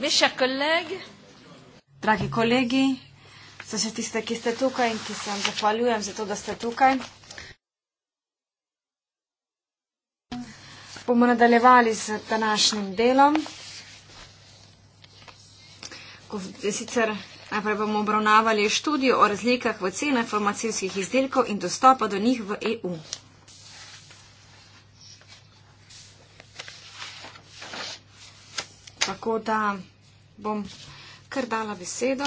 Mes chers collègues, dragi kolegi, za vse tiste, ki ste tukaj in ki se vam zahvaljujem za to, da ste tukaj, bomo nadaljevali z današnjim delom. Sicer najprej bomo obravnavali študijo o razlikah v cenah farmacijskih izdelkov in dostopa do njih v EU. tako da bom kar dala besedo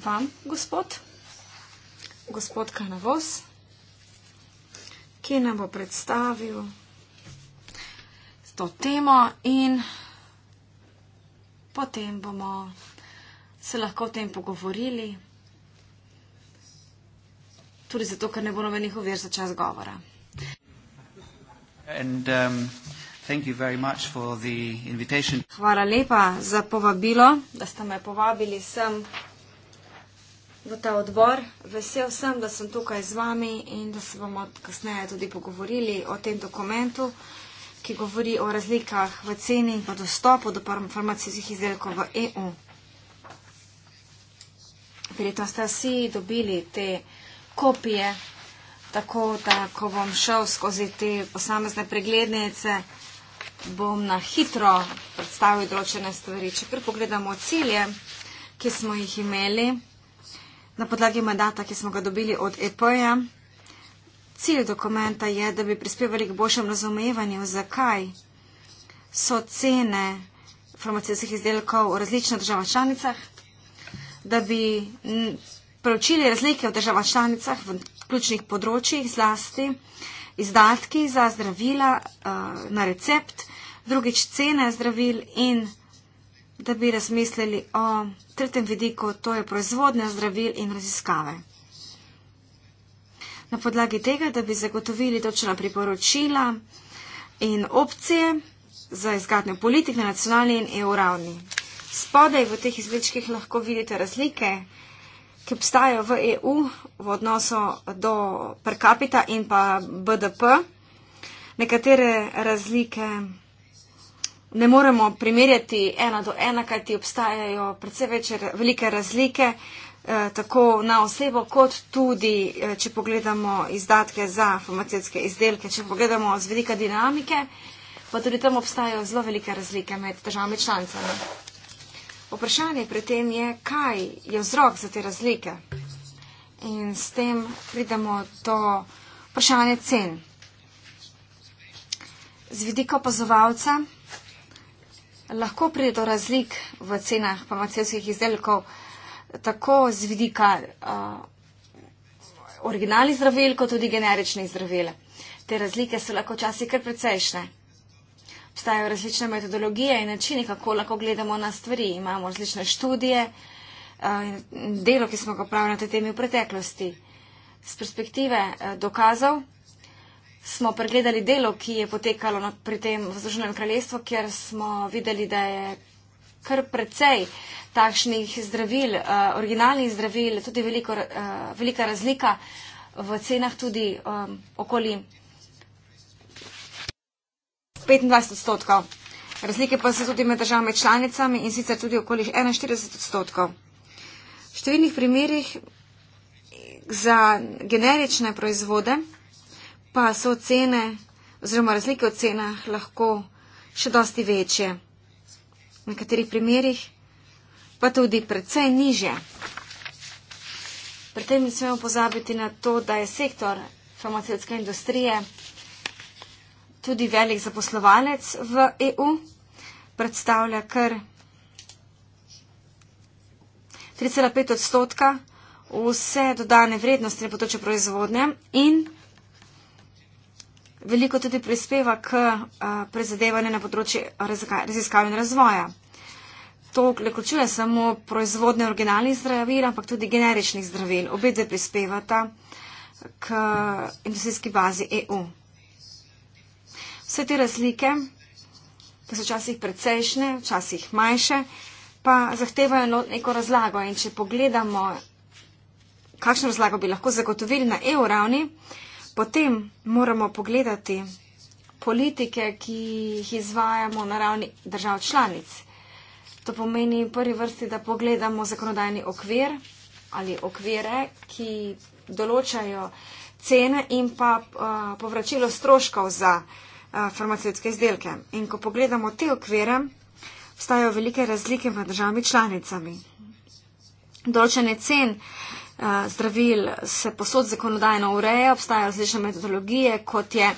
vam, gospod, gospod Kanavos, ki nam bo predstavil to temo in potem bomo se lahko o tem pogovorili. Tudi zato, ker ne bo nobenih uvir za čas govora. Um, Hvala lepa za povabilo, da ste me povabili sem v ta odbor. Vesel sem, da sem tukaj z vami in da se bomo kasneje tudi pogovorili o tem dokumentu, ki govori o razlikah v ceni in dostopu do farmacijskih izdelkov v EU. Verjetno ste vsi dobili te kopije Tako da, ko bom šel skozi te posamezne preglednice, bom na hitro predstavil določene stvari. Če kar pogledamo cilje, ki smo jih imeli na podlagi mandata, ki smo ga dobili od EPO-ja, cilj dokumenta je, da bi prispevali k boljšem razumevanju, zakaj so cene farmacijskih izdelkov v različnih državah članicah, da bi preučili razlike v državah članicah. V ključnih področjih, zlasti izdatki za zdravila eh, na recept, drugič cene zdravil in da bi razmislili o tretjem vidiku, to je proizvodnja zdravil in raziskave. Na podlagi tega, da bi zagotovili točna priporočila in opcije za izgradnjo politik na nacionalni in EU ravni. Spodaj v teh izličkih lahko vidite razlike ki obstajajo v EU v odnosu do per capita in pa BDP. Nekatere razlike ne moremo primerjati ena do ena, kajti obstajajo predvsej večje, velike razlike, eh, tako na osebo, kot tudi, eh, če pogledamo izdatke za farmacijske izdelke, če pogledamo z velika dinamike, pa tudi tam obstajajo zelo velike razlike med državami članicami. Vprašanje pri tem je, kaj je vzrok za te razlike. In s tem pridemo do vprašanja cen. Z vidika opazovalca lahko pride do razlik v cenah farmacijskih izdelkov, tako z vidika uh, originalnih zdravil, kot tudi generičnih zdravil. Te razlike so lahko včasih kar precejšne obstajajo različne metodologije in načini, kako lahko gledamo na stvari. Imamo različne študije eh, in delo, ki smo ga pravili na te temi v preteklosti. Z perspektive eh, dokazov smo pregledali delo, ki je potekalo pri tem v Združenem kraljestvu, kjer smo videli, da je kar precej takšnih zdravil, eh, originalnih zdravil, tudi veliko, velika razlika v cenah tudi okoli 25 odstotkov. Razlike pa so tudi med državami članicami in sicer tudi okoli 41 odstotkov. V številnih primerjih za generične proizvode pa so cene oziroma razlike v cenah lahko še dosti večje. V nekaterih primerjih pa tudi precej niže. Pri tem ne smemo pozabiti na to, da je sektor farmacevtske industrije tudi velik zaposlovalec v EU, predstavlja kar 3,5 odstotka vse dodane vrednosti na področju proizvodnje in veliko tudi prispeva k prezadevanju na področju raziskav in razvoja. To ne vključuje samo proizvodne originalnih zdravil, ampak tudi generičnih zdravil. Obe dve prispevata k industrijski bazi EU. Vse te razlike, ki so včasih precejšnje, včasih manjše, pa zahtevajo no-, neko razlago. In če pogledamo, kakšno razlago bi lahko zagotovili na EU ravni, potem moramo pogledati politike, ki jih izvajamo na ravni držav članic. To pomeni v prvi vrsti, da pogledamo zakonodajni okvir ali okvire, ki določajo cene in pa uh, povračilo stroškov za Eh, farmacevtske izdelke. In ko pogledamo te okvire, vstajajo velike razlike med državami članicami. Določene cen eh, zdravil se posod zakonodajno ureje, obstajajo različne metodologije, kot je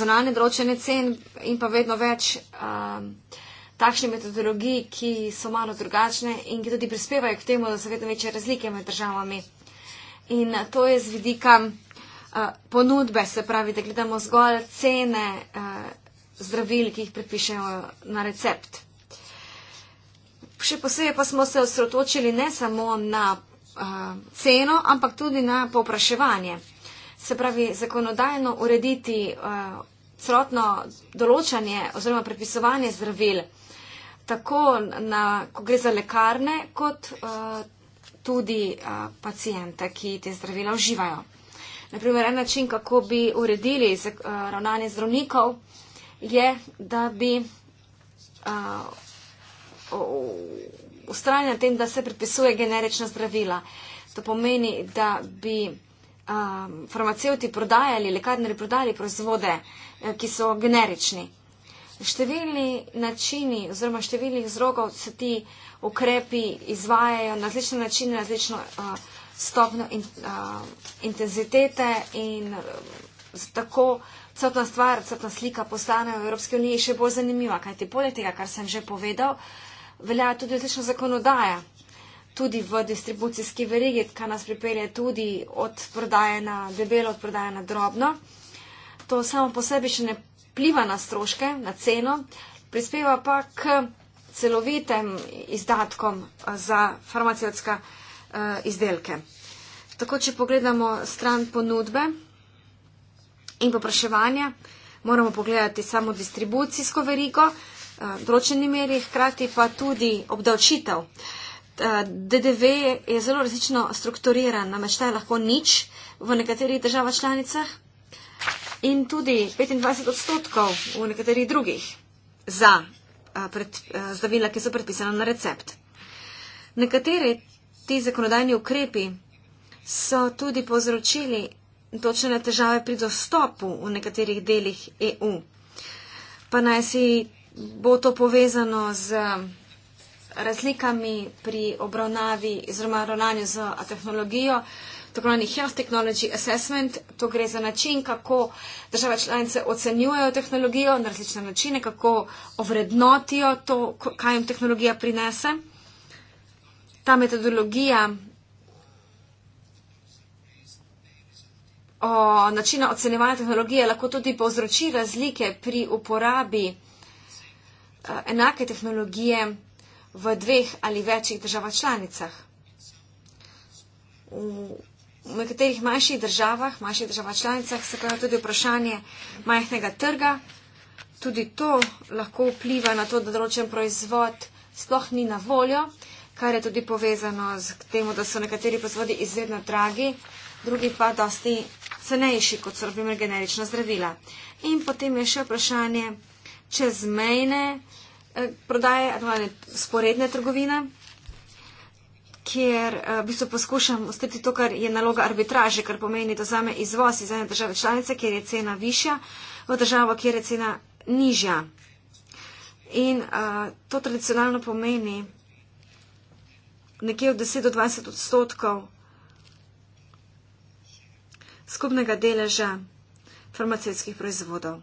zonalne določene cen in pa vedno več eh, takšnih metodologij, ki so malo drugačne in ki tudi prispevajo k temu, da so vedno večje razlike med državami. In to je z vidika ponudbe, se pravi, da gledamo zgolj cene uh, zdravil, ki jih pripišemo na recept. Še posebej pa smo se osredotočili ne samo na uh, ceno, ampak tudi na popraševanje. Se pravi, zakonodajno urediti uh, celotno določanje oziroma prepisovanje zdravil, tako na, ko gre za lekarne, kot uh, tudi uh, pacijente, ki te zdravila uživajo naprimer, en način, kako bi uredili z, uh, ravnanje zdravnikov, je, da bi uh, ustrajali na tem, da se predpisuje generična zdravila. To pomeni, da bi um, farmacevti prodajali, lekarnari prodajali proizvode, ki so generični. Številni načini oziroma številnih vzrokov se ti ukrepi izvajajo na različne načine, različno. Uh, stopnjo in, uh, intenzitete in uh, tako celotna stvar, celotna slika postane v Evropski uniji še bolj zanimiva. Kaj ti poleg tega, kar sem že povedal, velja tudi odlična zakonodaja, tudi v distribucijski verigi, kar nas pripelje tudi od prodaje na debelo, od prodaje na drobno. To samo po sebi še ne pliva na stroške, na ceno, prispeva pa k celovitem izdatkom za farmacijska. Eh, izdelke. Tako, če pogledamo stran ponudbe in popraševanja, moramo pogledati samo distribucijsko verigo, eh, določeni meri, hkrati pa tudi obdavčitev. Eh, DDV je zelo različno strukturiran, namreč ta je lahko nič v nekaterih državah članicah in tudi 25 odstotkov v nekaterih drugih za zdravila, ki so predpisana na recept. Nekatere ti zakonodajni ukrepi so tudi povzročili točne težave pri dostopu v nekaterih delih EU. Pa naj si bo to povezano z razlikami pri obravnavi oziroma ravnanju z tehnologijo, tako imenovani Health Technology Assessment, to gre za način, kako države članice ocenjujejo tehnologijo na različne načine, kako ovrednotijo to, kaj jim tehnologija prinese ta metodologija o načinu ocenjevanja tehnologije lahko tudi povzroči razlike pri uporabi eh, enake tehnologije v dveh ali večjih državah članicah. V nekaterih manjših državah, manjših državah članicah se pojavlja tudi vprašanje majhnega trga. Tudi to lahko vpliva na to, da določen proizvod sploh ni na voljo kar je tudi povezano z temu, da so nekateri proizvodi izredno dragi, drugi pa dosti cenejši, kot so naprimer generična zdravila. In potem je še vprašanje čezmejne eh, prodaje, sporedne trgovine, kjer eh, v bistvu poskušam ustiti to, kar je naloga arbitraže, kar pomeni, da zame izvoz iz ene države članice, kjer je cena višja, v državo, kjer je cena nižja. In uh, to tradicionalno pomeni, nekje od 10 do 20 odstotkov skupnega deleža farmacevskih proizvodov.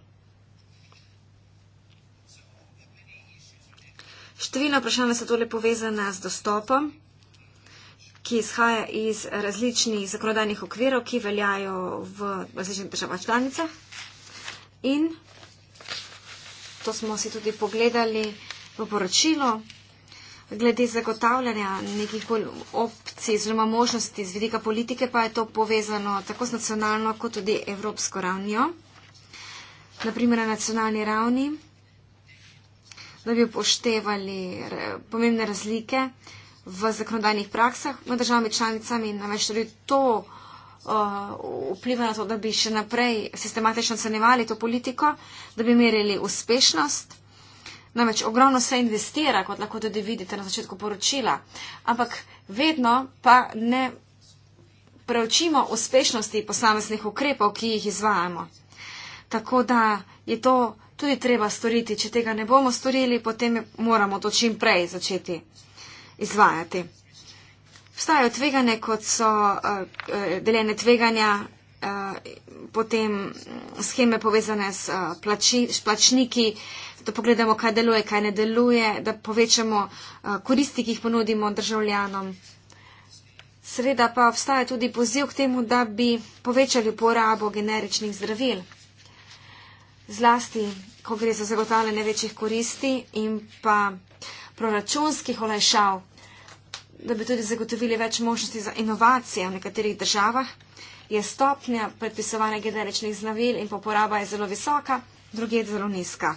Številna vprašanja so torej povezana z dostopom, ki izhaja iz različnih zakonodajnih okvirov, ki veljajo v različnih državah članicah. In to smo si tudi pogledali v poročilo glede zagotavljanja nekih opcij oziroma možnosti z vidika politike pa je to povezano tako s nacionalno kot tudi evropsko ravnjo. Naprimer na nacionalni ravni, da bi upoštevali pomembne razlike v zakonodajnih praksah med državami članicami in namreč tudi to vpliva na to, da bi še naprej sistematično ocenjevali to politiko, da bi merili uspešnost Namreč ogromno se investira, kot lahko tudi vidite na začetku poročila, ampak vedno pa ne preučimo uspešnosti posameznih ukrepov, ki jih izvajamo. Tako da je to tudi treba storiti. Če tega ne bomo storili, potem moramo to čim prej začeti izvajati. Vstajajo tvegane, kot so eh, deljene tveganja, eh, potem mm, scheme povezane s eh, plači, plačniki, da pogledamo, kaj deluje, kaj ne deluje, da povečamo eh, koristi, ki jih ponudimo državljanom. Sreda pa obstaja tudi poziv k temu, da bi povečali uporabo generičnih zdravil. Zlasti, ko gre za zagotavljanje večjih koristi in pa proračunskih olajšav, da bi tudi zagotovili več možnosti za inovacije v nekaterih državah, je stopnja predpisovanja generičnih zdravil in pa uporaba je zelo visoka, druge je zelo nizka.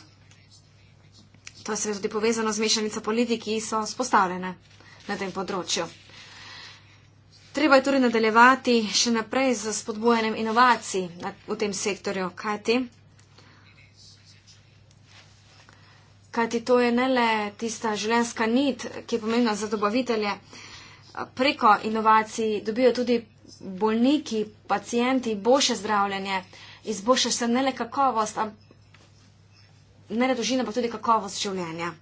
To je seveda tudi povezano z mešanico politik, ki so spostavljene na tem področju. Treba je torej nadaljevati še naprej z spodbojanjem inovacij v tem sektorju. Kaj ti? Kaj ti to je ne le tista življenska nit, ki je pomembna za dobavitelje. Preko inovacij dobijo tudi bolniki, pacijenti boljše zdravljenje, izboljša se ne le kakovost, ampak ne le dožina, pa tudi kakovost življenja.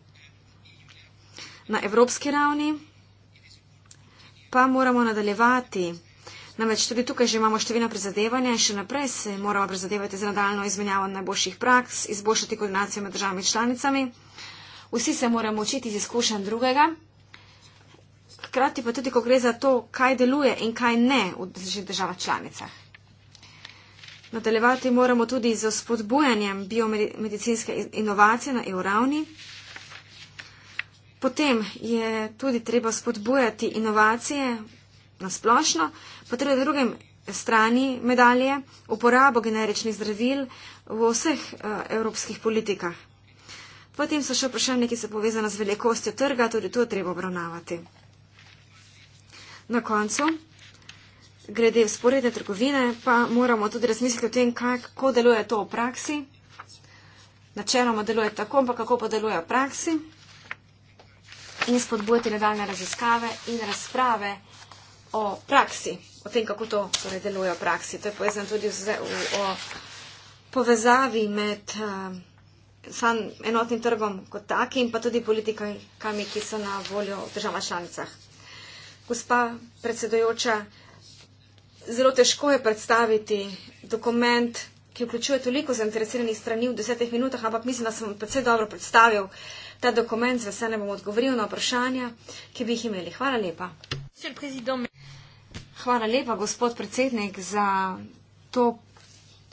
Na evropski ravni pa moramo nadaljevati. Namreč tudi tukaj že imamo številno prizadevanje in še naprej se moramo prizadevati za nadaljno izmenjavo najboljših praks, izboljšati koordinacijo med državami članicami. Vsi se moramo učiti iz izkušenj drugega. Hkrati pa tudi, ko gre za to, kaj deluje in kaj ne v državah članicah. Nadaljevati moramo tudi z spodbujanjem biomedicinske inovacije na EU ravni. Potem je tudi treba spodbujati inovacije na splošno, pa tudi na drugem strani medalje uporabo generičnih zdravil v vseh eh, evropskih politikah. Potem so še vprašanje, ki se povezano z velikostjo trga, tudi to treba obravnavati. Na koncu glede sporedne trgovine, pa moramo tudi razmisliti o tem, kako deluje to v praksi. Načeloma deluje tako, ampak kako pa deluje v praksi in spodbujati nadaljne raziskave in razprave o praksi, o tem, kako to torej, deluje v praksi. To je povezano tudi z, v, o povezavi med uh, eh, san, enotnim trgom kot takim, pa tudi politikami, ki so na voljo v državah članicah. Gospa predsedojoča, zelo težko je predstaviti dokument, ki vključuje toliko zainteresiranih strani v desetih minutah, ampak mislim, da sem predvsej dobro predstavil ta dokument, z veseljem bom odgovoril na vprašanja, ki bi jih imeli. Hvala lepa. Hvala lepa, gospod predsednik, za to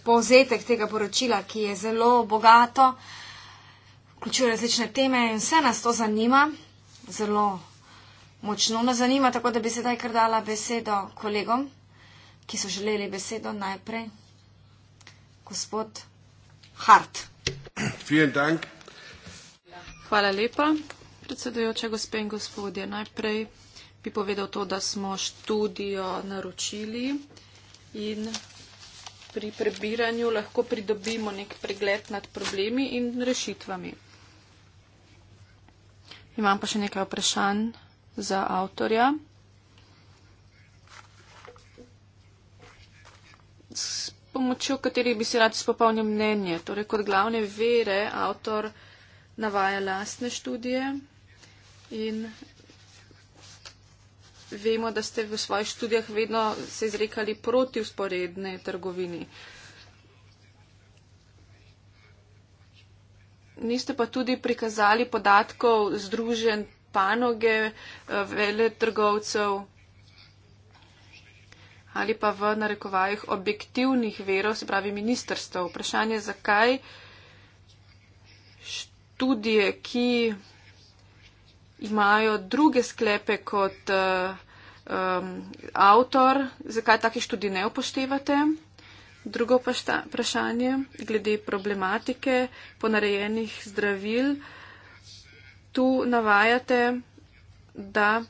povzetek tega poročila, ki je zelo bogato, vključuje različne teme in vse nas to zanima, zelo močno nas zanima, tako da bi sedaj kar dala besedo kolegom ki so želeli besedo najprej. Gospod Hart. Hvala lepa, predsedujoča gospe in gospodje. Najprej bi povedal to, da smo študijo naročili in pri prebiranju lahko pridobimo nek pregled nad problemi in rešitvami. Imam pa še nekaj vprašanj za avtorja. s pomočjo katerih bi si rad spopolnil mnenje. Torej, kot glavne vere, avtor navaja lastne študije in vemo, da ste v svojih študijah vedno se izrekali proti usporedne trgovini. Niste pa tudi prikazali podatkov združen panoge, eh, vele trgovcev, ali pa v narekovajih objektivnih verov, se pravi ministrstv. Vprašanje, zakaj študije, ki imajo druge sklepe kot uh, um, avtor, zakaj takih študij ne upoštevate? Drugo vprašanje, glede problematike ponarejenih zdravil, tu navajate, da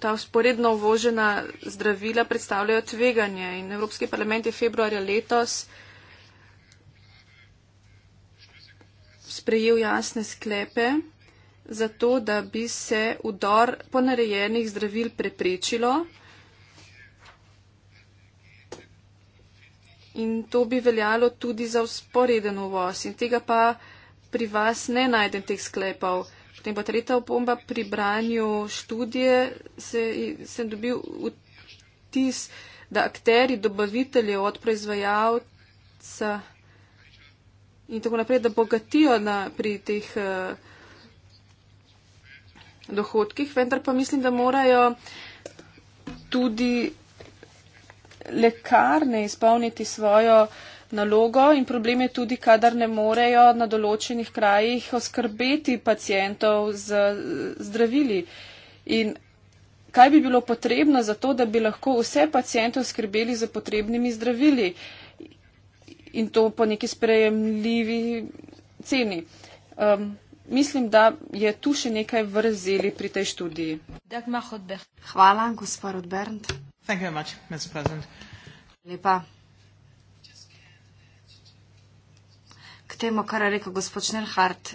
ta usporedno uvožena zdravila predstavljajo tveganje. In Evropski parlament je februarja letos sprejel jasne sklepe za to, da bi se udor ponarejenih zdravil preprečilo. In to bi veljalo tudi za usporeden uvoz. In tega pa pri vas ne najdem teh sklepov. Potem pa tretja opomba pri branju študije, se, sem dobil vtis, da akteri, dobavitelji od proizvajalca in tako naprej, da bogatijo na, pri teh eh, dohodkih, vendar pa mislim, da morajo tudi lekarne izpolniti svojo uh, nalogo in problem je tudi, kadar ne morejo na določenih krajih oskrbeti pacijentov z zdravili. In kaj bi bilo potrebno za to, da bi lahko vse pacijente oskrbeli z potrebnimi zdravili in to po neki sprejemljivi ceni? Um, Mislim, da je tu še nekaj vrzeli pri tej študiji. Hvala, gospod Rodbernd. Lepa. temu, kar je rekel gospod Šnerhart.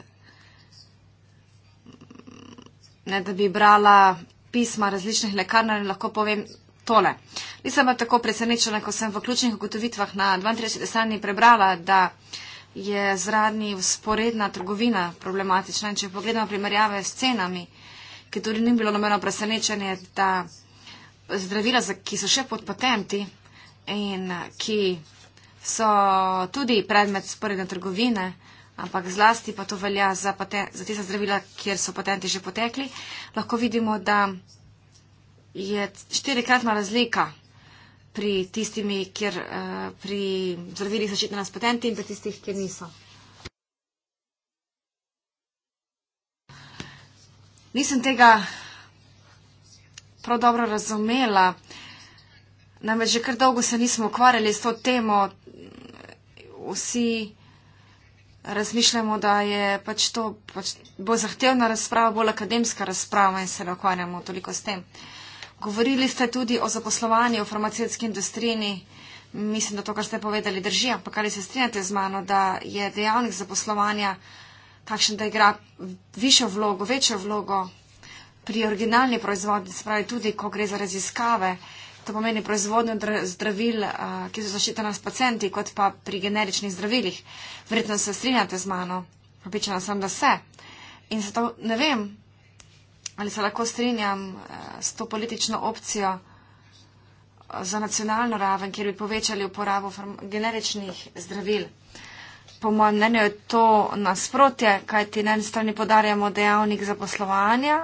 Ne, da bi brala pisma različnih lekarn, lahko povem tole. Nisem pa tako presenečena, ko sem v ključnih ugotovitvah na 32. strani prebrala, da je zradni usporedna trgovina problematična. In če pogledamo primerjave s cenami, ki tudi ni bilo nobeno presenečenje, da zdravila, ki so še pod patenti in ki so tudi predmet sporedne trgovine, ampak zlasti pa to velja za, za tiste zdravila, kjer so patenti že potekli, lahko vidimo, da je štirikratna razlika pri tistimi, kjer uh, pri zdravilih zaščitena s patenti in pri tistih, kjer niso. Nisem tega prav dobro razumela, namreč že kar dolgo se nismo ukvarjali s to temo, vsi razmišljamo, da je pač to pač bolj zahtevna razprava, bolj akademska razprava in se ne okvarjamo toliko s tem. Govorili ste tudi o zaposlovanju v farmacijski industriji. Mislim, da to, kar ste povedali, drži, ampak ali se strinjate z mano, da je dejavnik zaposlovanja takšen, da igra višjo vlogo, večjo vlogo pri originalni proizvodnji, se pravi tudi, ko gre za raziskave, uh, to pomeni proizvodnjo zdravil, ki so zaščitena s pacijenti, kot pa pri generičnih zdravilih. Verjetno se strinjate z mano, pripričana sem, da se. In zato ne vem, ali se lahko strinjam s to politično opcijo za nacionalno raven, kjer bi povečali uporabo generičnih zdravil. Po mojem mnenju je to nasprotje, kaj ti na eni strani podarjamo dejavnik zaposlovanja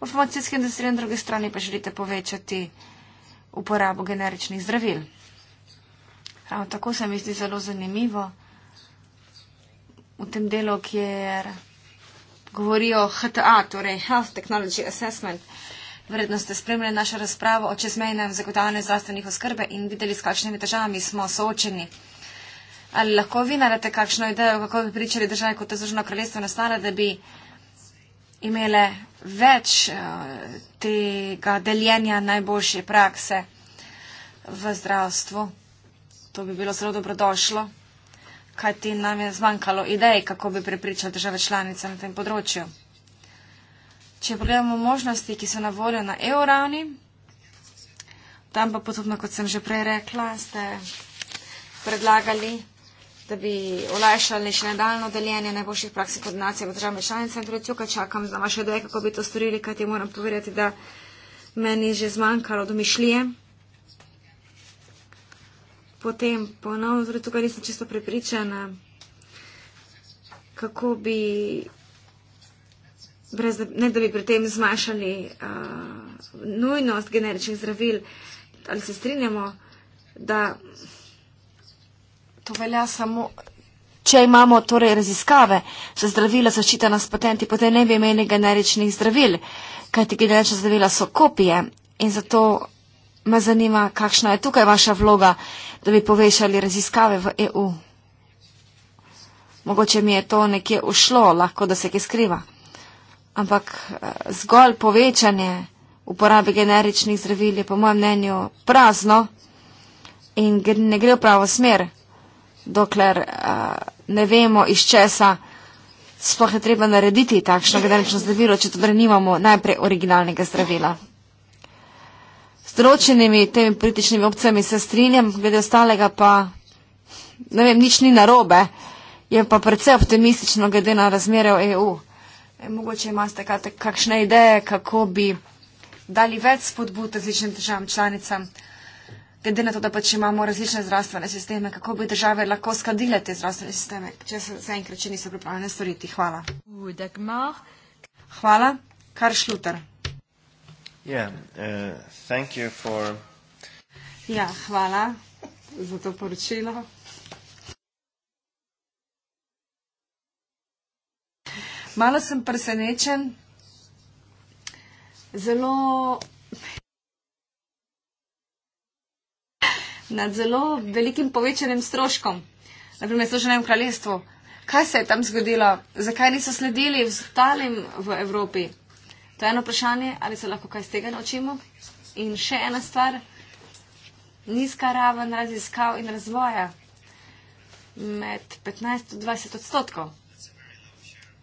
v farmacijski industriji, na drugi strani pa želite povečati uporabo generičnih zdravil. Ravno tako se mi zdi zelo zanimivo v tem delu, kjer govorijo HTA, torej Health Technology Assessment. Verjetno ste spremljali našo razpravo o čezmejnem zagotavljanju zdravstvenih oskrbe in videli, s kakšnimi težavami smo soočeni. Ali lahko vi naredite kakšno idejo, kako bi pričali države kot Združeno kraljestvo nastala, da bi imele več eh, tega deljenja najboljše prakse v zdravstvu. To bi bilo zelo dobrodošlo, kajti nam je zmanjkalo idej, kako bi prepričali države članice na tem področju. Če pogledamo možnosti, ki so na voljo na EU ravni, tam pa potrebno, kot sem že prej rekla, ste predlagali da bi olajšali še nadaljno deljenje najboljših praks koordinacije med državami članice in tretjo, kaj čakam za vaše ideje, kako bi to storili, kaj ti moram povedati, da meni že zmanjkalo domišljije. Potem ponovno, torej tukaj nisem čisto prepričana, kako bi, brez, ne da bi pri tem zmanjšali uh, nujnost generičnih zdravil, ali se strinjamo, da. To velja samo, če imamo torej raziskave za zdravila zaščitena s patenti, potem ne bi imeli generičnih zdravil, kajti generična zdravila so kopije in zato me zanima, kakšna je tukaj vaša vloga, da bi povešali raziskave v EU. Mogoče mi je to nekje ušlo, lahko da se kaj skriva. Ampak eh, zgolj povečanje uporabe generičnih zdravil je po mojem mnenju prazno in ne gre v pravo smer dokler uh, ne vemo, iz česa sploh je treba narediti takšno generično zdravilo, če torej nimamo najprej originalnega zdravila. Z določenimi temi političnimi opcijami se strinjam, glede ostalega pa ne vem, nič ni narobe, je pa predvsej optimistično glede na razmere v EU. E, mogoče imate kakšne ideje, kako bi dali več spodbud različnim državam članicam glede na to, da pač imamo različne zdravstvene sisteme, kako bi države lahko skladile te zdravstvene sisteme, če se zaenkrat še niso pripravljene storiti. Hvala. Hvala. Kar Šluter. Yeah, uh, for... Ja, hvala za to poročilo. Malo sem presenečen. Zelo nad zelo velikim povečanim stroškom, naprimer Združenem kraljestvu. Kaj se je tam zgodilo? Zakaj niso sledili vstalim v Evropi? To je eno vprašanje, ali se lahko kaj z tega naučimo. In še ena stvar, nizka raven raziskav in razvoja med 15 in 20 odstotkov.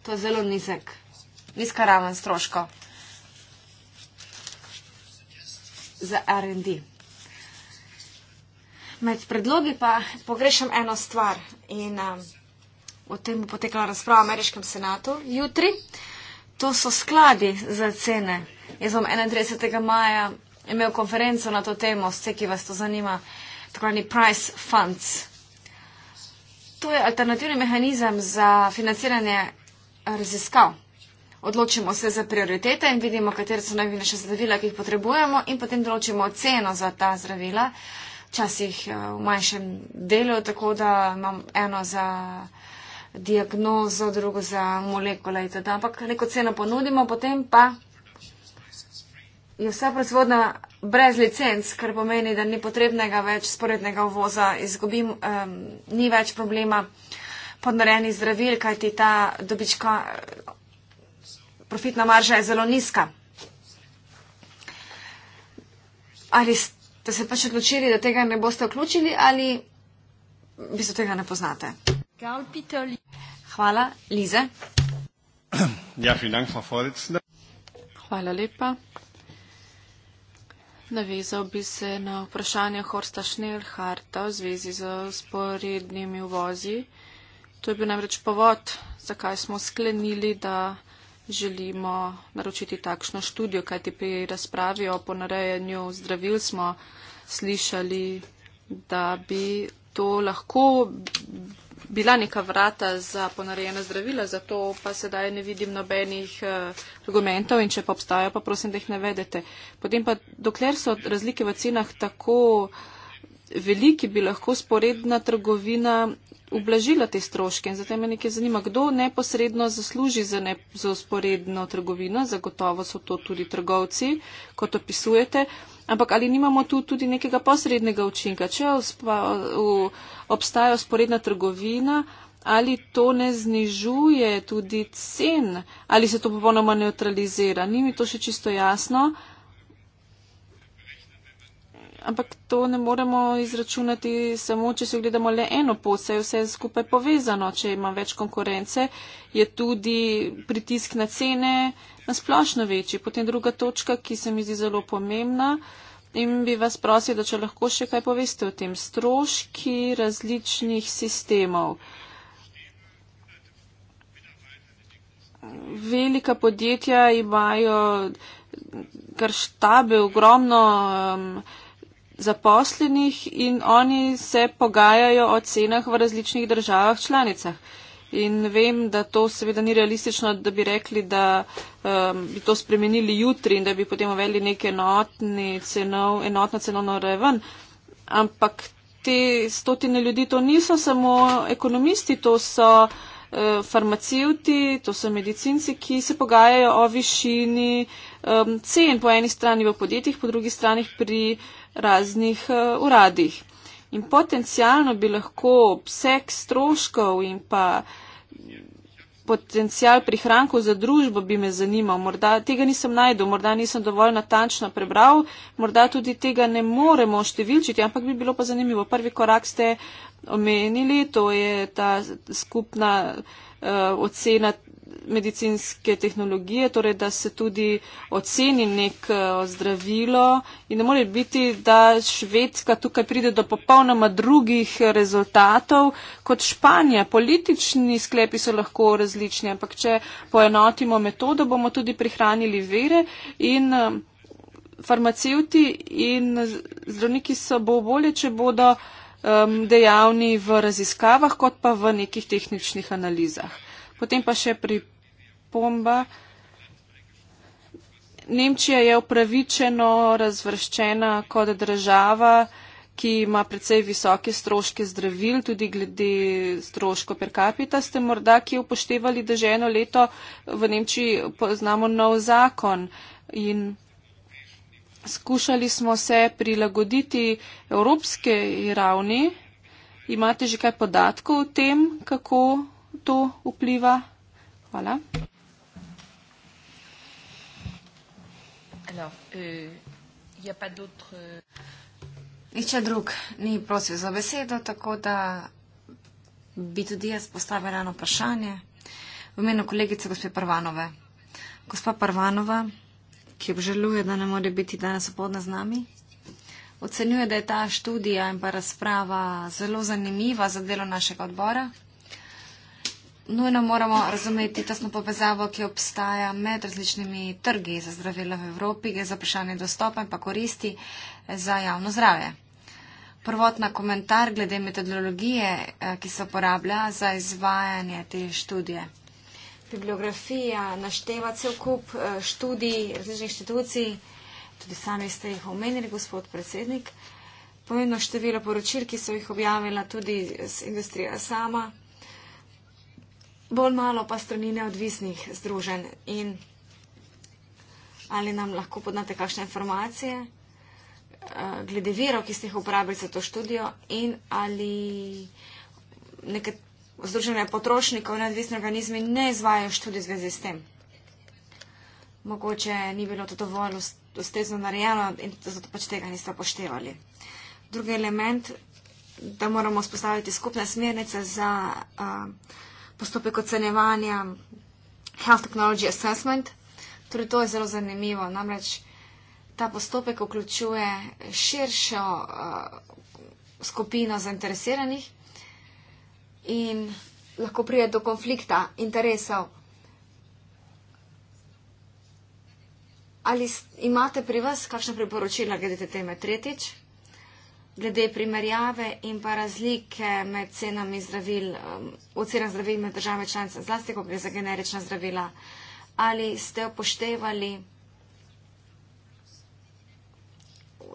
To je zelo nizek, nizka raven stroško za R&D. Med predlogi pa pogrešam eno stvar in um, o tem bo potekala razprava v Ameriškem senatu jutri. To so skladi za cene. Jaz bom 31. maja imel konferenco na to temo, vse, ki vas to zanima, tako rani Price Funds. To je alternativni mehanizem za financiranje raziskav. Odločimo se za prioritete in vidimo, katere so najvišje zdravila, ki jih potrebujemo in potem določimo ceno za ta zdravila včasih eh, v manjšem delu, tako da imam eno za diagnozo, drugo za molekule in tako dalje. Ampak neko ceno ponudimo, potem pa je vsa proizvodna brez licenc, kar pomeni, da ni potrebnega več sporednega uvoza, izgubim, um, ni več problema podnarejenih zdravil, kajti ta dobička, profitna marža je zelo nizka. Ali ste da se pač odločili, da tega ne boste vključili ali v bistvu tega ne poznate? Hvala, Lize. Ja, vielen Dank, Frau Hvala lepa. Navezal bi se na vprašanje Horsta Schnellharta v zvezi z sporednimi uvozi. To je bil namreč povod, zakaj smo sklenili, da želimo naročiti takšno študijo, kajti pri razpravi o ponarejanju zdravil smo slišali, da bi to lahko bila neka vrata za ponarejena zdravila, zato pa sedaj ne vidim nobenih eh, argumentov in če pa obstajajo, pa prosim, da jih ne vedete. Potem pa, dokler so razlike v cenah tako veliki bi lahko sporedna trgovina ublažila te stroške. In zato me nekaj zanima, kdo neposredno zasluži za, ne, za usporedno trgovino, zagotovo so to tudi trgovci, kot opisujete, ampak ali nimamo tu tudi nekega posrednega učinka, če uspa, u, obstaja usporedna trgovina, ali to ne znižuje tudi cen, ali se to popolnoma neutralizira. Ni mi to še čisto jasno ampak to ne moremo izračunati samo, če se gledamo le eno pot, saj vse je skupaj povezano. Če ima več konkurence, je tudi pritisk na cene nasplošno večji. Potem druga točka, ki se mi zdi zelo pomembna in bi vas prosil, da če lahko še kaj poveste o tem, stroški različnih sistemov. Velika podjetja imajo kar štabe, ogromno. Um, zaposlenih in oni se pogajajo o cenah v različnih državah članicah. In vem, da to seveda ni realistično, da bi rekli, da um, bi to spremenili jutri in da bi potem uvedli nek cenov, enotno cenovno raven. Ampak te stotine ljudi, to niso samo ekonomisti, to so. Eh, farmacevti, to so medicinci, ki se pogajajo o višini um, cen po eni strani v podjetjih, po drugi strani pri raznih uh, uradih. In potencialno bi lahko obseg stroškov in pa potencial prihrankov za družbo bi me zanimal. Morda tega nisem najdel, morda nisem dovolj natančno prebral, morda tudi tega ne moremo številčiti, ampak bi bilo pa zanimivo. Prvi korak ste uh, omenili, to je ta skupna uh, ocena medicinske tehnologije, torej da se tudi oceni nek eh, zdravilo in ne more biti, da Švedska tukaj pride do popolnoma drugih rezultatov kot Španija. Politični sklepi so lahko različni, ampak če poenotimo metodo, bomo tudi prihranili vere in eh, farmacevti in zdravniki so bo bolje, če bodo uh, um, dejavni v raziskavah, kot pa v nekih tehničnih analizah. Potem pa še pripomba. Nemčija je upravičeno razvrščena kot država, ki ima precej visoke stroške zdravil, tudi glede stroško per capita. Ste morda, ki upoštevali, da že eno leto v Nemčiji poznamo nov zakon in skušali smo se prilagoditi evropske ravni. Imate že kaj podatkov o tem, kako to vpliva? Hvala. Euh, euh, Nič drug ni prosil za besedo, tako da bi tudi jaz postavila eno vprašanje v imenu kolegice gospe Parvanove. Gospa Parvanova, ki obžaluje, da ne more biti danes opodne z nami. Ocenjuje, da je ta študija in pa razprava zelo zanimiva za delo našega odbora. Nujno moramo razumeti tesno povezavo, ki obstaja med različnimi trgi za zdravila v Evropi, gre za vprašanje dostopa in pa koristi eh, za javno zdravje. Prvotna komentar glede metodologije, eh, ki se uporablja za izvajanje te študije bibliografija našteva cel kup eh, študij različnih inštitucij, tudi sami ste jih omenili, gospod predsednik. Pomembno število poročil, ki so jih objavila tudi industrija sama, bolj malo pa strani neodvisnih združenj. In ali nam lahko podnate kakšne informacije eh, glede virov, ki ste jih uporabili za to študijo in ali nekaj Združenje potrošnikov in neodvisni organizmi ne izvajajo študij v zvezi s tem. Mogoče ni bilo to dovolj ustrezno narejeno in zato pač tega niste upoštevali. Drugi element, da moramo vzpostaviti skupne smernice za uh, postopek ocenjevanja Health Technology Assessment. Tudi torej, to je zelo zanimivo. Namreč ta postopek vključuje širšo uh, skupino zainteresiranih in lahko pride do konflikta interesov. Ali imate pri vas kakšne priporočila glede te teme tretjič, glede primerjave in pa razlike med cenami zdravil, um, ocena zdravil med državami članice, zlasti, ko gre za generična zdravila? Ali ste upoštevali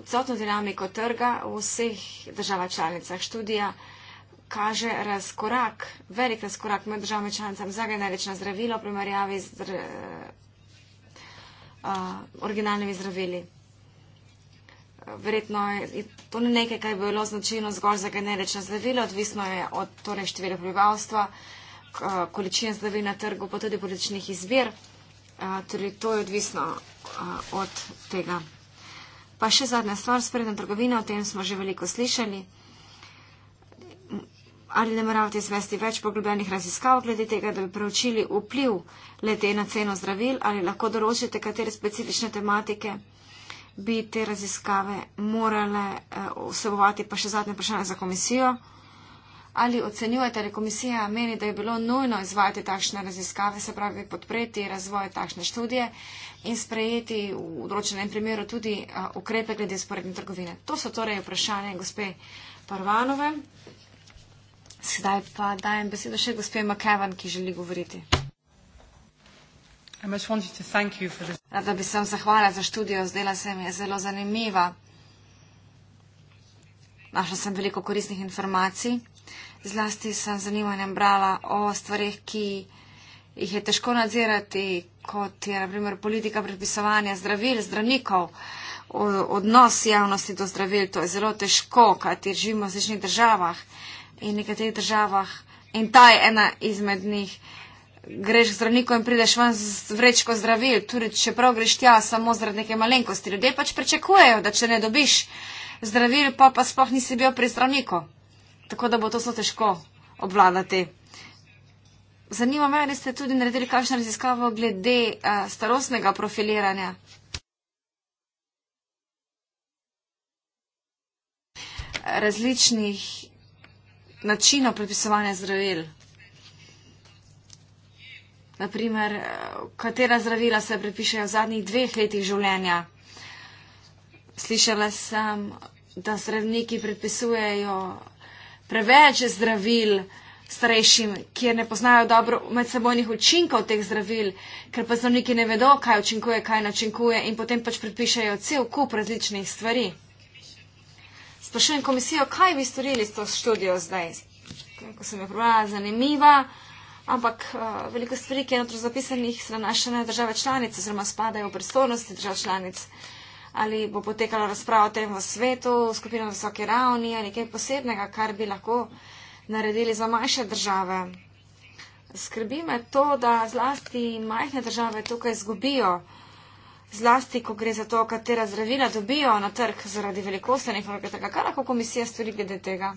celotno dinamiko trga v vseh državah članicah študija? kaže razkorak, velik razkorak med državami članicami za generično zdravilo v primerjavi z uh, originalnimi zdravili. Verjetno je to ne nekaj, kar je bilo značilno zgolj za generično zdravilo, odvisno je od torej, števila prebivalstva, eh, količine zdravil na trgu, pa tudi političnih izbir. Torej, to je odvisno od tega. Pa še zadnja stvar, sprednja trgovina, o tem smo že veliko slišali ali nameravate izvesti več poglobljenih raziskav glede tega, da bi preučili vpliv lete na ceno zdravil ali lahko določite, katere specifične tematike bi te raziskave morale eh, vsebovati. Pa še zadnje vprašanje za komisijo. Ali ocenjujete, ali komisija meni, da je bilo nujno izvajati takšne raziskave, se pravi podpreti razvoj takšne študije in sprejeti v določenem primeru tudi eh, ukrepe glede sporedne trgovine? To so torej vprašanje gospe Parvanove. Sedaj pa dajem besedo še gospe Makevan, ki želi govoriti. Rada bi se vam zahvala za študijo, zdela se mi je zelo zanimiva. Našla sem veliko koristnih informacij. Zlasti sem zanimanjem brala o stvarih, ki jih je težko nadzirati, kot je na primer politika predpisovanja zdravil, zdravnikov, odnos javnosti do zdravil. To je zelo težko, kajti živimo v različnih državah in nekaterih državah. In ta je ena izmed njih. Greš k zdravniku in prideš ven z vrečko zdravil, tudi če prav greš tja samo zaradi neke malenkosti. Ljudje pač pričakujejo, da če ne dobiš zdravil, pa pa sploh nisi bil pri zdravniku. Tako da bo to zelo težko obvladati. Zanima me, ali ste tudi naredili kakšno raziskavo glede uh, starostnega profiliranja. Različnih načinov predpisovanja zdravil. Naprimer, eh, katera zdravila se predpišejo v zadnjih dveh letih življenja. Slišala sem, da zdravniki predpisujejo preveč zdravil starejšim, kjer ne poznajo dobro medsebojnih učinkov teh zdravil, ker pa zdravniki ne vedo, kaj učinkuje, kaj načinkuje in potem pač predpišajo cel kup različnih stvari sprašujem komisijo, kaj bi storili s to študijo zdaj. Ko sem jo prebrala, zanimiva, ampak uh, veliko stvari, ki je notro zapisanih, se nanašajo na države članice, oziroma spadajo v pristojnosti držav članic. Ali bo potekala razprava o tem v svetu, v skupinah visoke ravni, ali kaj posebnega, kar bi lahko naredili za manjše države. Skrbi me to, da zlasti majhne države tukaj zgubijo uh, zlasti, ko gre za to, katera zdravila dobijo na trg zaradi velikosti in nekaj tega. Kaj lahko komisija stori glede tega?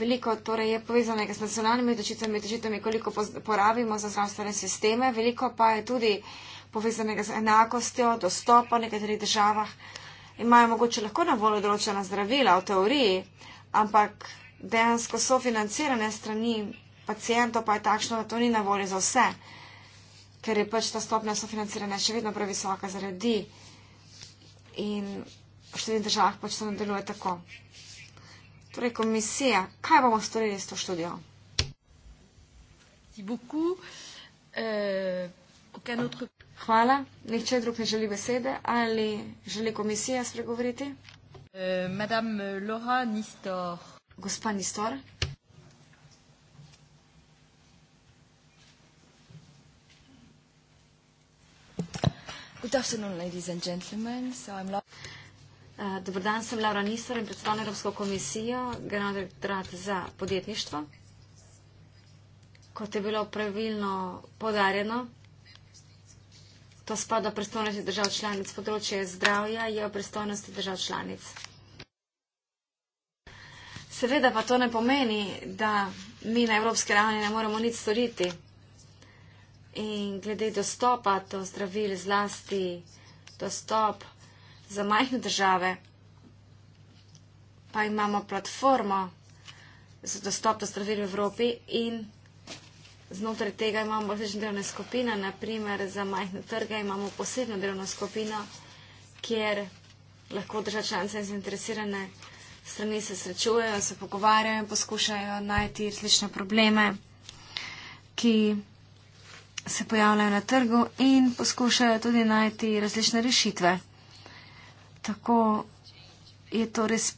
Veliko torej je povezanega s nacionalnimi odločitvami, odločitvami, koliko porabimo za zdravstvene sisteme, veliko pa je tudi povezanega z enakostjo, dostopa v nekaterih državah. Imajo mogoče lahko na voljo določena zdravila v teoriji, ampak dejansko so financirane strani pacijentov, pa je takšno, da to ni na voljo za vse ker je pač ta stopnja sofinanciranja še vedno previsoka za ljudi in v številnih državah pač to ne deluje tako. Torej, komisija, kaj bomo storili s to študijo? Euh, Hvala. Nihče drug ne želi besede ali želi komisija spregovoriti? Euh, madame Laura Nistor. Gospa Nistor. Good afternoon, ladies and gentlemen. So I'm uh, eh, dobro dan, sem Laura Nisar in predstavljam Evropsko komisijo, generalni direktorat za podjetništvo. Kot je bilo pravilno podarjeno, to spada predstavnosti držav članic. Področje zdravja je v predstavnosti držav članic. Seveda pa to ne pomeni, da mi na evropski ravni ne moremo nič storiti. In glede dostopa do zdravil, zlasti dostop za majhne države, pa imamo platformo za dostop do zdravil v Evropi in znotraj tega imamo različne delovne skupine, naprimer za majhne trge imamo posebno delovno skupino, kjer lahko država članica in zainteresirane strani se srečujejo, se pogovarjajo in poskušajo najti različne probleme, ki jih se pojavljajo na trgu in poskušajo tudi najti različne rešitve. Tako je to res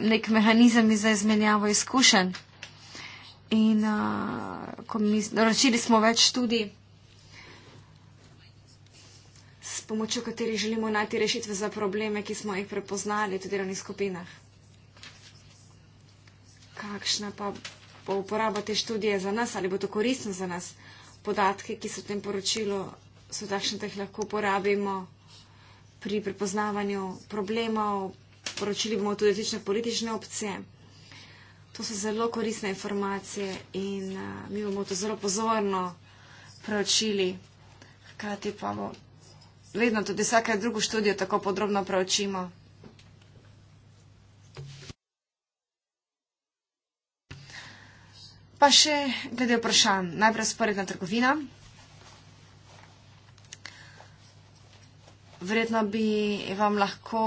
nek mehanizem za izmenjavo izkušenj. In uh, naročili smo več tudi s pomočjo, kateri želimo najti rešitve za probleme, ki smo jih prepoznali tudi v delovnih skupinah. Kakšna pa bo uporaba te študije za nas, ali bo to koristno za nas? podatke, ki so v tem poročilu, so takšne, da jih lahko uporabimo pri prepoznavanju problemov. Poročili bomo tudi različne politične opcije. To so zelo koristne informacije in uh, mi bomo to zelo pozorno preučili. Hkrati pa bomo vedno tudi vsake drugo študijo tako podrobno preučimo. Pa še glede vprašanj. Najprej sporedna trgovina. Vredno bi vam lahko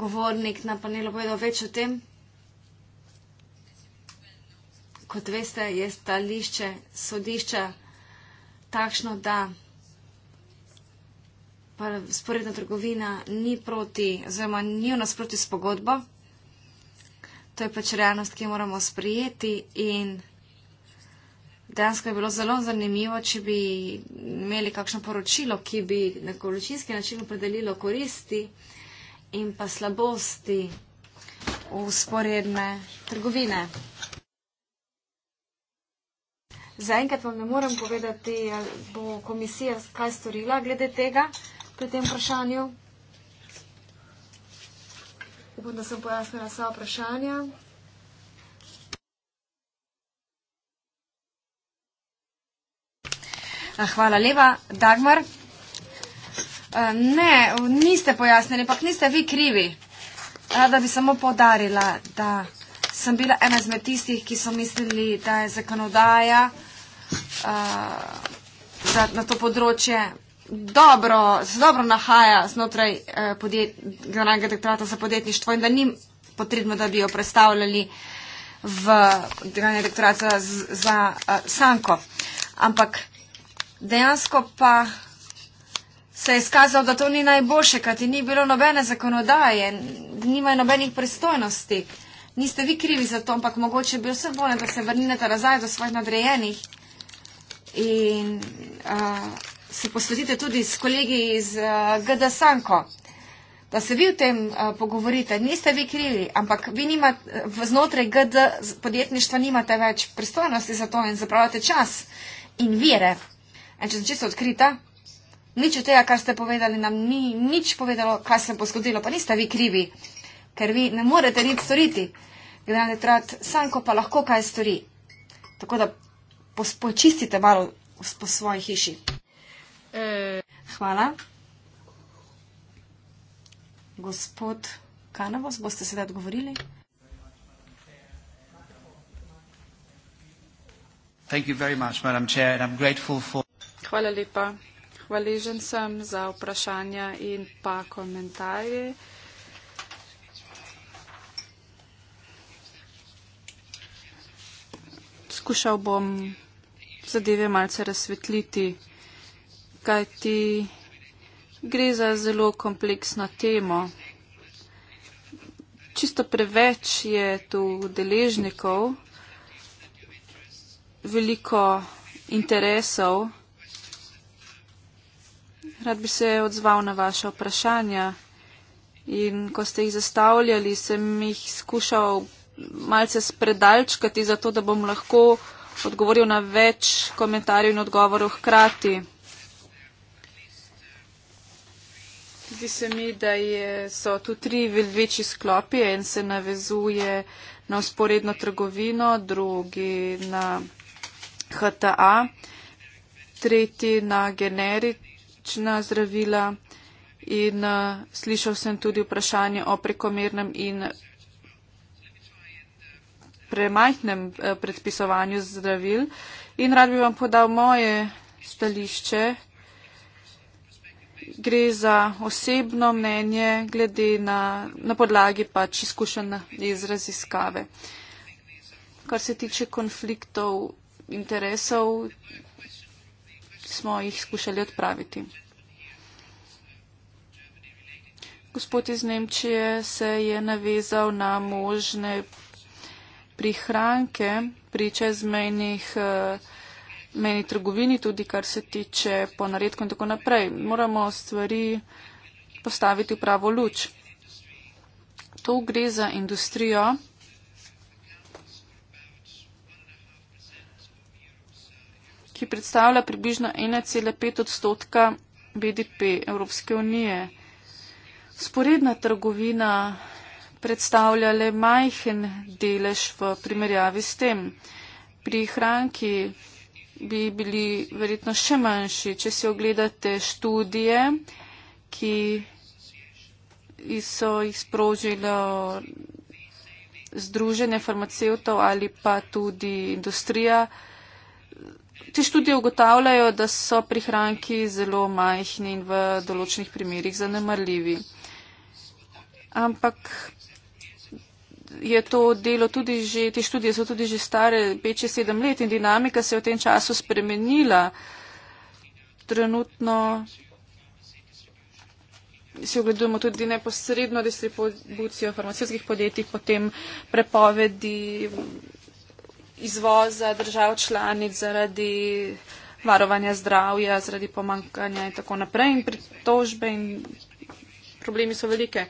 govornik na panelu povedal več o tem. Kot veste, je stališče sodišča takšno, da sporedna trgovina ni proti, oziroma ni v nasprotju s pogodbo to je pač realnost, ki jo moramo sprijeti. In dejansko je bilo zelo zanimivo, če bi imeli kakšno poročilo, ki bi na količinski način opredelilo koristi in pa slabosti usporedne trgovine. Zaenkrat vam ne morem povedati, ali bo komisija kaj storila glede tega pri tem vprašanju. Upam, da sem pojasnila vsa vprašanja. Eh, hvala lepa, Dagmar. Eh, ne, niste pojasnili, ampak niste vi krivi. Rada bi samo podarila, da sem bila ena zmed tistih, ki so mislili, da je zakonodaja eh, na to področje dobro, se dobro nahaja znotraj eh, podjet, generalnega direktorata za podjetništvo in da ni potrebno, da bi jo predstavljali v generalni direktorat za, za eh, Sanko. Ampak dejansko pa se je izkazal, da to ni najboljše, kajti ni bilo nobene zakonodaje, nimajo nobenih pristojnosti. Niste vi krivi za to, ampak mogoče bi vse bolje, da se vrnete nazaj do svojih nadrejenih. In, eh, se posvetite tudi s kolegi iz uh, eh, GD Sanko, da se vi o tem uh, pogovorite. Niste vi krivi, ampak vi nimate, v znotraj GD podjetništva nimate več pristojnosti za to in zapravljate čas in vire. In če sem čisto odkrita, nič od tega, kar ste povedali, nam ni nič povedalo, kaj se bo zgodilo, pa niste vi krivi, ker vi ne morete nič storiti. Generalni trat Sanko pa lahko kaj stori. Tako da počistite malo po svoji hiši. Hvala. Gospod Kanavos, boste sedaj odgovorili? Hvala lepa. Hvaležen sem za vprašanja in pa komentarje. Skušal bom zadeve malce razsvetliti kajti gre za zelo kompleksno temo. Čisto preveč je tu deležnikov, veliko interesov. Rad bi se odzval na vaše vprašanja in ko ste jih zastavljali, sem jih skušal malce spredalčkati, zato da bom lahko odgovoril na več komentarjev in odgovorov hkrati. zdi se mi, da je, so tu tri večji sklopi. En se navezuje na usporedno trgovino, drugi na HTA, tretji na generična zdravila in uh, slišal sem tudi vprašanje o prekomernem in premajhnem uh, predpisovanju zdravil. In rad bi vam podal moje stališče, gre za osebno mnenje glede na, na podlagi pač izkušenja iz raziskave. Kar se tiče konfliktov interesov, smo jih skušali odpraviti. Gospod iz Nemčije se je navezal na možne prihranke pri čezmejnih uh, meni trgovini, tudi kar se tiče ponaredkov in tako naprej. Moramo stvari postaviti v pravo luč. To gre za industrijo, ki predstavlja približno 1,5 odstotka BDP Evropske unije. Sporedna trgovina predstavlja le majhen delež v primerjavi s tem. Pri hranki bi bili verjetno še manjši, če si ogledate študije, ki so jih sprožilo združenje farmacevtov ali pa tudi industrija. Te študije ugotavljajo, da so prihranki zelo majhni in v določenih primerjih zanemarljivi. Ampak je to delo tudi že, te študije so tudi že stare 5-7 let in dinamika se je v tem času spremenila. Trenutno si ogledujemo tudi neposredno distribucijo farmacijskih podjetij, potem prepovedi izvoza držav članic zaradi varovanja zdravja, zaradi pomankanja in tako naprej. In pritožbe in problemi so velike.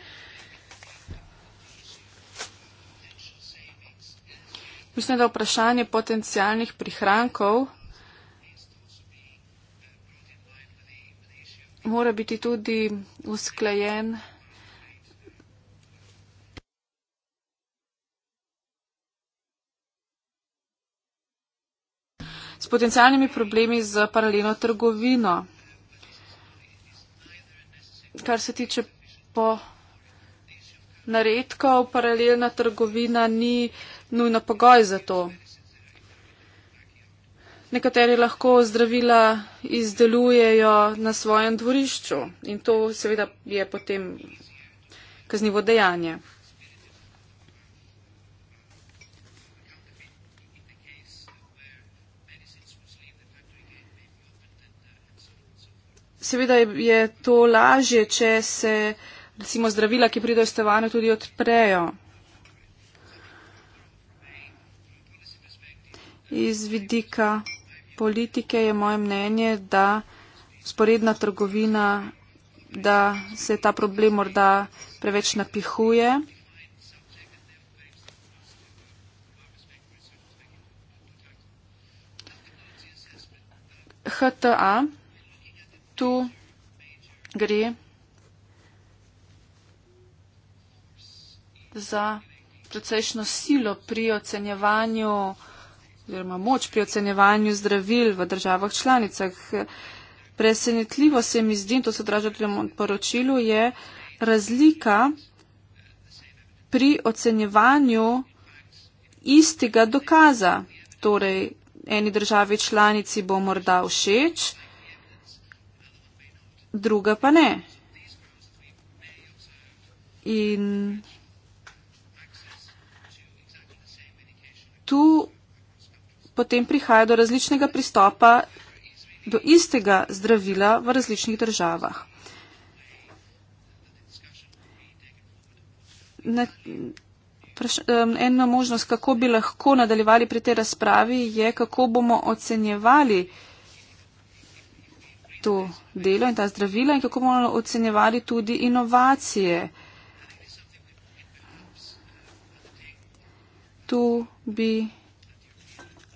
Mislim, da vprašanje potencijalnih prihrankov mora biti tudi usklajen. S potencijalnimi problemi z paralelno trgovino, kar se tiče po naredkov, paralelna trgovina ni uh, nujno pogoj za to. Nekateri lahko zdravila izdelujejo na svojem dvorišču in to seveda je potem kaznivo dejanje. Seveda je to lažje, če se recimo zdravila, ki pridejo iz tovarne, tudi odprejo. Iz vidika politike je moje mnenje, da sporedna trgovina, da se ta problem morda preveč napihuje. HTA, tu gre za precejšno silo pri ocenjevanju oziroma moč pri ocenjevanju zdravil v državah članicah. Presenetljivo se mi zdi, in to se odraža tudi v poročilu, je razlika pri ocenjevanju istega dokaza. Torej, eni državi članici bo morda všeč, druga pa ne. In tu potem prihaja do različnega pristopa do istega zdravila v različnih državah. Na, praš, ena možnost, kako bi lahko nadaljevali pri tej razpravi, je, kako bomo ocenjevali to delo in ta zdravila in kako bomo ocenjevali tudi inovacije. Tu bi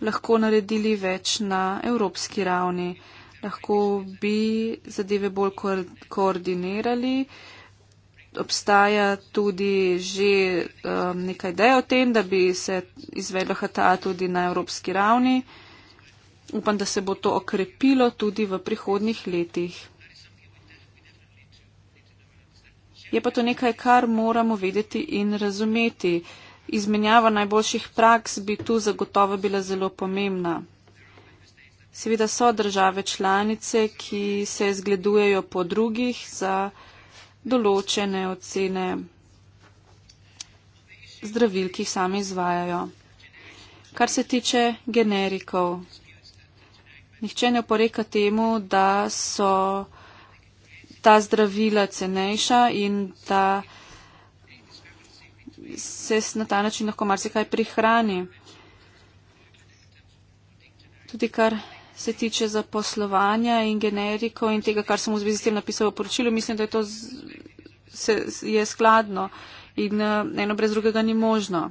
lahko naredili več na evropski ravni. Lahko bi zadeve bolj ko koordinirali. Obstaja tudi že um, nekaj idej o tem, da bi se izvedla HTA tudi na evropski ravni. Upam, da se bo to okrepilo tudi v prihodnih letih. Je pa to nekaj, kar moramo vedeti in razumeti. Uh, izmenjava najboljših praks bi tu zagotovo bila zelo pomembna. Seveda so države članice, ki se zgledujejo po drugih za določene ocene zdravil, ki jih sami izvajajo. Kar se tiče generikov, nihče ne oporeka temu, da so ta zdravila cenejša in da se na ta način lahko marsikaj prihrani. Tudi kar se tiče zaposlovanja in generiko in tega, kar sem v zvezi s tem napisal v poročilu, mislim, da je to z, se, je skladno in eh, eno brez drugega ni možno.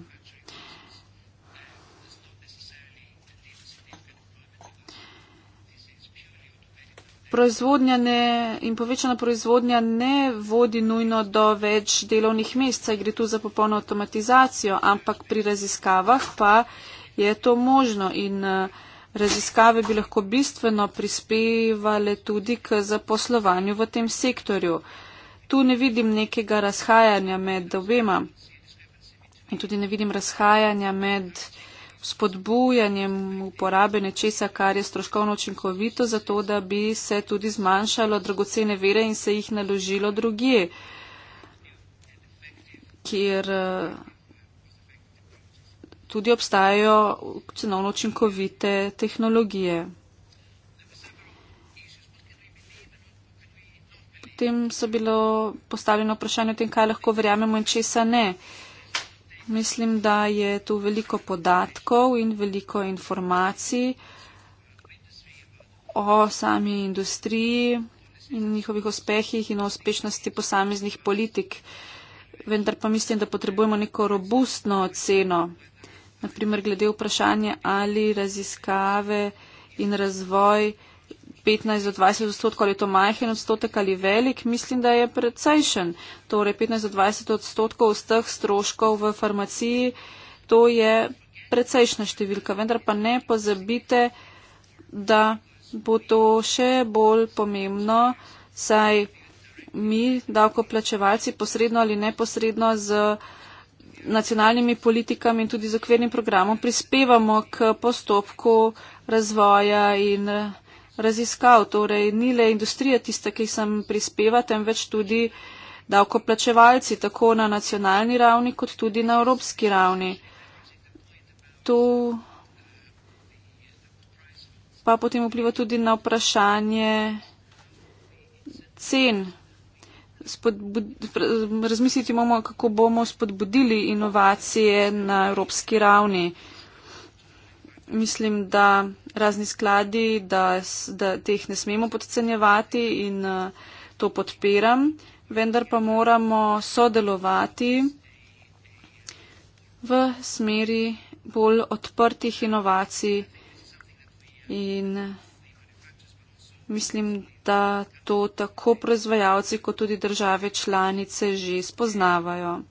proizvodnja ne, in povečana proizvodnja ne vodi nujno do več delovnih mest, saj gre tu za popolno avtomatizacijo, ampak pri raziskavah pa je to možno in eh, raziskave bi lahko bistveno prispevale tudi k zaposlovanju v tem sektorju. Tu ne vidim nekega razhajanja med obema in tudi ne vidim razhajanja med spodbujanjem uporabe nečesa, kar je stroškovno učinkovito, zato da bi se tudi zmanjšalo dragocene vere in se jih naložilo drugje, kjer eh, tudi obstajajo cenovno učinkovite tehnologije. Potem so bilo postavljeno vprašanje o tem, kaj lahko verjamemo in česa ne. Uh, Mislim, da je tu veliko podatkov in veliko informacij o sami industriji in njihovih uspehih in o uspešnosti posameznih politik. Vendar pa mislim, da potrebujemo neko robustno oceno, naprimer glede vprašanja ali raziskave in razvoj. 15 do 20 odstotkov, ali je to majhen odstotek ali velik, mislim, da je precejšen. Torej 15 do 20 odstotkov vseh stroškov v farmaciji, to je precejšna številka. Vendar pa ne pozabite, da bo to še bolj pomembno, saj mi, davkoplačevalci, posredno ali neposredno z nacionalnimi politikami in tudi z okvirnim programom prispevamo k postopku razvoja in raziskav. Torej, ni le industrija tista, ki sem prispeva, temveč tudi davkoplačevalci, tako na nacionalni ravni, kot tudi na evropski ravni. To pa potem vpliva tudi na vprašanje cen. Razmisliti moramo, kako bomo spodbudili inovacije na evropski ravni mislim, da razni skladi, da, da teh ne smemo podcenjevati in eh, to podpiram, vendar pa moramo sodelovati v smeri bolj odprtih inovacij in mislim, da to tako proizvajalci kot tudi države članice že spoznavajo.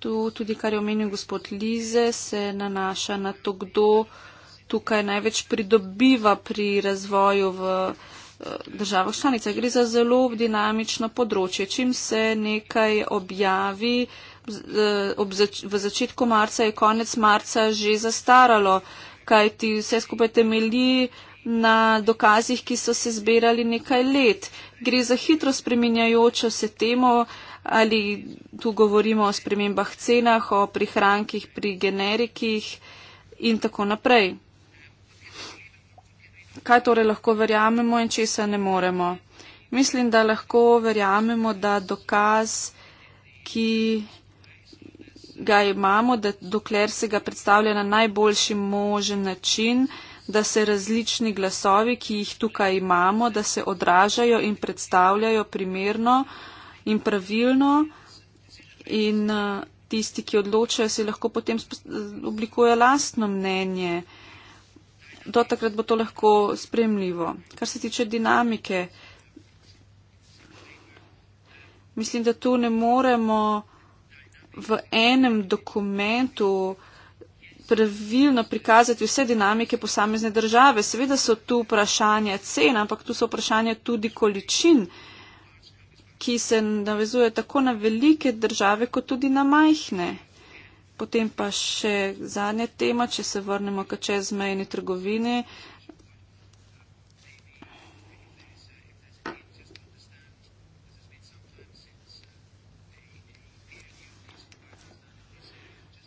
Tu tudi, kar je omenil gospod Lize, se nanaša na to, kdo tukaj največ pridobiva pri razvoju v eh, državah članicah. Gre za zelo dinamično področje. Čim se nekaj objavi, eh, zač v začetku marca je konec marca že zastaralo, kaj ti vse skupaj temelji na dokazih, ki so se zbirali nekaj let. Gre za hitro spreminjajočo se temo ali tu govorimo o spremembah cenah, o prihrankih pri generikih in tako naprej. Kaj torej lahko verjamemo in česa ne moremo? Mislim, da lahko verjamemo, da dokaz, ki ga imamo, da dokler se ga predstavlja na najboljši možen način, da se različni glasovi, ki jih tukaj imamo, da se odražajo in predstavljajo primerno, uh, in pravilno in eh, tisti, ki odločajo, si lahko potem oblikuje lastno mnenje. Do takrat bo to lahko spremljivo. Kar se tiče dinamike, mislim, da tu ne moremo v enem dokumentu pravilno prikazati vse dinamike posamezne države. Seveda so tu vprašanja cen, ampak tu so vprašanja tudi količin. Uh, ki se navezuje tako na velike države, kot tudi na majhne. Potem pa še zadnja tema, če se vrnemo k čezmejni trgovini.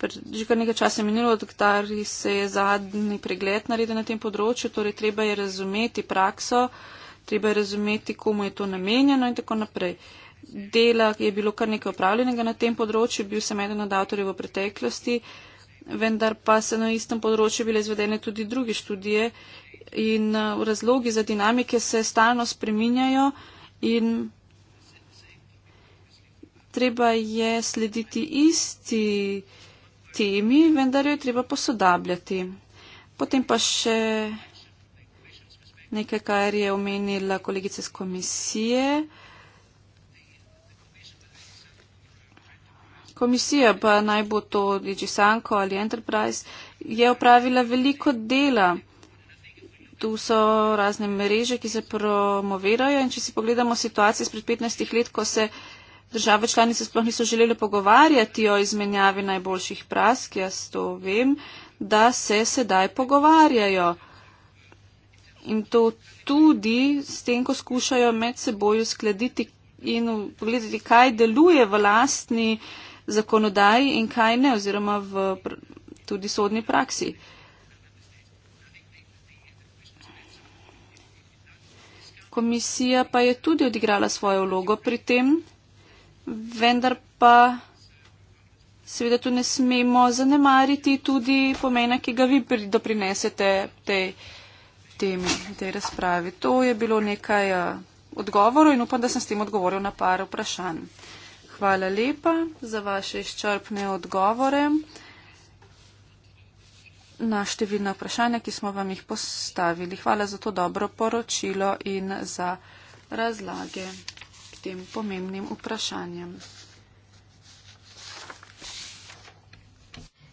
Že kar nekaj časa je minilo, odkar se je zadnji pregled naredil na tem področju, torej treba je razumeti prakso. Uh, treba je razumeti, komu je to namenjeno in tako naprej. Dela je bilo kar nekaj opravljenega na tem področju, bil sem eden od avtorjev v preteklosti, vendar pa se na istem področju bile izvedene tudi druge študije in eh, razlogi za dinamike se stalno spreminjajo in treba je slediti isti temi, vendar jo je treba posodabljati. Potem pa še nekaj, kar je omenila kolegica z komisije. Komisija, pa naj bo to Digisanko ali Enterprise, je opravila veliko dela. Tu so razne mreže, ki se promovirajo in če si pogledamo situacijo spred 15 let, ko se države članice sploh niso želeli pogovarjati o izmenjavi najboljših prask, jaz to vem, da se sedaj pogovarjajo in to tudi s tem, ko skušajo med seboj uskladiti in pogledati, kaj deluje v lastni zakonodaji in kaj ne, oziroma v pr tudi sodni praksi. Komisija pa je tudi odigrala svojo vlogo pri tem, vendar pa seveda tu ne smemo zanemariti tudi pomena, ki ga vi doprinesete tej temi, tej razpravi. To je bilo nekaj eh, odgovorov in upam, da sem s tem odgovoril na par vprašanj. Hvala lepa za vaše izčrpne odgovore na številna vprašanja, ki smo vam jih postavili. Hvala za to dobro poročilo in za razlage k tem pomembnim vprašanjem.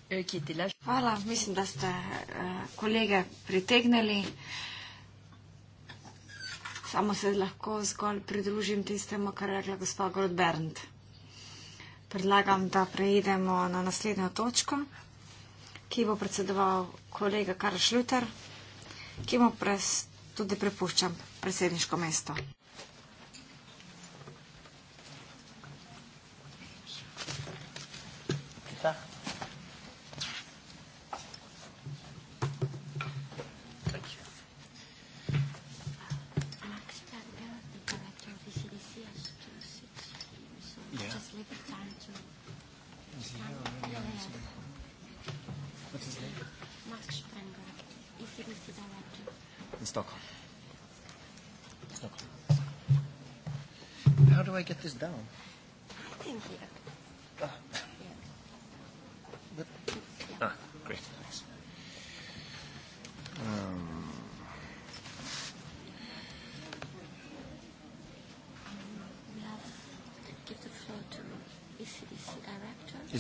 ki je delaš. Hvala, mislim, da ste eh, kolege pritegnili. Samo se lahko zgolj pridružim tistemu, kar je rekla gospa Grodbernd. Predlagam, da preidemo na naslednjo točko, ki bo predsedoval kolega Karl Šluter, ki mu pres, tudi prepuščam predsedniško mesto.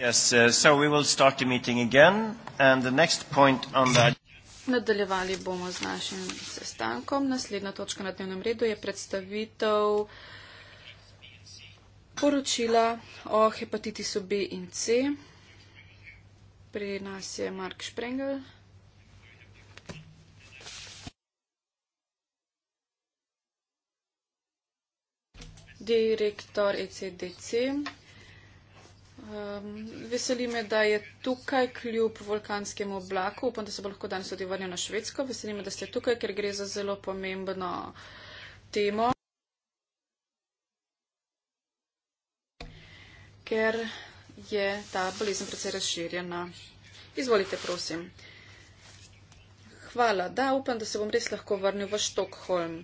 Uh, Nadaljevali bomo z našim sestankom. Naslednja točka na dnevnem redu je predstavitev poročila o hepatitisu B in C. Pri nas je Mark Sprengel. Direktor ECDC. Um, veseli me, da je tukaj kljub vulkanskemu oblaku. Upam, da se bo lahko danes tudi vrnil na Švedsko. Veseli me, da ste tukaj, ker gre za zelo pomembno temo. Ker je ta bolezen precej razširjena. Izvolite, prosim. Hvala, da upam, da se bom res lahko vrnil v Štokholm.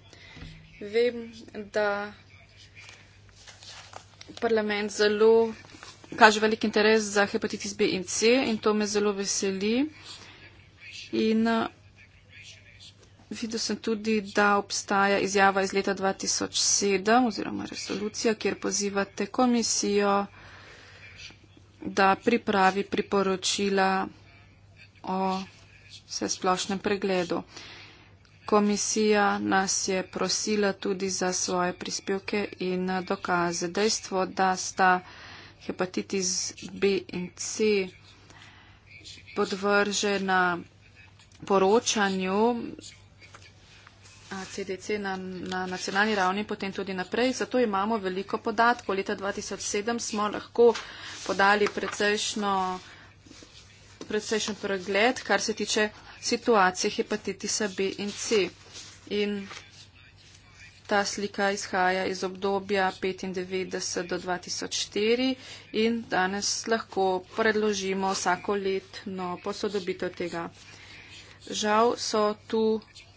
Vem, da parlament zelo kaže velik interes za hepatitis B in C in to me zelo veseli. In eh, videl sem tudi, da obstaja izjava iz leta 2007 oziroma resolucija, kjer pozivate komisijo, da pripravi priporočila o vsesplošnem pregledu. Komisija nas je prosila tudi za svoje prispevke in dokaze. Dejstvo, da sta hepatitis B in C podvržena poročanju CDC na, na nacionalni ravni, potem tudi naprej. Zato imamo veliko podatkov. Leta 2007 smo lahko podali precejšen pregled, kar se tiče situacije hepatitisa B in C. In Ta slika izhaja iz obdobja 95 do 2004 in danes lahko predložimo vsako letno posodobitev tega. Žal so tu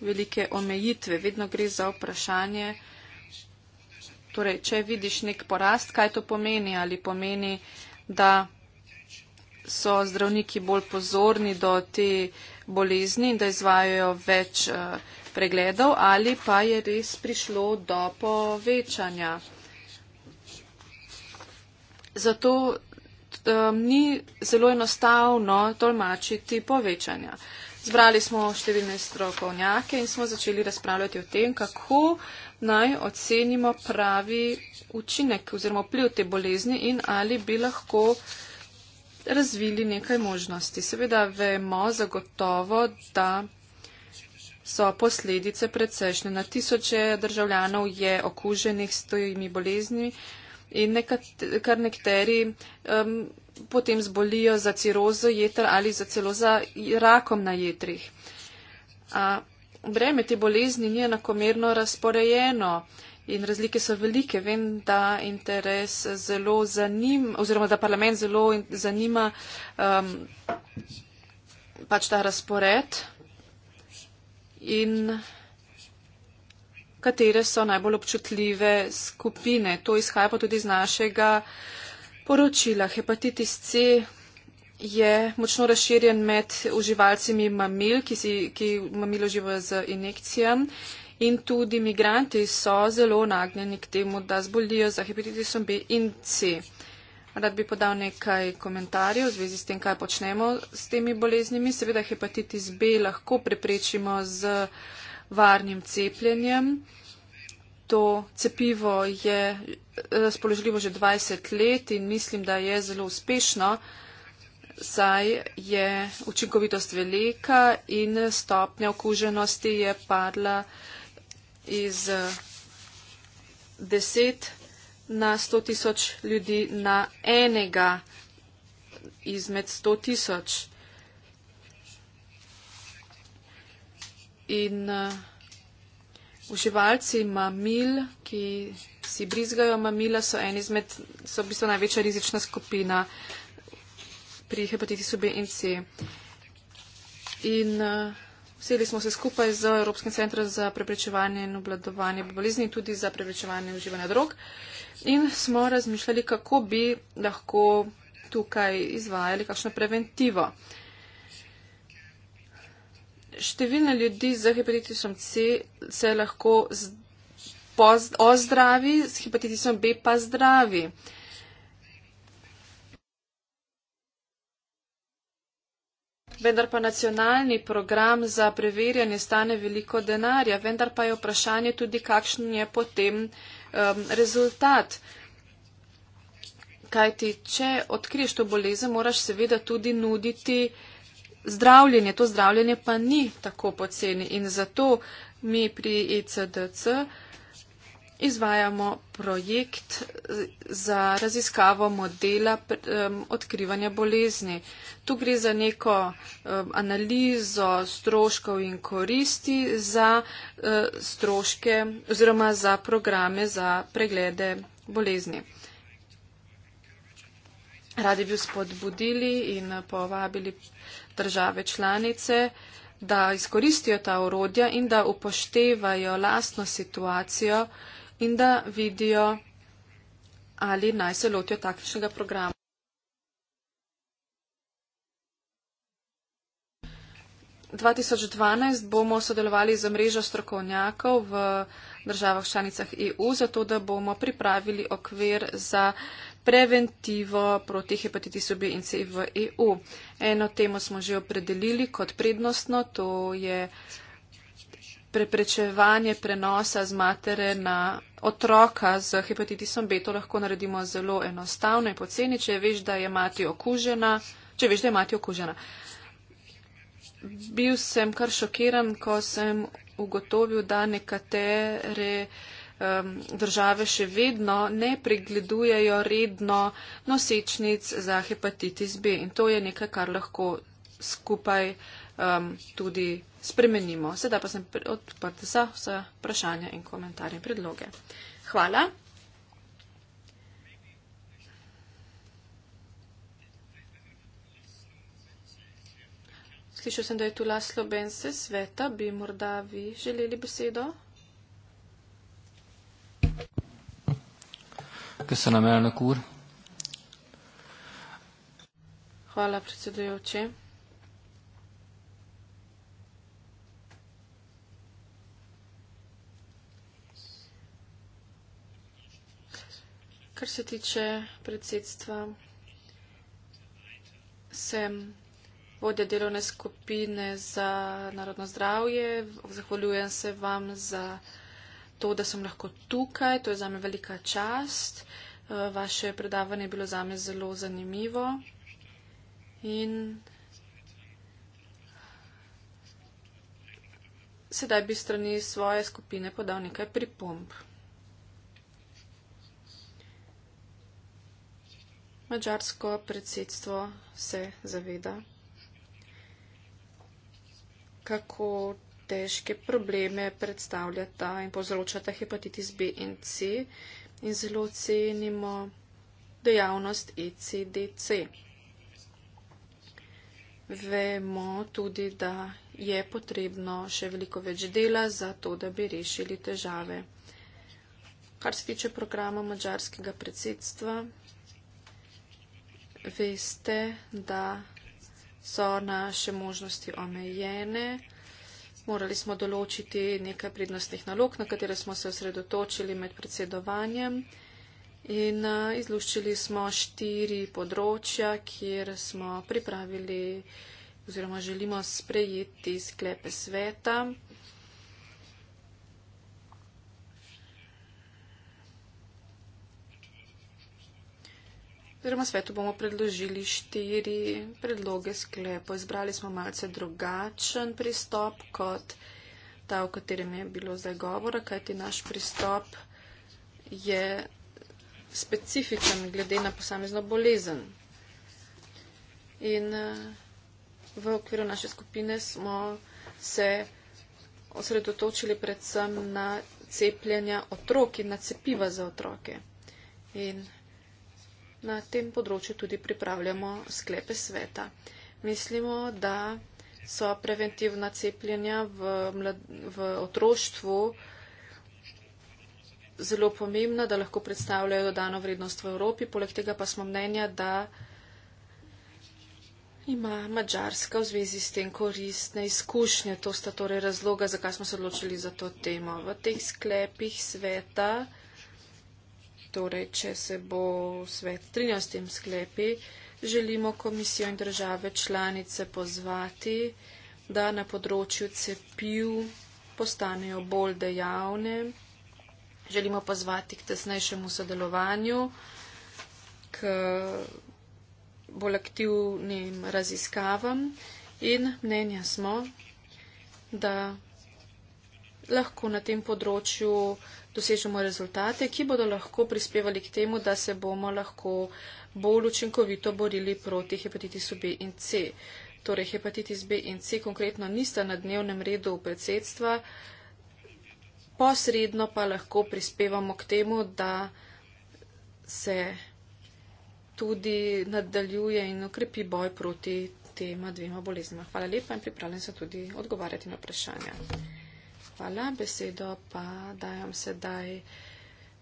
velike omejitve, vedno gre za vprašanje, torej, če vidiš nek porast, kaj to pomeni, ali pomeni, da so zdravniki bolj pozorni do te bolezni in da izvajajo več. Uh, pregledov ali pa je res prišlo do povečanja. Zato um, ni zelo enostavno tolmačiti povečanja. Zbrali smo številne strokovnjake in smo začeli razpravljati o tem, kako naj ocenimo pravi učinek oziroma vpliv te bolezni in ali bi lahko razvili nekaj možnosti. Seveda vemo zagotovo, da so posledice precejšnje. Na tisoče državljanov je okuženih s temi boleznimi in nekat, kar nekateri um, potem zbolijo za cirozo jeter ali za celo za rakom na jetrih. A, breme te bolezni ni enakomerno razporejeno. In razlike so velike. Vem, da interes zelo zanima, oziroma da parlament zelo zanima um, pač ta razpored in katere so najbolj občutljive skupine. To izhaja pa tudi iz našega poročila. Hepatitis C je močno razširjen med uživalcimi mamil, ki, si, ki mamilo živijo z injekcijami in tudi migranti so zelo nagnjeni k temu, da zbolijo za hepatitisom B in C rad bi podal nekaj komentarjev v zvezi s tem, kaj počnemo s temi boleznimi. Seveda hepatitis B lahko preprečimo z varnim cepljenjem. To cepivo je eh, razpoložljivo že 20 let in mislim, da je zelo uspešno, saj je učinkovitost velika in stopnja okuženosti je padla iz 10 eh, na 100 tisoč ljudi na enega izmed 100 tisoč. In uh, uživalci mamil, ki si brizgajo mamila, so en izmed, so v bistvu največja rizična skupina pri hepatitisu B in C. In uh, Vseli smo se skupaj z Evropskim centrom za preprečevanje in obladovanje bolezni, tudi za preprečevanje uživanja drog. In smo razmišljali, kako bi lahko tukaj izvajali kakšno preventivo. Številne ljudi z hepatitisom C se lahko ozdravi, z hepatitisom B pa zdravi. Uh, vendar pa nacionalni program za preverjanje stane veliko denarja, vendar pa je vprašanje tudi, kakšen je potem um, rezultat. Kaj ti, če odkriješ to bolezen, moraš seveda tudi nuditi zdravljenje. To zdravljenje pa ni tako poceni in zato mi pri ECDC izvajamo projekt za raziskavo modela odkrivanja bolezni. Tu gre za neko analizo stroškov in koristi za e, stroške oziroma za programe za preglede bolezni. Radi bi spodbudili in povabili države članice, da izkoristijo ta urodja in da upoštevajo lastno situacijo, in da vidijo, ali naj se lotijo takšnega programa. V 2012 bomo sodelovali z mrežo strokovnjakov v državah članicah EU, zato da bomo pripravili okvir za preventivo proti hepatitisu B in C v EU. Eno temo smo že opredelili kot prednostno, to je preprečevanje prenosa z matere na otroka z hepatitisom B, to lahko naredimo zelo enostavno in poceni, če veš, da je mati okužena. Če veš, da je mati okužena. Bil sem kar šokiran, ko sem ugotovil, da nekatere um, države še vedno ne pregledujejo redno nosečnic za hepatitis B. In to je nekaj, kar lahko skupaj um, tudi spremenimo. Sedaj pa sem odprta za vse vprašanja in komentarje in predloge. Hvala. Slišal sem, da je tu Laslo Bense sveta. Bi morda vi želeli besedo? Kaj se namera na kur? Hvala predsedujoči. kar se tiče predsedstva, sem vodja delovne skupine za narodno zdravje. Zahvaljujem se vam za to, da sem lahko tukaj. To je zame velika čast. Eh, vaše predavanje je bilo zame zelo zanimivo. In sedaj bi strani svoje skupine podal nekaj pripomb. mačarsko predsedstvo se zaveda, kako težke probleme predstavljata in povzročata hepatitis B in C in zelo cenimo dejavnost ECDC. Vemo tudi, da je potrebno še veliko več dela za to, da bi rešili težave. Kar se tiče programa mačarskega predsedstva, veste, da so naše možnosti omejene. Morali smo določiti nekaj prednostnih nalog, na katere smo se osredotočili med predsedovanjem in izluščili smo štiri področja, kjer smo pripravili oziroma želimo sprejeti sklepe sveta. oziroma svetu bomo predložili štiri predloge sklepo. Izbrali smo malce drugačen pristop kot ta, o katerem je bilo zdaj govora, kajti naš pristop je specifičen glede na posamezno bolezen. In eh, v okviru naše skupine smo se osredotočili predvsem na cepljenja otrok in na cepiva za otroke. In na tem področju tudi pripravljamo sklepe sveta. Mislimo, da so preventivna cepljenja v, mlad, v otroštvu zelo pomembna, da lahko predstavljajo dodano vrednost v Evropi. Poleg tega pa smo mnenja, da ima Mačarska v zvezi s tem koristne izkušnje. To sta torej razloga, zakaj smo se odločili za to temo. V teh sklepih sveta Torej, če se bo svet 13. sklepi, želimo komisijo in države članice pozvati, da na področju cepiv postanejo bolj dejavne. Želimo pozvati k tesnejšemu sodelovanju, k bolj aktivnim raziskavam in mnenja smo, da lahko na tem področju dosežemo rezultate, ki bodo lahko prispevali k temu, da se bomo lahko bolj učinkovito borili proti hepatitisu B in C. Torej, hepatitis B in C konkretno nista na dnevnem redu predsedstva, posredno pa lahko prispevamo k temu, da se tudi nadaljuje in ukrepi boj proti tema dvema boleznima. Hvala lepa in pripravljam se tudi odgovarjati na vprašanja. Hvala. Besedo pa dajam sedaj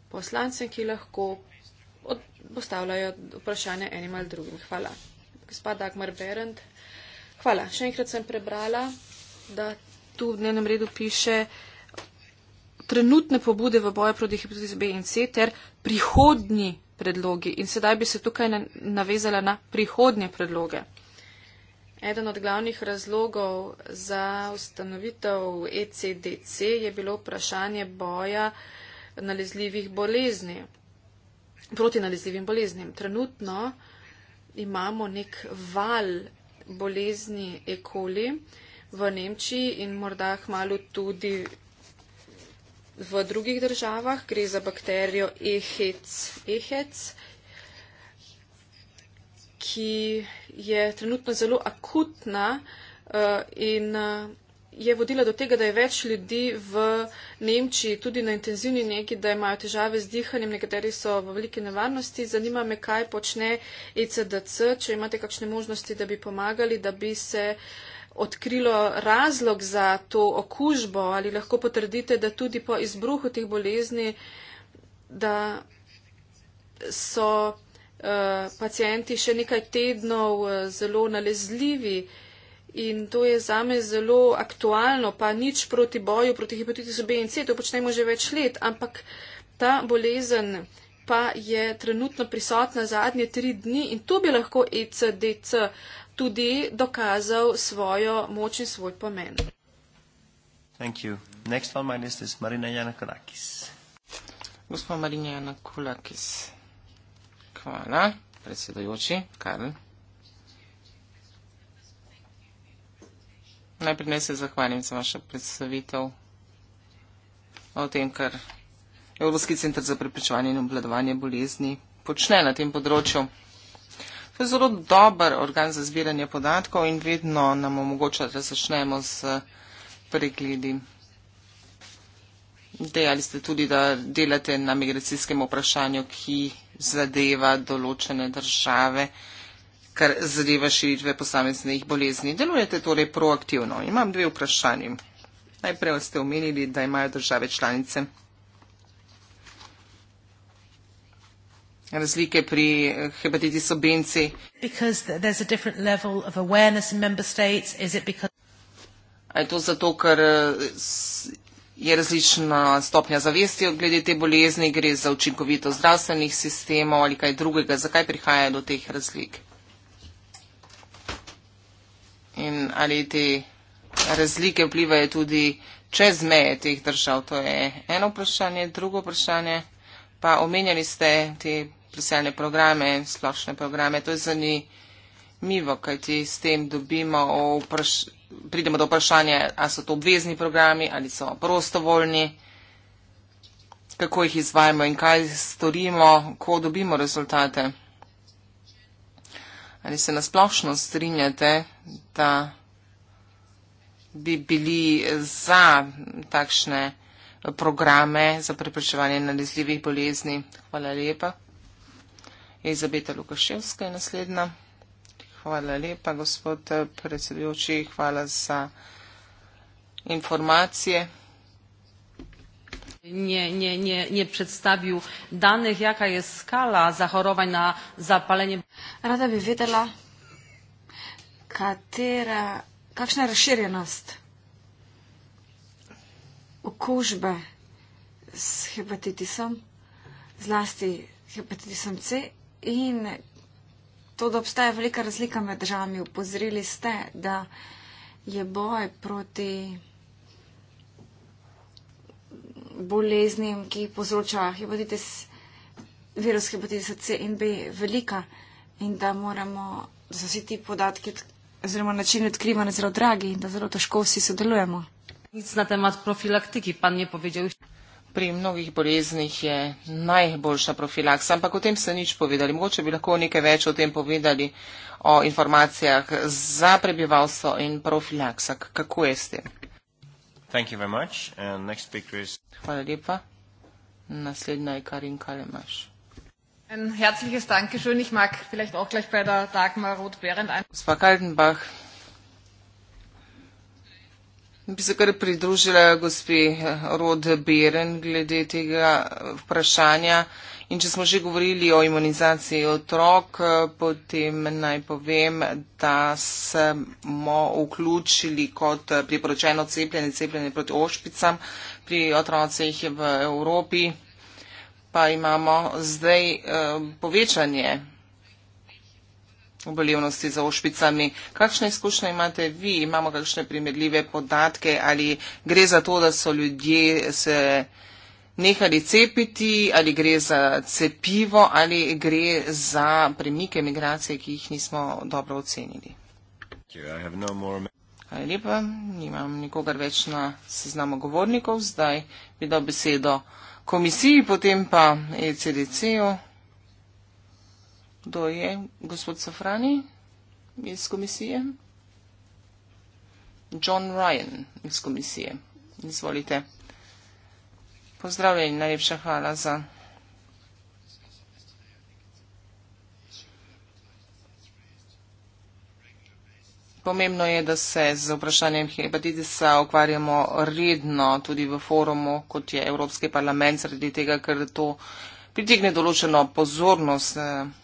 poslancem, ki lahko postavljajo vprašanje enim ali drugim. Hvala. Gospa Dagmar Berend. Hvala. Še enkrat sem prebrala, da tu v dnevnem redu piše trenutne pobude v boju proti hepatitis B in C ter prihodnji predlogi. In sedaj bi se tukaj navezala na prihodnje predloge. Eden od glavnih razlogov za ustanovitev ECDC je bilo vprašanje boja nalezljivih bolezni, proti nalezljivim boleznim. Trenutno imamo nek val bolezni ekoli v Nemčiji in morda hmalo tudi v drugih državah. Gre za bakterijo EHEC, e EHEC ki je trenutno zelo akutna eh, in eh, je vodila do tega, da je več ljudi v Nemčiji tudi na intenzivni neki, da imajo težave z dihanjem, nekateri so v veliki nevarnosti. Zanima me, kaj počne ECDC, če imate kakšne možnosti, da bi pomagali, da bi se odkrilo razlog za to okužbo ali lahko potrdite, da tudi po izbruhu teh bolezni, da so Eh, pacijenti še nekaj tednov eh, zelo nalezljivi in to je zame zelo aktualno, pa nič proti boju proti hepatitisu B in C, to počnemo že več let, ampak ta bolezen pa je trenutno prisotna zadnje tri dni in to bi lahko ECDC tudi dokazal svojo moč in svoj pomen. Thank you. Next on my list is Marina Janakulakis. Gospod Marina Janakulakis. Hvala, predsedojoči Karl. Najprej naj se zahvalim za vašo predstavitev o tem, kar Evropski center za preprečevanje in obladovanje bolezni počne na tem področju. To je zelo dober organ za zbiranje podatkov in vedno nam omogoča, da začnemo s pregledi. Dejali ste tudi, da delate na migracijskem vprašanju, ki zadeva določene države, kar zadeva širitve posameznih bolezni. Delujete torej proaktivno. Imam dve vprašanje. Najprej ste omenili, da imajo države članice razlike pri hepatitisu B in C. A je to zato, ker je različna stopnja zavesti glede te bolezni, gre za učinkovito zdravstvenih sistemov ali kaj drugega, zakaj prihaja do teh razlik. In ali te razlike vplivajo tudi čez meje teh držav, to je eno vprašanje, drugo vprašanje. Pa omenjali ste te preseljne programe, splošne programe, to je zanimivo, kaj ti s tem dobimo pridemo do vprašanja, ali so to obvezni programi ali so prostovoljni, kako jih izvajamo in kaj storimo, ko dobimo rezultate. Ali se nasplošno strinjate, da bi bili za takšne programe za preprečevanje nalezljivih bolezni? Hvala lepa. Elizabeta Lukaševska je naslednja. Hvala lepa, gospod predsedujoči. Hvala za informacije. Nie, nie, nie, nie przedstawił danych, jaka jest skala zachorowań na zapalenie. Rada by wiedziała, która, jaka rozszerzoność ukurzby z hepatitisem, zlasti hepatitisem C i to, da obstaja velika razlika med državami, upozorili ste, da je boj proti boleznim, ki povzroča hepatitis, virus hepatitis C in B velika in da moramo, da so vsi ti podatki oziroma načini odkrivanja zelo dragi in da zelo težko vsi sodelujemo. Nic na temat profilaktyki pan nie powiedział pri mnogih boleznih je najboljša profilaksa, ampak o tem se nič povedali. Mogoče bi lahko nekaj več o tem povedali, o informacijah za prebivalstvo in profilaksa. Kako je s tem? Is... Hvala lepa. Naslednja je Karin Kalemaš. Ein herzliches Dankeschön. Ich mag vielleicht auch gleich bei der Dagmar Rot-Behrendt ein. Es war Kaltenbach. Bi se kar pridružila gospe Rod Beren glede tega vprašanja. In če smo že govorili o imunizaciji otrok, potem naj povem, da smo vključili kot priporočeno cepljenje, cepljenje proti ošpicam pri otrocih v Evropi, pa imamo zdaj eh, povečanje v bolivnosti za ošpicami. Kakšne izkušnje imate vi? Imamo kakšne primerljive podatke? Ali gre za to, da so ljudje se nehali cepiti? Ali gre za cepivo? Ali gre za premike migracije, ki jih nismo dobro ocenili? Hvala lepa. Nimam nikogar več na seznamu govornikov. Zdaj bi dal besedo komisiji, potem pa ECDC-u. Kdo je gospod Safrani iz komisije? John Ryan iz komisije. Izvolite. Pozdravljeni, najlepša hvala za. Pomembno je, da se z vprašanjem hepatitisa ukvarjamo redno tudi v forumu, kot je Evropski parlament, zaradi tega, ker to pritegne določeno pozornost. Eh,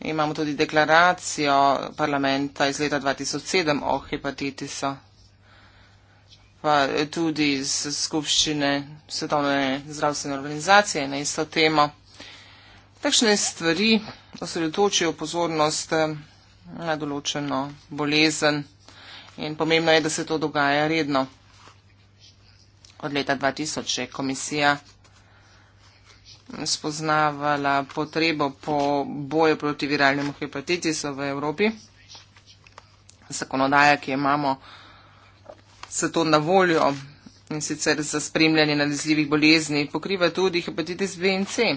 Imamo tudi deklaracijo parlamenta iz leta 2007 o hepatitisu, pa tudi iz skupščine Svetovne zdravstvene organizacije na isto temo. Takšne stvari osredotočijo pozornost eh, na določeno bolezen in pomembno je, da se to dogaja redno. Od leta 2000 je komisija spoznavala potrebo po boju proti viralnemu hepatitisu v Evropi. Zakonodaja, ki imamo se to na voljo in sicer za spremljanje nalezljivih bolezni, pokriva tudi hepatitis B in C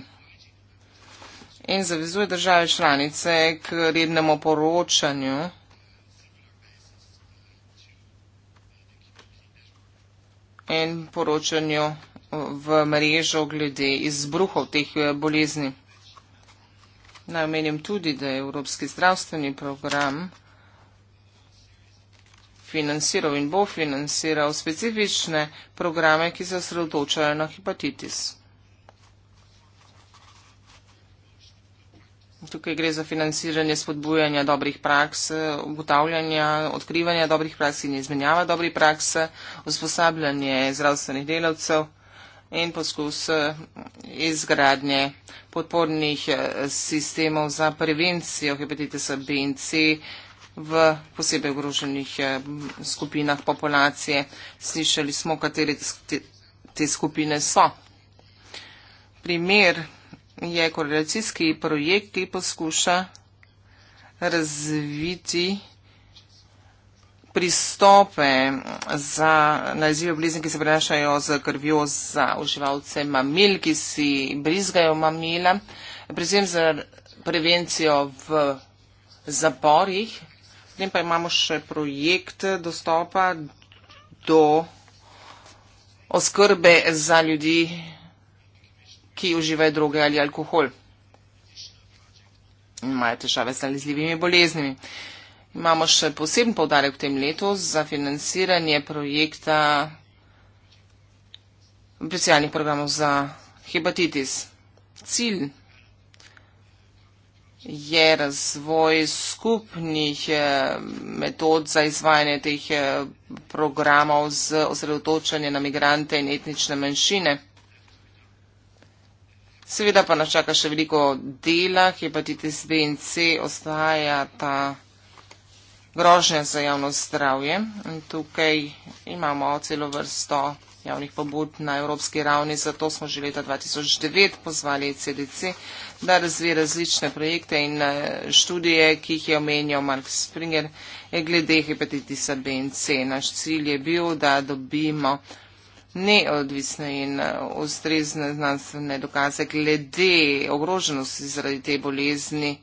in zavezuje države članice k rednemu poročanju. In poročanju v mrežo glede izbruhov teh eh, bolezni. Naj omenim tudi, da je Evropski zdravstveni program financiral in bo financiral specifične programe, ki se osredotočajo na hepatitis. Tukaj gre za financiranje spodbujanja dobrih praks, eh, ugotavljanja, odkrivanja dobrih praks in izmenjava dobrih praks, eh, usposabljanje zdravstvenih delavcev in poskus eh, izgradnje podpornih eh, sistemov za prevencijo hepatitisa B in C v posebej ogroženih eh, skupinah populacije. Slišali smo, katere te skupine so. Primer je korelacijski projekt, ki poskuša razviti pristope za nalezljive bolezni, ki se prenašajo z krvjo za uživalce mamil, ki si brizgajo mamila, predvsem za prevencijo v zaporih. Potem pa imamo še projekt dostopa do oskrbe za ljudi, ki uživajo droge ali alkohol in imajo težave z nalezljivimi boleznimi. Imamo še poseben povdarek v tem letu za financiranje projekta specialnih programov za hepatitis. Cilj je razvoj skupnih eh, metod za izvajanje teh eh, programov z osredotočanje na migrante in etnične manjšine. Seveda pa nas čaka še veliko dela, hepatitis B in C ostaja ta grožnja za javno zdravje. In tukaj imamo celo vrsto javnih pobud na evropski ravni, zato smo že leta 2009 pozvali CDC, da razvije različne projekte in eh, študije, ki jih je omenjal Mark Springer, glede hepatitisa B in C. Naš cilj je bil, da dobimo neodvisne in eh, ustrezne znanstvene dokaze glede ogroženosti zaradi te bolezni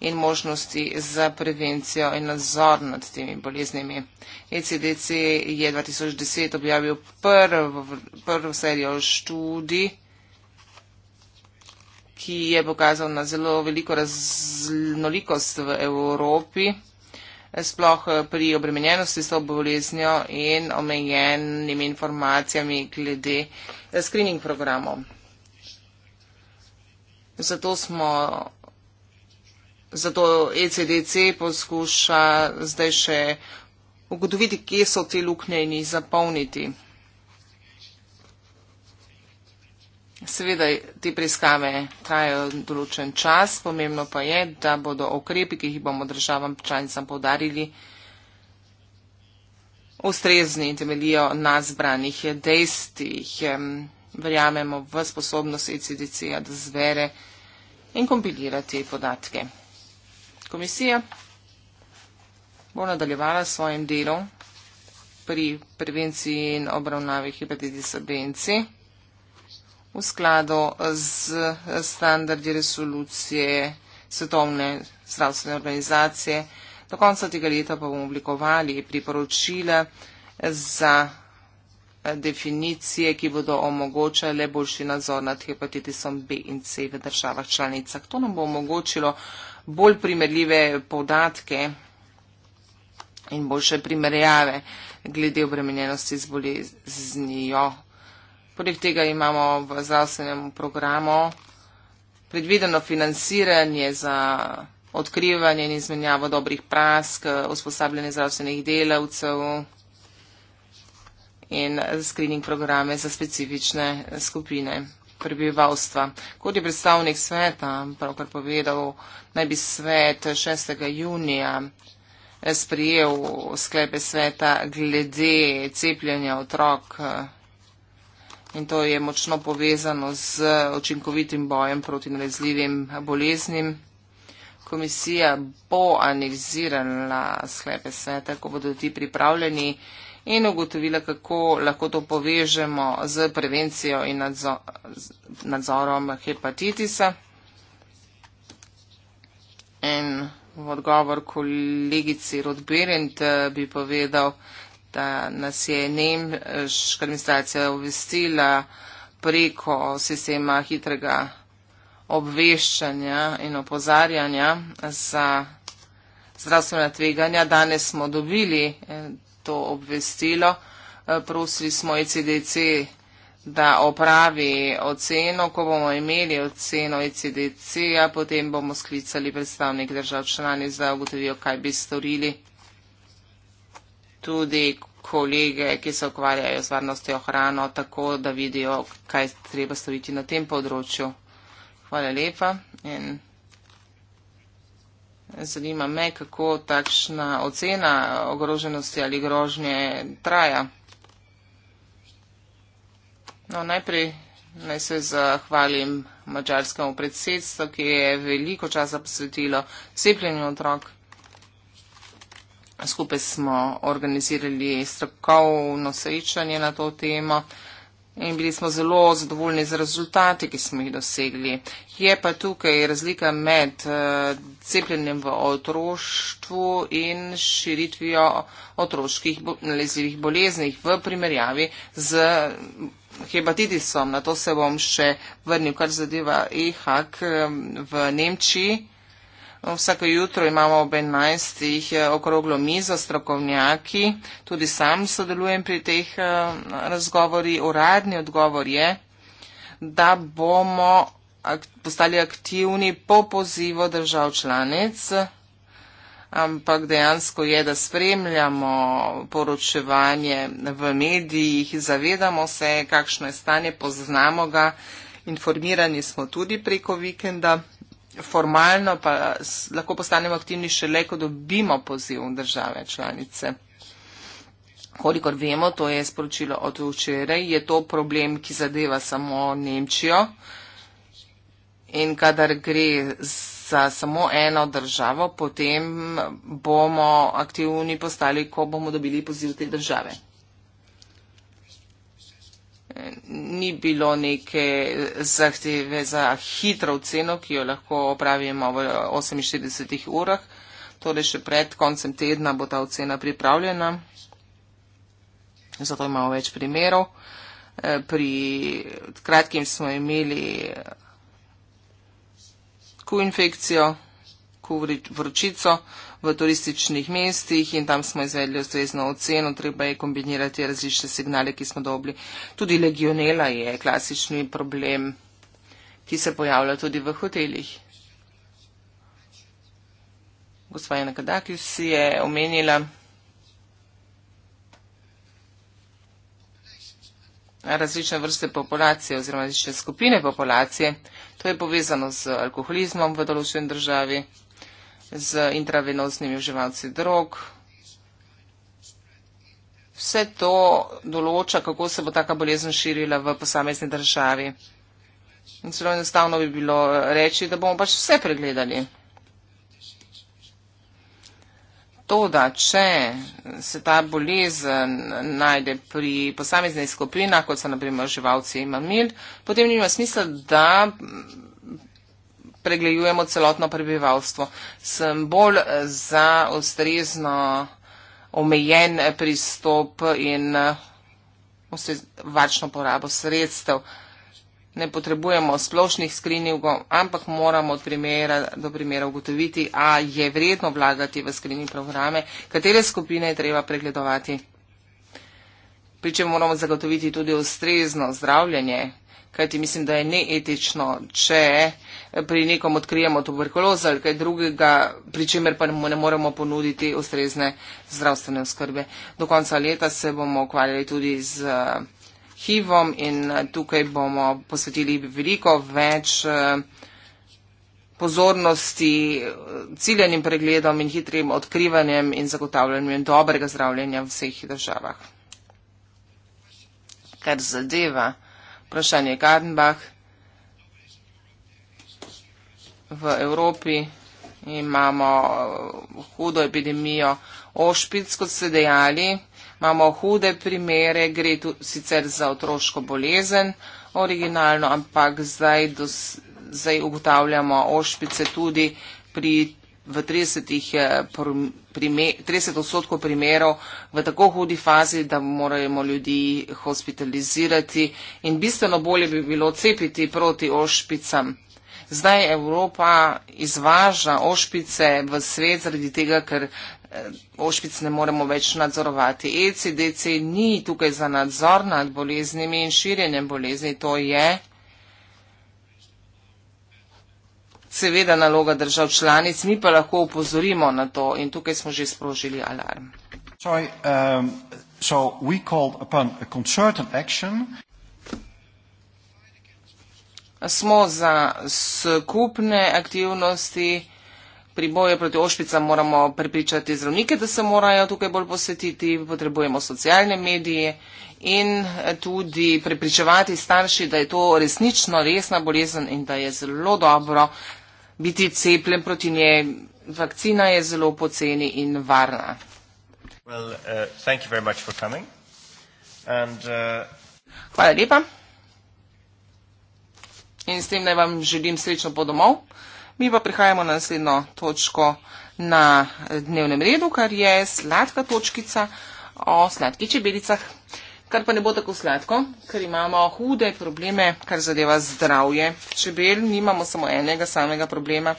in možnosti za prevencijo in nadzor nad temi boleznimi. ECDC je 2010 objavil prvo, prvo serijo študij, ki je pokazal na zelo veliko raznolikost v Evropi, sploh pri obremenjenosti s to boleznjo in omejenimi informacijami glede eh, screening programov. Zato smo Zato ECDC poskuša zdaj še ugotoviti, kje so te luknje in jih zapolniti. Seveda te preiskave trajajo določen čas, pomembno pa je, da bodo okrepi, ki jih bomo državam članicam podarili, ustrezni in temelijo na zbranih dejstvih. Verjamemo v sposobnost ECDC-ja, da zvere in kompilira te podatke. Komisija bo nadaljevala svojim delom pri prevenciji in obravnavi hepatitisa B in C v skladu z standardi resolucije Svetovne zdravstvene organizacije. Do konca tega leta pa bomo oblikovali priporočila za definicije, ki bodo omogočale boljši nadzor nad hepatitisom B in C v državah članicah. To nam bo omogočilo bolj primerljive podatke in boljše primerjave glede obremenjenosti z boleznijo. Poleg tega imamo v zdravstvenem programu predvideno financiranje za odkrivanje in izmenjavo dobrih prask, usposabljanje zdravstvenih delavcev in screening programe za specifične skupine prebivalstva. Kot je predstavnik sveta pravkar povedal, naj bi svet 6. junija sprijel sklepe sveta glede cepljenja otrok in to je močno povezano z očinkovitim bojem proti nalezljivim boleznim. Komisija bo analizirala sklepe sveta, ko bodo ti pripravljeni in ugotovila, kako lahko to povežemo z prevencijo in nadzo z nadzorom hepatitisa. In v odgovor kolegici Rodberend eh, bi povedal, da nas je nemška administracija obvestila preko sistema hitrega obveščanja in opozarjanja za zdravstvena tveganja. Danes smo dobili eh, to obvestilo. Eh, prosili smo ECDC, da opravi oceno. Ko bomo imeli oceno ECDC-ja, potem bomo sklicali predstavnik držav članic, da ugotovijo, kaj bi storili. Tudi kolege, ki se ukvarjajo z varnostjo hrano, tako da vidijo, kaj treba storiti na tem področju. Hvala lepa. In Zanima me, kako takšna ocena ogroženosti ali grožnje traja. No, najprej naj se zahvalim mačarskemu predsedstvu, ki je veliko časa posvetilo cepljenju otrok. Skupaj smo organizirali strokovno srečanje na to temo. In bili smo zelo zadovoljni z rezultati, ki smo jih dosegli. Je pa tukaj razlika med eh, cepljenjem v otroštvu in širitvijo otroških nalezljivih bolezni v primerjavi z hepatitisom. Na to se bom še vrnil, kar zadeva e EHAK v Nemčiji. Vsako jutro imamo ob 11. Eh, okroglo mizo strokovnjaki, tudi sam sodelujem pri teh eh, razgovori. Uradni odgovor je, da bomo postali aktivni po pozivu držav članic, ampak dejansko je, da spremljamo poročevanje v medijih, zavedamo se, kakšno je stanje, poznamo ga, informirani smo tudi preko vikenda formalno pa lahko postanemo aktivni šele, ko dobimo poziv države članice. Kolikor vemo, to je sporočilo od včeraj, je to problem, ki zadeva samo Nemčijo. In kadar gre za samo eno državo, potem bomo aktivni postali, ko bomo dobili poziv te države ni bilo neke zahteve za hitro oceno, ki jo lahko opravimo v 48 urah. Torej, še pred koncem tedna bo ta ocena pripravljena. Zato imamo več primerov. Eh, pri kratkim smo imeli eh, ku infekcijo, ku vročico. Vr v turističnih mestih in tam smo izvedli ustrezno oceno, treba je kombinirati različne signale, ki smo dobili. Tudi legionela je klasični problem, ki se pojavlja tudi v hoteljih. Gospodina Kadakis si je omenila različne vrste populacije oziroma različne skupine populacije. To je povezano z alkoholizmom v določenem državi z intravenoznimi uživalci drog. Vse to določa, kako se bo taka bolezen širila v posamezni državi. In zelo enostavno bi bilo eh, reči, da bomo pač vse pregledali. To, da če se ta bolezen najde pri posameznih skupinah, kot so naprimer živalci in mamil, potem nima smisla, da pregledujemo celotno prebivalstvo. Sem bolj eh, za ustrezno omejen eh, pristop in vsevačno eh, porabo sredstev. Ne potrebujemo splošnih skrinjivkov, ampak moramo od primera do primera ugotoviti, a je vredno vlagati v skrinji programe, katere skupine je treba pregledovati. Pričem moramo zagotoviti tudi ustrezno zdravljanje, kajti mislim, da je neetično, če pri nekom odkrijemo tuberkulozo ali kaj drugega, pri čemer pa ne moremo ponuditi ustrezne zdravstvene oskrbe. Do konca leta se bomo ukvarjali tudi z HIV-om eh, in eh, tukaj bomo posvetili veliko več eh, pozornosti ciljenim pregledom in hitrim odkrivanjem in zagotavljanjem dobrega zdravljenja v vseh državah. Kar zadeva vprašanje Gardenbach v Evropi imamo uh, hudo epidemijo ošpic, kot ste dejali, imamo hude primere, gre tu sicer za otroško bolezen, originalno, ampak zdaj, dos, zdaj ugotavljamo ošpice tudi pri, v 30 eh, odstotkov primerov v tako hudi fazi, da moramo ljudi hospitalizirati in bistveno bolje bi bilo cepiti proti ošpicam zdaj Evropa izvaža ošpice v svet zaradi tega, ker eh, ošpic ne moremo več nadzorovati. ECDC ni tukaj za nadzor nad boleznimi in širjenjem bolezni, to je seveda naloga držav članic, mi pa lahko upozorimo na to in tukaj smo že sprožili alarm. Sorry, um, so we called upon a concerted action smo za skupne aktivnosti. Pri boju proti ošpicam moramo prepričati zdravnike, da se morajo tukaj bolj posvetiti, potrebujemo socialne medije in tudi prepričevati starši, da je to resnično resna bolezen in da je zelo dobro biti cepljen proti njej. Vakcina je zelo poceni in varna. Well, uh, And, uh... Hvala lepa. In s tem naj vam želim srečno po domov. Mi pa prihajamo na naslednjo točko na dnevnem redu, kar je sladka točkica o sladkih čebelicah. Kar pa ne bo tako sladko, ker imamo hude probleme, kar zadeva zdravje čebel. Nimamo samo enega samega problema,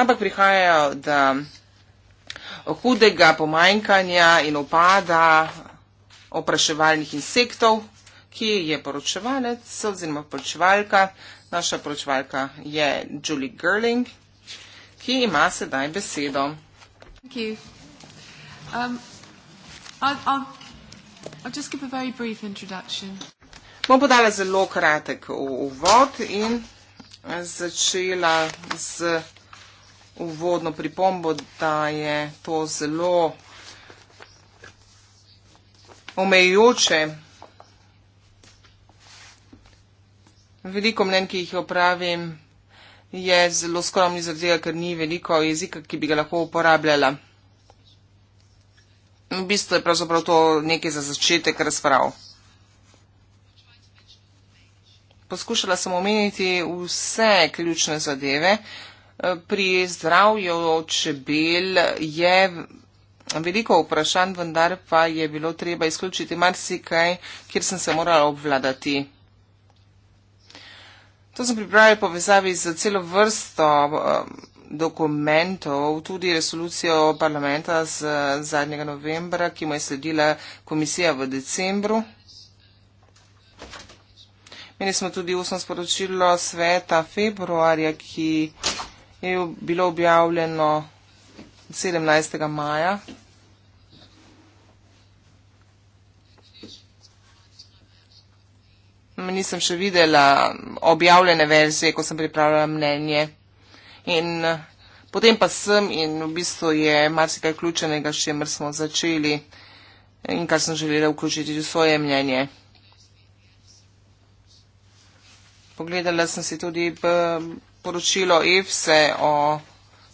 ampak prihajajo do hudega pomanjkanja in opada opraševalnih insektov, ki je poročevalec oziroma poročevalka Naša poročvalka je Julie Gerling, ki ima sedaj besedo. Um, Bom podala zelo kratek uvod in začela z uvodno pripombo, da je to zelo omejujoče Veliko mnenj, ki jih opravim, je zelo skromni zaradi, ker ni veliko jezika, ki bi ga lahko uporabljala. V bistvu je pravzaprav to nekaj za začetek razprav. Poskušala sem omeniti vse ključne zadeve. Pri zdravju čebel je veliko vprašanj, vendar pa je bilo treba izključiti marsikaj, kjer sem se morala obvladati. To sem pripravil povezavi z celo vrsto um, dokumentov, tudi resolucijo parlamenta z zadnjega novembra, ki mu je sledila komisija v decembru. Meni smo tudi ustno sporočilo sveta februarja, ki je bilo objavljeno 17. maja. nisem še videla objavljene verzije, ko sem pripravljala mnenje. In eh, potem pa sem in v bistvu je marsikaj ključenega, s čimer smo začeli in kar sem želela vključiti v svoje mnenje. Pogledala sem si tudi eh, poročilo EFSE o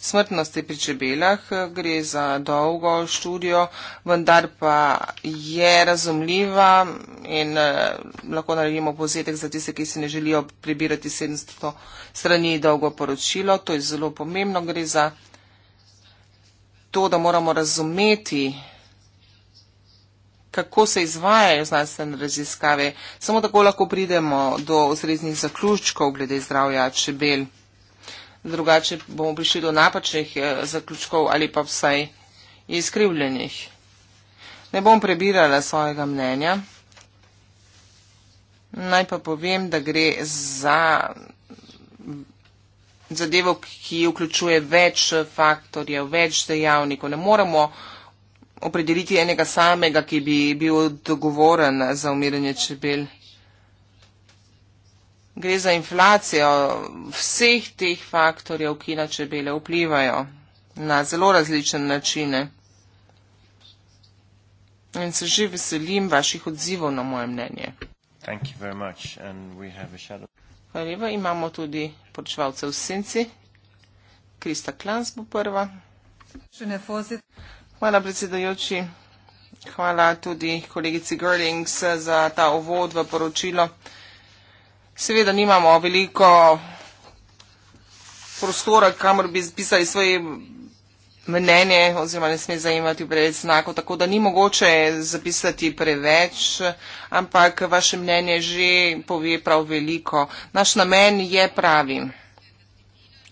smrtnosti pri čebelah, eh, gre za dolgo študijo, vendar pa je razumljiva in eh, lahko naredimo povzetek za tiste, ki si ne želijo prebirati 700 strani dolgo poročilo. To je zelo pomembno. Gre za to, da moramo razumeti, kako se izvajajo znanstvene raziskave. Samo tako lahko pridemo do osrednjih zaključkov glede zdravja čebel drugače bomo prišli do napačnih eh, zaključkov ali pa vsaj izkrivljenih. Ne bom prebirala svojega mnenja. Naj pa povem, da gre za zadevo, ki vključuje več faktorjev, več dejavnikov. Ne moremo opredeliti enega samega, ki bi bil dogovoren za umiranje čebel. Gre za inflacijo vseh teh faktorjev, ki na čebele vplivajo na zelo različne načine. In se že veselim vaših odzivov na moje mnenje. Hvala lepa. Imamo tudi poročevalce v Senci. Krista Klans bo prva. Hvala predsedajoči. Hvala tudi kolegici Girlings za ta uvod v poročilo seveda nimamo veliko prostora, kamor bi pisali svoje mnenje oziroma ne sme zajemati brez znakov, tako da ni mogoče zapisati preveč, ampak vaše mnenje že pove prav veliko. Naš namen je pravi.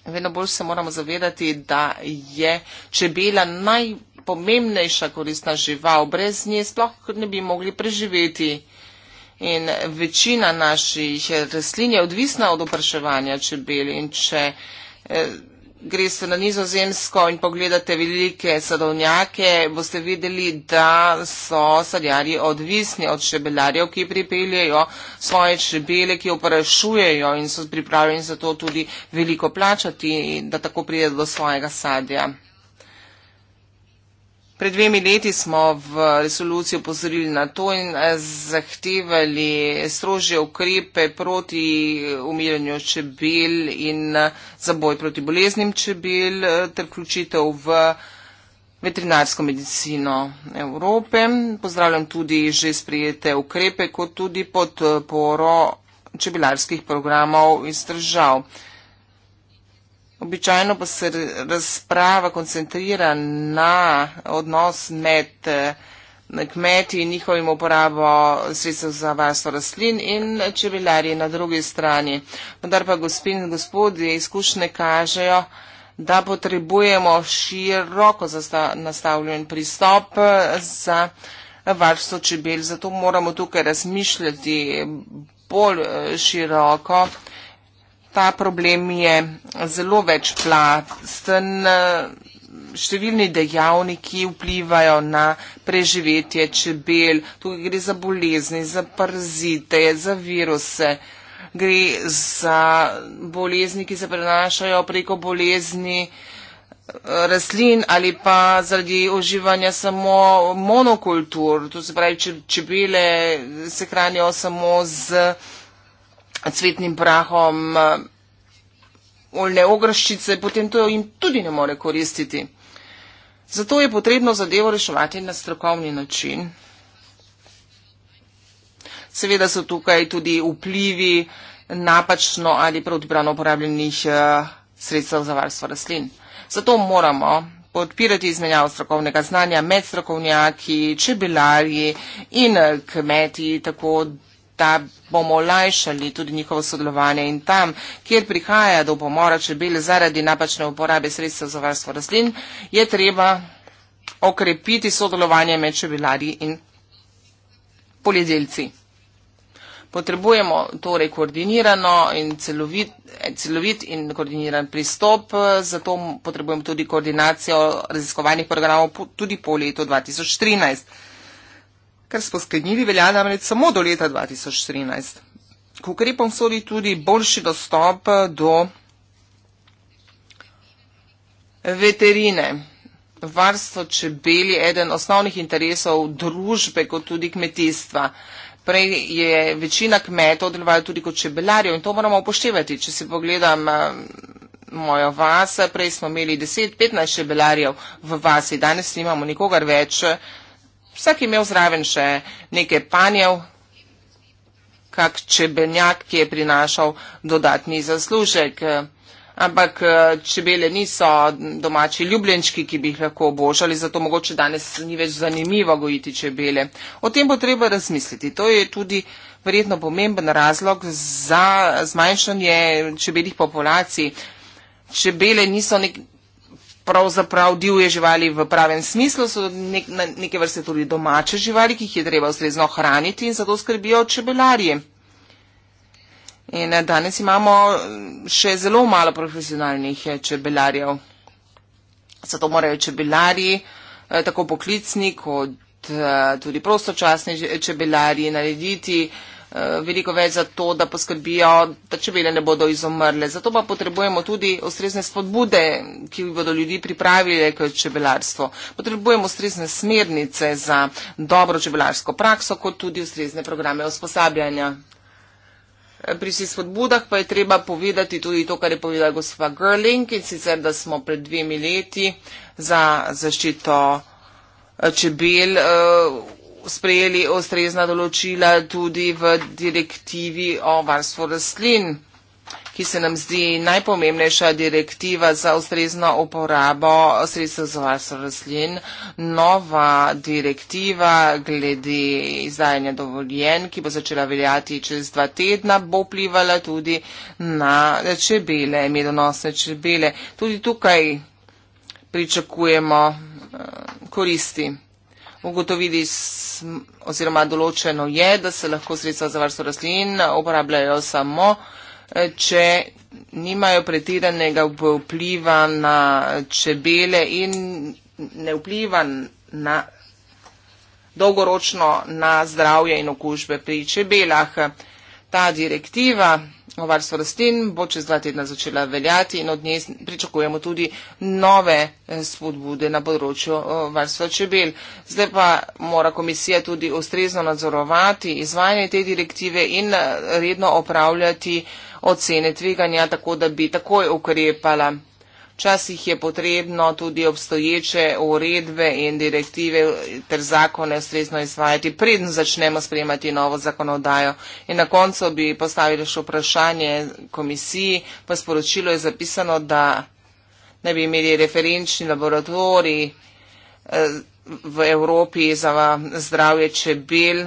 Vedno bolj se moramo zavedati, da je čebela najpomembnejša koristna žival. Brez nje sploh ne bi mogli preživeti. In večina naših rastlin je odvisna od opraševanja čebel. In če eh, greste na nizozemsko in pogledate velike sadovnjake, boste videli, da so sadjarji odvisni od čebelarjev, ki pripeljejo svoje čebele, ki oprašujejo in so pripravljeni za to tudi veliko plačati, da tako pride do svojega sadja. Pred dvemi leti smo v resoluciji upozorili na to in eh, zahtevali strožje ukrepe proti eh, umiranju čebel in eh, za boj proti boleznim čebel ter vključitev v veterinarsko medicino Evrope. Pozdravljam tudi že sprijete ukrepe, kot tudi podporo čebelarskih programov iz držav. Običajno pa se razprava koncentrira na odnos med eh, kmeti in njihovimo uporabo sredstev za varstvo rastlin in čebelarji na drugi strani. Vendar pa gospin in gospodje izkušnje kažejo, da potrebujemo široko nastavljen pristop eh, za varstvo čebel. Zato moramo tukaj razmišljati bolj eh, široko. Ta problem je zelo večplasten, številni dejavniki vplivajo na preživetje čebel, tukaj gre za bolezni, za parazite, za viruse, gre za bolezni, ki se prenašajo preko bolezni eh, rastlin ali pa zaradi uživanja samo monokultur, to se pravi, če, čebele se hranijo samo z cvetnim prahom, eh, oljne ogreščice, potem to jim tudi ne more koristiti. Zato je potrebno zadevo reševati na strokovni način. Seveda so tukaj tudi vplivi napačno ali protipravno uporabljenih eh, sredstev za varstvo rastlin. Zato moramo podpirati izmenjavo strokovnega znanja med strokovnjaki, čebelarji in eh, kmeti, tako da bomo olajšali tudi njihovo sodelovanje in tam, kjer prihaja do pomora čebel zaradi napačne uporabe sredstva za varstvo rastlin, je treba okrepiti sodelovanje med čebelarji in poljedelci. Potrebujemo torej koordinirano in celovit, celovit in koordiniran pristop, zato potrebujemo tudi koordinacijo raziskovanih programov tudi po letu 2013 kar smo sklenili, velja namreč samo do leta 2013. K ukrepom sodi tudi boljši dostop do veterine. Varstvo čebeli je eden osnovnih interesov družbe kot tudi kmetijstva. Prej je večina kmetov delovala tudi kot čebelarjev in to moramo upoštevati. Če si pogledam eh, mojo vas, prej smo imeli 10-15 čebelarjev v vasi, danes nimamo nikogar več. Vsak je imel zraven še nekaj panjev, kak čebenjak, ki je prinašal dodatni zaslužek. Ampak eh, čebele niso domači ljubljenčki, ki bi jih lahko obožali, zato mogoče danes ni več zanimivo gojiti čebele. O tem bo treba razmisliti. To je tudi verjetno pomemben razlog za zmanjšanje čebelih populacij. Čebele niso nek, pravzaprav divje živali v pravem smislu, so nek, neke vrste tudi domače živali, ki jih je treba ustrezno hraniti in zato skrbijo čebelarji. In eh, danes imamo mm, še zelo malo profesionalnih eh, čebelarjev. Zato morajo čebelarji, eh, tako poklicni kot tudi prostočasni čebelarji, narediti uh, Eh, veliko več za to, da poskrbijo, da čebele ne bodo izumrle. Zato pa potrebujemo tudi ustrezne spodbude, ki bodo ljudi pripravile k čebelarstvu. Potrebujemo ustrezne smernice za dobro čebelarsko prakso, kot tudi ustrezne programe usposabljanja. Eh, pri vseh spodbudah pa je treba povedati tudi to, kar je povedala gospa Gerling in sicer, da smo pred dvemi leti za zaščito eh, čebel. Uh, sprejeli ustrezna določila tudi v direktivi o varstvu rastlin, ki se nam zdi najpomembnejša direktiva za ustrezno uporabo sredstev za varstvo rastlin. Nova direktiva glede izdajanja dovoljen, ki bo začela veljati čez dva tedna, bo vplivala tudi na čebele, medonosne čebele. Tudi tukaj pričakujemo eh, koristi ugotovili oziroma določeno je, da se lahko sredstva za varstvo rastlin uporabljajo samo, eh, če nimajo pretiranega vpliva na čebele in ne vpliva na dolgoročno na zdravje in okužbe pri čebelah. Ta direktiva o varstvu rastlin bo čez dva tedna začela veljati in od nje pričakujemo tudi nove eh, spodbude na področju eh, varstva čebel. Zdaj pa mora komisija tudi ustrezno nadzorovati izvajanje te direktive in eh, redno opravljati ocene tveganja, tako da bi takoj ukrepala Včasih je potrebno tudi obstoječe uredbe in direktive ter zakone ustrezno izvajati, preden začnemo sprejemati novo zakonodajo. In na koncu bi postavili še vprašanje komisiji, pa sporočilo je zapisano, da ne bi imeli referenčni laboratori eh, v Evropi za zdravje čebel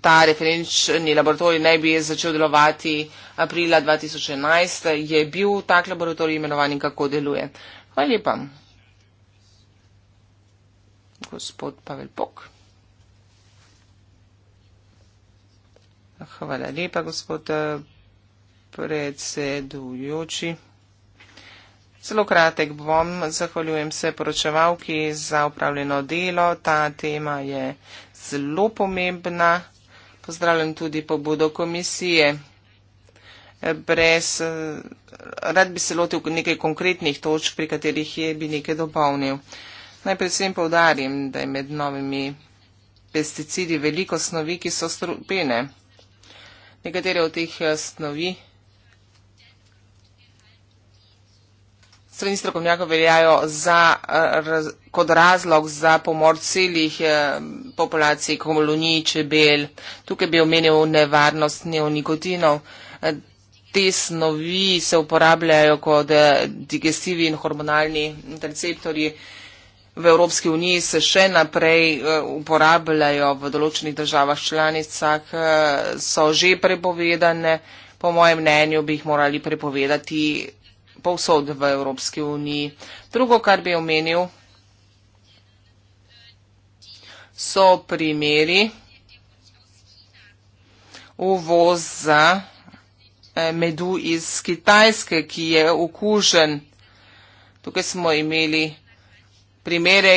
ta referenčni laboratorij naj bi začel delovati aprila 2011. Je bil tak laboratorij imenovan in kako deluje? Hvala lepa. Gospod Pavel Pok. Hvala lepa, gospod eh, predsedujoči. Zelo kratek bom. Zahvaljujem se poročevalki za upravljeno delo. Ta tema je zelo pomembna. Pozdravljam tudi pobudo komisije. Brez, eh, rad bi se lotil nekaj konkretnih točk, pri katerih je bi nekaj dopolnil. Najprej vsem povdarim, da je med novimi pesticidi veliko snovi, ki so strupene. Nekatere od teh eh, snovi strani strokovnjakov veljajo za, eh, raz, kot razlog za pomor celih eh, populacij kolonij, čebel. Tukaj bi omenil nevarnost neonikotinov. Eh, te snovi se uporabljajo kot digestivi in hormonalni receptori. V Evropski uniji se še naprej uporabljajo v določenih državah članicah, so že prepovedane. Po mojem mnenju bi jih morali prepovedati povsod v Evropski uniji. Drugo, kar bi omenil, so primeri uvoza eh, medu iz Kitajske, ki je okužen. Tukaj smo imeli primere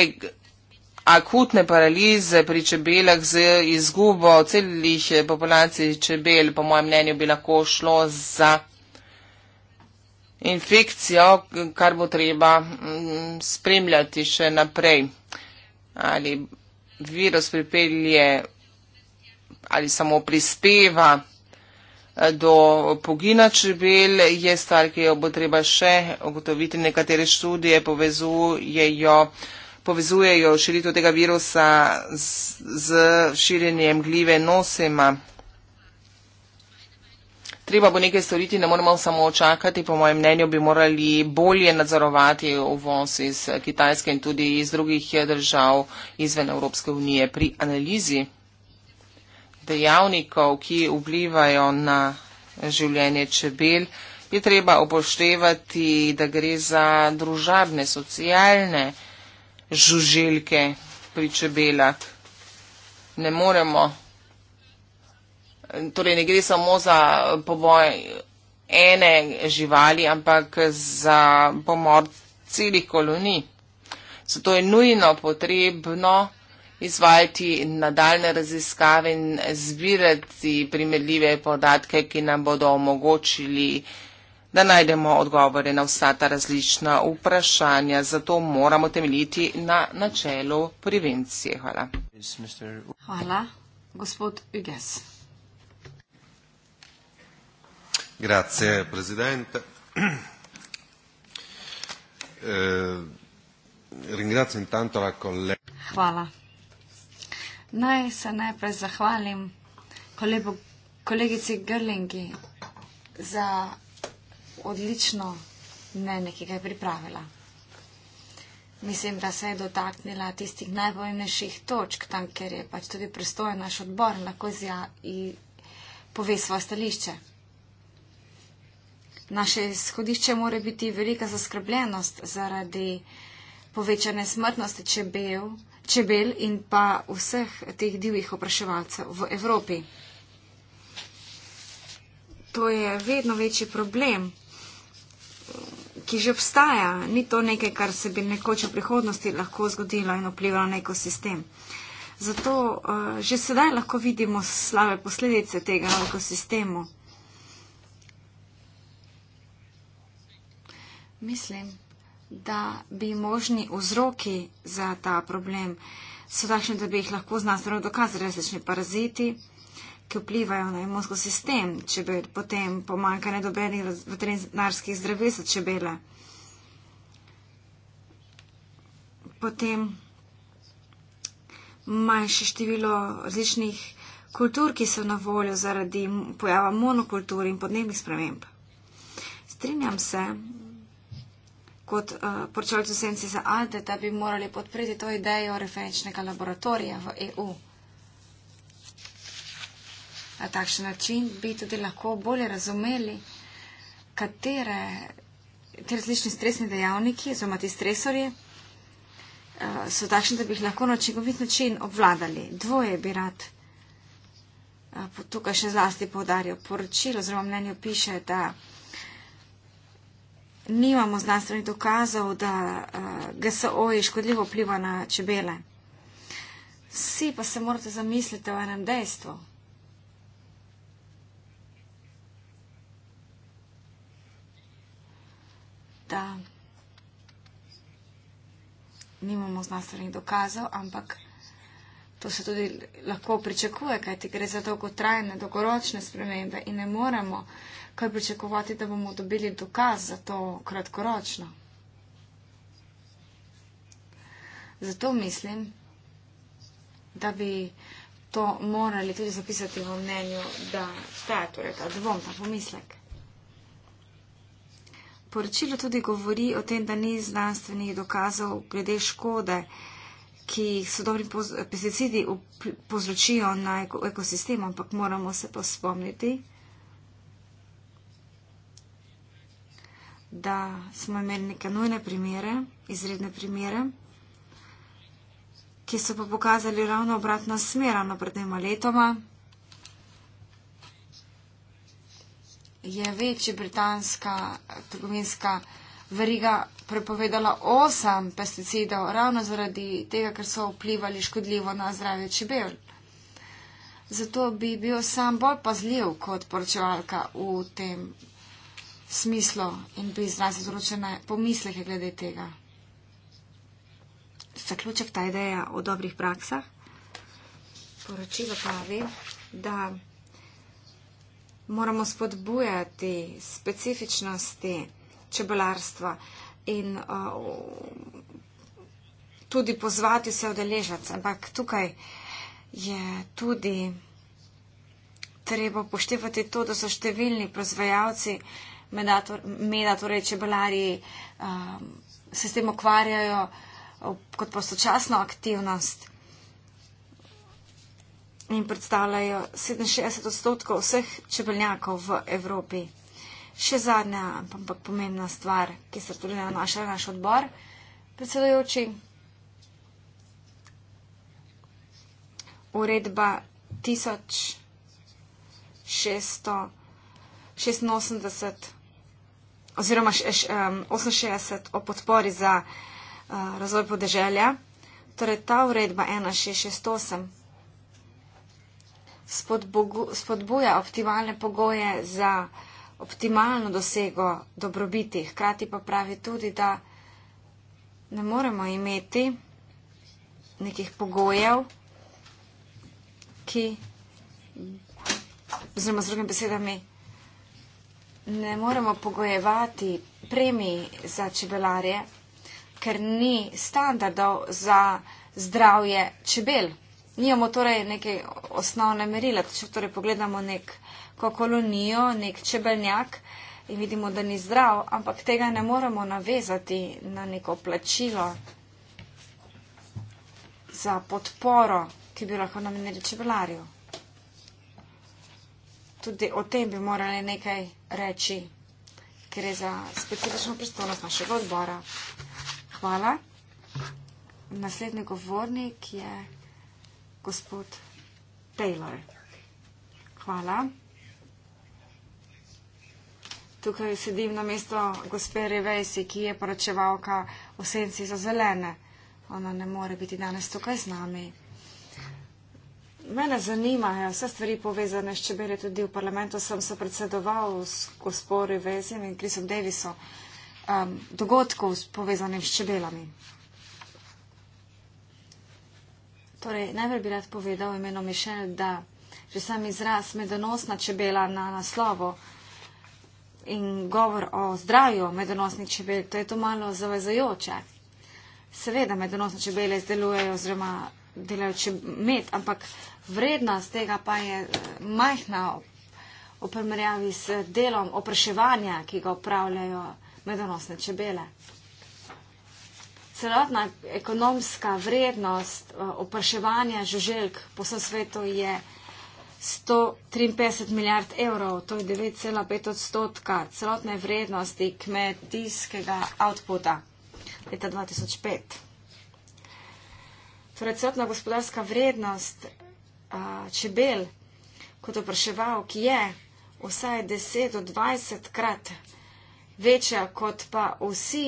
akutne paralize pri čebelah z izgubo celih eh, populacij čebel. Po mojem mnenju bi lahko šlo za infekcijo, kar bo treba mm, spremljati še naprej. Ali virus pripelje ali samo prispeva eh, do pogina čebel, je stvar, ki jo bo treba še ugotoviti. Nekatere študije povezujejo, povezujejo širitev tega virusa z, z širjenjem gljive nosema treba bo nekaj storiti, ne moramo samo očakati. Po mojem mnenju bi morali bolje nadzorovati uvoz iz Kitajske in tudi iz drugih držav izven Evropske unije pri analizi dejavnikov, ki vplivajo na življenje čebel. Je treba upoštevati, da gre za družabne, socialne žuželke pri čebelah. Ne moremo torej ne gre samo za poboj ene živali, ampak za pomor celih kolonij. Zato je nujno potrebno izvajati nadaljne raziskave in zbirati primerljive podatke, ki nam bodo omogočili, da najdemo odgovore na vsa ta različna vprašanja. Zato moramo temeljiti na načelu prevencije. Hvala. Hvala, gospod Iges. Grazie Presidente. Eh, ringrazio intanto la collega. Hvala. Naj se najprej zahvalim kolebo, kolegici Grlingi za odlično mnenje, ki ga je pripravila. Mislim, da se je dotaknila tistih najpomembnejših točk, tam, ker je pač tudi pristojen naš odbor, lahko zja in pove svoje stališče. Naše izhodišče mora biti velika zaskrbljenost zaradi povečane smrtnosti čebel, čebel in pa vseh teh divjih opraševalcev v Evropi. To je vedno večji problem, ki že obstaja. Ni to nekaj, kar se bi nekoč v prihodnosti lahko zgodilo in vplivalo na ekosistem. Zato uh, že sedaj lahko vidimo slabe posledice tega ekosistemu. Mislim, da bi možni vzroki za ta problem so takšni, da bi jih lahko znanstveno dokazali različni paraziti, ki vplivajo na imunsko sistem, če bi potem pomankanje dobrenih veterinarskih zdravil za čebele. Potem manjše število različnih kultur, ki so na voljo zaradi pojava monokultur in podnebnih sprememb. Strinjam se, kot uh, eh, poročalcu senci za Alte, da bi morali podpreti to idejo referenčnega laboratorija v EU. Na takšen način bi tudi lahko bolje razumeli, katere te različni stresni dejavniki oziroma ti stresorji uh, so takšni, da bi jih lahko na očigovit način obvladali. Dvoje bi rad uh, tukaj še zlasti povdarjal. Poročilo oziroma mnenje piše, da nimamo znanstvenih dokazov, da eh, GSO je škodljivo vpliva na čebele. Vsi pa se morate zamisliti o enem dejstvu. Da nimamo znanstvenih dokazov, ampak to se tudi lahko pričakuje, kajti gre za dolgotrajne, dolgoročne spremembe in ne moremo kaj pričakovati, da bomo dobili dokaz za to kratkoročno. Zato mislim, da bi to morali tudi zapisati v mnenju, da staja torej ta dvom, ta pomislek. Poročilo tudi govori o tem, da ni znanstvenih dokazov glede škode, ki sodobni pesticidi povzročijo na ekosistemu, ampak moramo se pa spomniti, da smo imeli neke nujne primere, izredne primere, ki so pa pokazali ravno obratno smerano pred dvema letoma. Je večja britanska trgovinska veriga prepovedala osem pesticidov, ravno zaradi tega, ker so vplivali škodljivo na zdravje čebel. Zato bi bil sam bolj pazljiv kot poročevalka v tem smislo in bi izrazil določene pomisleke glede tega. Zaključek ta ideja o dobrih praksah. Poročilo pravi, da moramo spodbujati specifičnosti čebelarstva in uh, tudi pozvati vse odeležence. Ampak tukaj je tudi treba poštevati to, da so številni proizvajalci uh, meda, torej čebelari um, se s tem ukvarjajo kot prostočasno aktivnost in predstavljajo 67 odstotkov vseh čebeljakov v Evropi. Še zadnja, ampak pomembna stvar, ki se tudi torej nanaša na naš odbor, predsedujoči, uredba 1686 oziroma š, š, um, 68 o podpori za uh, razvoj podeželja. Torej, ta uredba 1668 spodbogu, spodbuja optimalne pogoje za optimalno dosego dobrobiti. Hkrati pa pravi tudi, da ne moremo imeti nekih pogojev, ki, oziroma z drugimi besedami, ne moremo pogojevati premij za čebelarje, ker ni standardov za zdravje čebel. Nijemo torej neke osnovne merila. Če torej pogledamo neko kolonijo, nek čebelnjak in vidimo, da ni zdrav, ampak tega ne moremo navezati na neko plačilo za podporo, ki bi lahko namenili čebelarju tudi o tem bi morali nekaj reči, ker je za specifično pristojnost našega odbora. Hvala. Naslednji govornik je gospod Taylor. Hvala. Tukaj sedim na mesto gospe Revesi, ki je poročevalka v senci za zelene. Ona ne more biti danes tukaj z nami. Mene zanimajo ja, vse stvari povezane s čebeli, tudi v parlamentu sem se predsedoval s gospori Vezim in Krisom Deviso um, dogodkov povezanim s čebelami. Torej, najprej bi rad povedal imeno Mišel, da že sam izraz medonosna čebela na naslovo in govor o zdravju medonosnih čebel, to je to malo zavezajoče. Seveda medonosne čebele izdelujejo oziroma delajo med, ampak vrednost tega pa je eh, majhna v primerjavi s delom opraševanja, ki ga upravljajo medonosne čebele. Celotna ekonomska vrednost eh, opraševanja žuželk po vsem svetu je 153 milijard evrov, to je 9,5 odstotka celotne vrednosti kmetijskega outputa leta 2005. Torej, celotna gospodarska vrednost čebel kot opraševal, ki je vsaj 10 do 20 krat večja kot pa vsi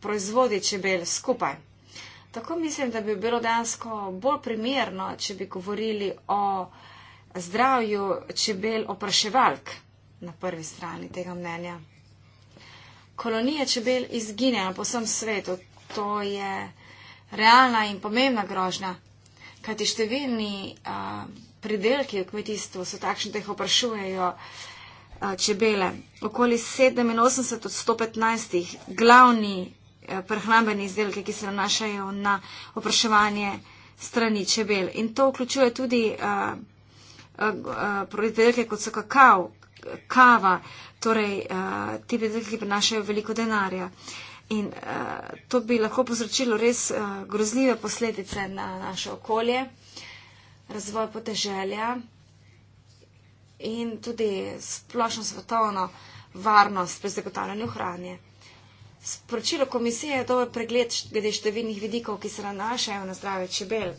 proizvodi čebel skupaj. Tako mislim, da bi bilo dejansko bolj primerno, če bi govorili o zdravju čebel opraševalk na prvi strani tega mnenja. Kolonije čebel izginjajo po vsem svetu. To je realna in pomembna grožnja Kajti številni a, pridelki v kmetijstvu so takšni, da jih oprašujejo a, čebele. Okoli 87 od 115 glavni a, prehrambeni izdelki, ki se nanašajo na opraševanje strani čebel. In to vključuje tudi pridelke, kot so kakav, kava, torej a, ti pridelki, ki prinašajo veliko denarja. A, In uh, to bi lahko povzročilo res uh, grozljive posledice na naše okolje, razvoj poteželja in tudi splošno svetovno varnost pri zagotavljanju hranje. Sporočilo komisije je dober pregled glede številnih vidikov, ki se nanašajo na zdrave čebel,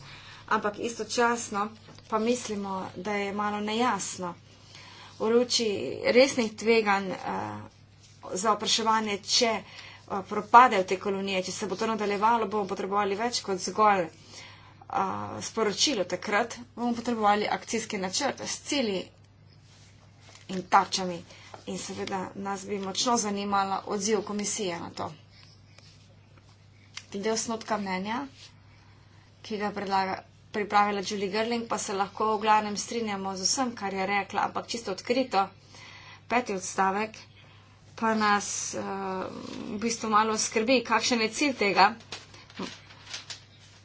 ampak istočasno pa mislimo, da je malo nejasno. V luči resnih tveganj uh, za opraševanje, če. Eh, propadejo te kolonije, če se bo to nadaljevalo, bomo potrebovali več kot zgolj a, eh, sporočilo takrat, bomo potrebovali akcijske načrte s cili in tarčami. In seveda nas bi močno zanimala odziv komisije na to. Tudi osnotka mnenja, ki ga predlaga, pripravila Julie Gerling, pa se lahko v glavnem strinjamo z vsem, kar je rekla, ampak čisto odkrito, peti odstavek pa nas uh, v bistvu malo skrbi, kakšen je cilj tega.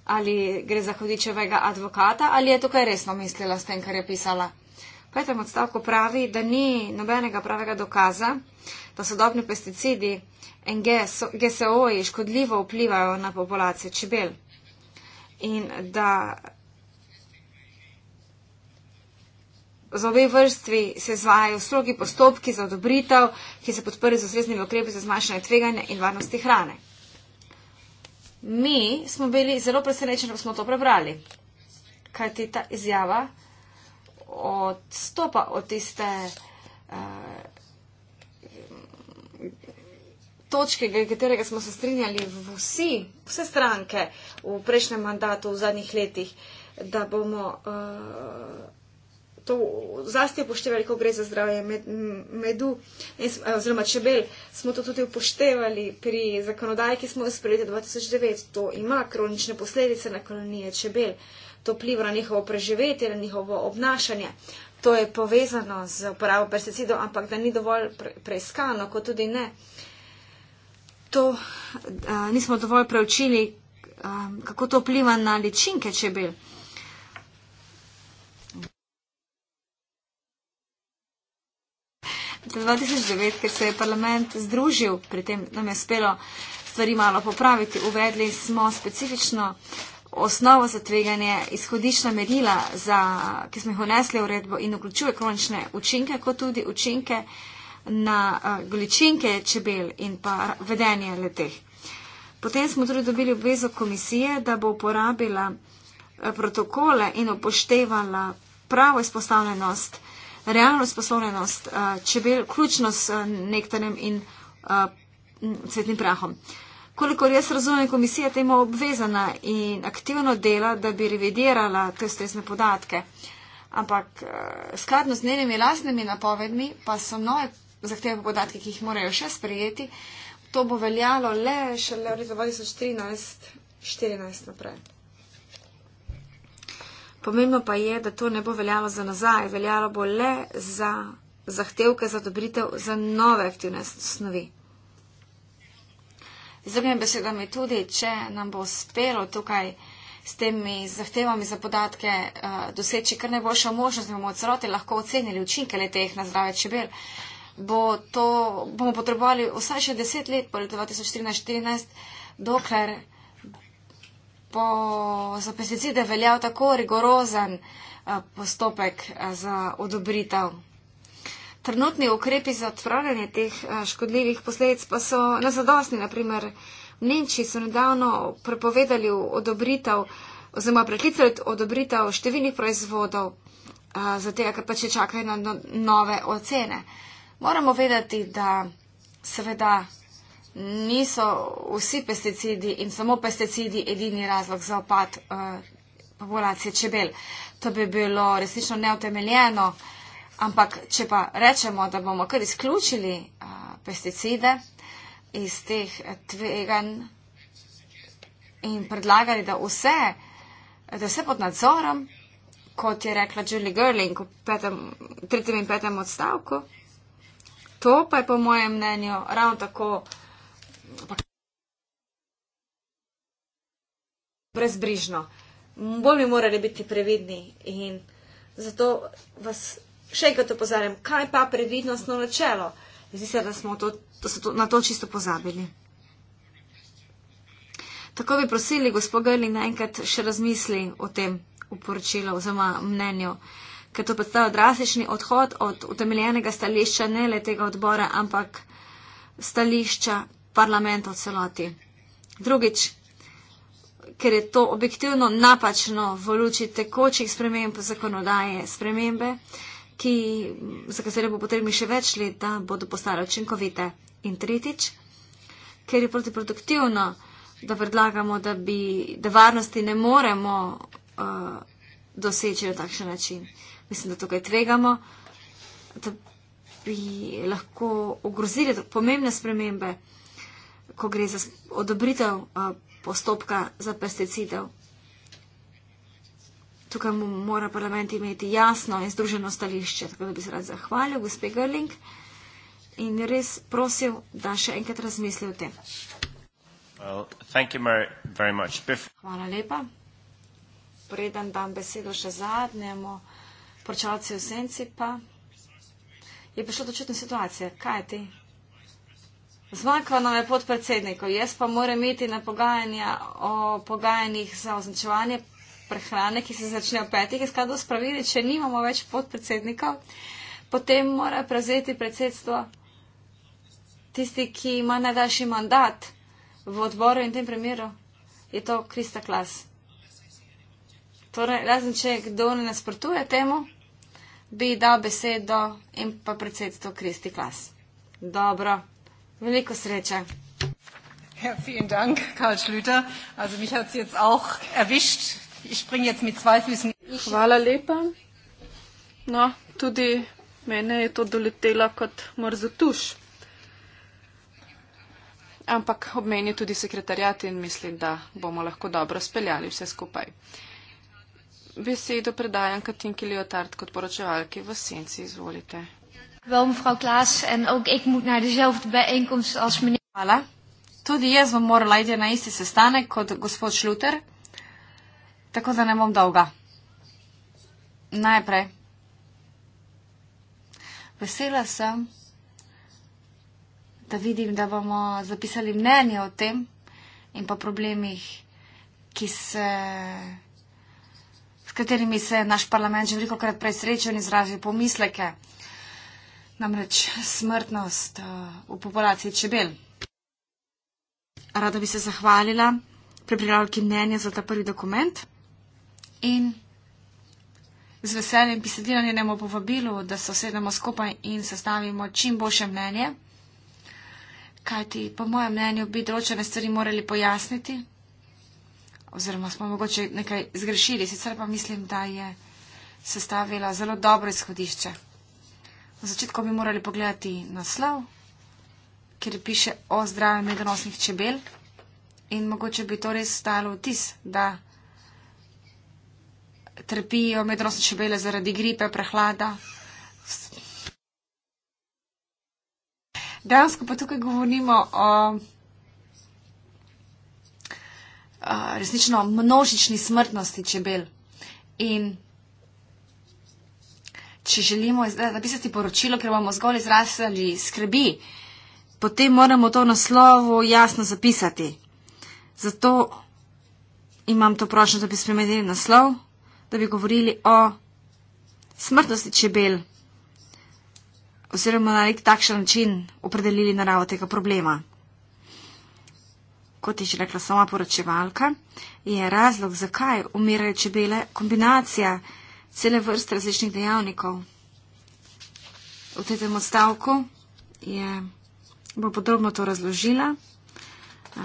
Ali gre za hudičevega advokata, ali je tukaj resno mislila s tem, kar je pisala. V petem odstavku pravi, da ni nobenega pravega dokaza, da sodobni pesticidi in GSO-ji škodljivo vplivajo na populacijo čebel. In da za obe vrstvi se izvajajo strogi postopki za odobritev, ki se podprijo z ustreznimi ukrepi za zmanjšanje tveganja in varnosti hrane. Mi smo bili zelo presenečeni, ko smo to prebrali, kaj ti ta izjava odstopa od tiste uh, točke, katerega smo se strinjali vsi, vse stranke v prejšnjem mandatu v zadnjih letih, da bomo uh, to zlasti upoštevali, ko gre za zdravje med, medu, in, oziroma čebel, smo to tudi upoštevali pri zakonodaji, ki smo jo sprejeli 2009. To ima kronične posledice na kolonije čebel. To pliva na njihovo preživetje, na njihovo obnašanje. To je povezano z uporabo pesticidov, ampak da ni dovolj pre, preiskano, kot tudi ne. To a, nismo dovolj preučili, a, kako to pliva na ličinke čebel. 2009, ker se je parlament združil, pri tem nam je spelo stvari malo popraviti, uvedli smo specifično osnovo za tveganje, izhodišna merila, za, ki smo jih unesli v redbo in vključuje kronične učinke, kot tudi učinke na uh, goličinke čebel in pa vedenje leteh. Potem smo tudi dobili obvezo komisije, da bo uporabila uh, protokole in upoštevala pravo izpostavljenost realno sposobnost eh, čebel, ključno s eh, nektarjem in eh, cvetnim prahom. Kolikor jaz razumem, komisija temu obvezana in aktivno dela, da bi revidirala te stresne podatke. Ampak skladno z njenimi lastnimi napovedmi, pa so nove zahteve po podatke, ki jih morajo še sprejeti, to bo veljalo le še le v letu 2013-2014 naprej. Pomembno pa je, da to ne bo veljalo za nazaj, veljalo bo le za zahtevke za dobritev za nove aktivne snovi. Zdaj bi se ga mi tudi, če nam bo uspelo tukaj s temi zahtevami za podatke uh, doseči kar najboljšo možnost, da bomo celoti lahko ocenili učinke letih na zdrave čebel, bo to, bomo potrebovali vsaj še deset let, poleti 2013-2014, dokler po, za pesticide veljal tako rigorozen eh, postopek eh, za odobritev. Trenutni ukrepi za odpravljanje teh eh, škodljivih posledic pa so nezadostni. Naprimer, v Nemčiji so nedavno prepovedali odobritev oziroma preklicali odobritev številnih proizvodov, zato ker pa če čakajo na no-, nove ocene. Moramo vedeti, da seveda niso vsi pesticidi in samo pesticidi edini razlog za opad eh, populacije čebel. To bi bilo resnično neotemeljeno, ampak če pa rečemo, da bomo kar izključili eh, pesticide iz teh tvegan in predlagali, da vse, da vse pod nadzorom, kot je rekla Julie Gerling v petem, tretjem in petem odstavku, to pa je po mojem mnenju ravno tako ampak brezbrižno. Bolj bi morali biti previdni in zato vas še enkrat opozarjam, kaj pa previdnostno načelo. Zdi se, da smo to, to, to, na to čisto pozabili. Tako bi prosili, gospod Grli, naj enkrat še razmisli o tem uporočilu oziroma mnenju, ker to predstavlja drastični odhod od utemeljenega stališča ne le tega odbora, ampak stališča parlamenta v celoti. Drugič, ker je to objektivno napačno v luči tekočih sprememb zakonodaje, spremembe, ki, za katere bo potrebno še več let, da bodo postale učinkovite. In tretjič, ker je protiproduktivno, da predlagamo, da, bi, da varnosti ne moremo uh, doseči na takšen način. Mislim, da tukaj tvegamo, da bi lahko ogrozili pomembne spremembe ko gre za odobritev postopka za pesticidov. Tukaj mora parlament imeti jasno in združeno stališče, tako da bi se rad zahvalil gospe Gerling in res prosil, da še enkrat razmisli o tem. Well, thank you very much. Hvala lepa. Preden dam besedo še zadnjemu poročalcu v senci, pa je prišlo do očitne situacije. Kaj je ti? Zmanjkalo nam je podpredsednikov, jaz pa moram iti na pogajanja o pogajanjih za označevanje prehrane, ki se začne v petih, skladu s pravili, če nimamo več podpredsednikov, potem mora prevzeti predsedstvo tisti, ki ima najdaljši mandat v odboru in v tem primeru je to Krista Klas. Torej, razen če kdo ne nasprotuje temu, bi dal besedo in pa predsedstvo Kristi Klas. Dobro. Veliko sreče. Ja, vielen Dank, Karl Schlüter. Also mich hat's jetzt auch erwischt. Ich springe jetzt mit zwei Füßen. Hvala lepa. No, tudi mene je to doletela kot mrzotuš. Ampak ob meni je tudi sekretarjat in mislim, da bomo lahko dobro speljali vse skupaj. Besedo predajam Katinki Leotard kot poročevalki v senci. Izvolite. Wel, mevrouw Klaas, en ook ik moet naar dezelfde bijeenkomst als meneer. Voilà. Tudi jaz bom morala iti na isti sestanek kot gospod Šluter, tako da ne bom dolga. Najprej. Vesela sem, da vidim, da bomo zapisali mnenje o tem in pa problemih, ki se, s katerimi se naš parlament že veliko krat presrečen izrazi pomisleke namreč smrtnost eh, v populaciji čebel. Rada bi se zahvalila pripravljalki mnenja za ta prvi dokument in z veseljem pisediranjenemu povabilu, da se osedemo skupaj in sestavimo čim boljše mnenje, kajti po mojem mnenju bi določene stvari morali pojasniti, oziroma smo mogoče nekaj zgrešili, sicer pa mislim, da je sestavila zelo dobro izhodišče. Na začetku bi morali pogledati naslov, kjer piše o zdravju medonosnih čebel in mogoče bi to res stalo vtis, da trpijo medonosne čebele zaradi gripe, prehlada. Dejansko pa tukaj govorimo o resnično množični smrtnosti čebel. In če želimo napisati poročilo, ker bomo zgolj izrazili skrbi, potem moramo to naslovo jasno zapisati. Zato imam to prošnjo, da bi spremenili naslov, da bi govorili o smrtnosti čebel oziroma na nek takšen način opredelili naravo tega problema. Kot je že rekla sama poročevalka, je razlog, zakaj umirajo čebele, kombinacija cele vrste različnih dejavnikov. V tem odstavku je bolj podrobno to razložila. Eh,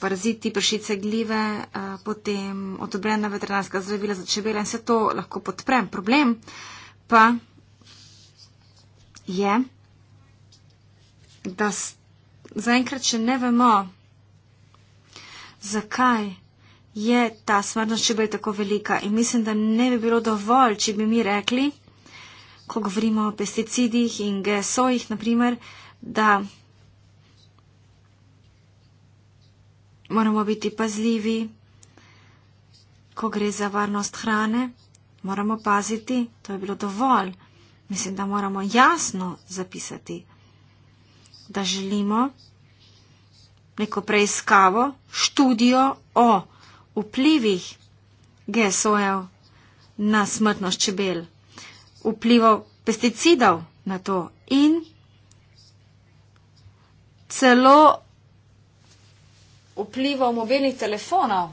paraziti, pršice, glive, eh, potem odobrena veterinarska zdravila za čebele in vse to lahko podprem. Problem pa je, da zaenkrat še ne vemo, zakaj je ta smrtnost čebel tako velika in mislim, da ne bi bilo dovolj, če bi mi rekli, ko govorimo o pesticidih in GSO-jih, naprimer, da moramo biti pazljivi, ko gre za varnost hrane, moramo paziti, to je bilo dovolj. Mislim, da moramo jasno zapisati, da želimo neko preiskavo, študijo o vplivih GSO-jev na smrtnost čebel, vplivov pesticidov na to in celo vplivov mobilnih telefonov.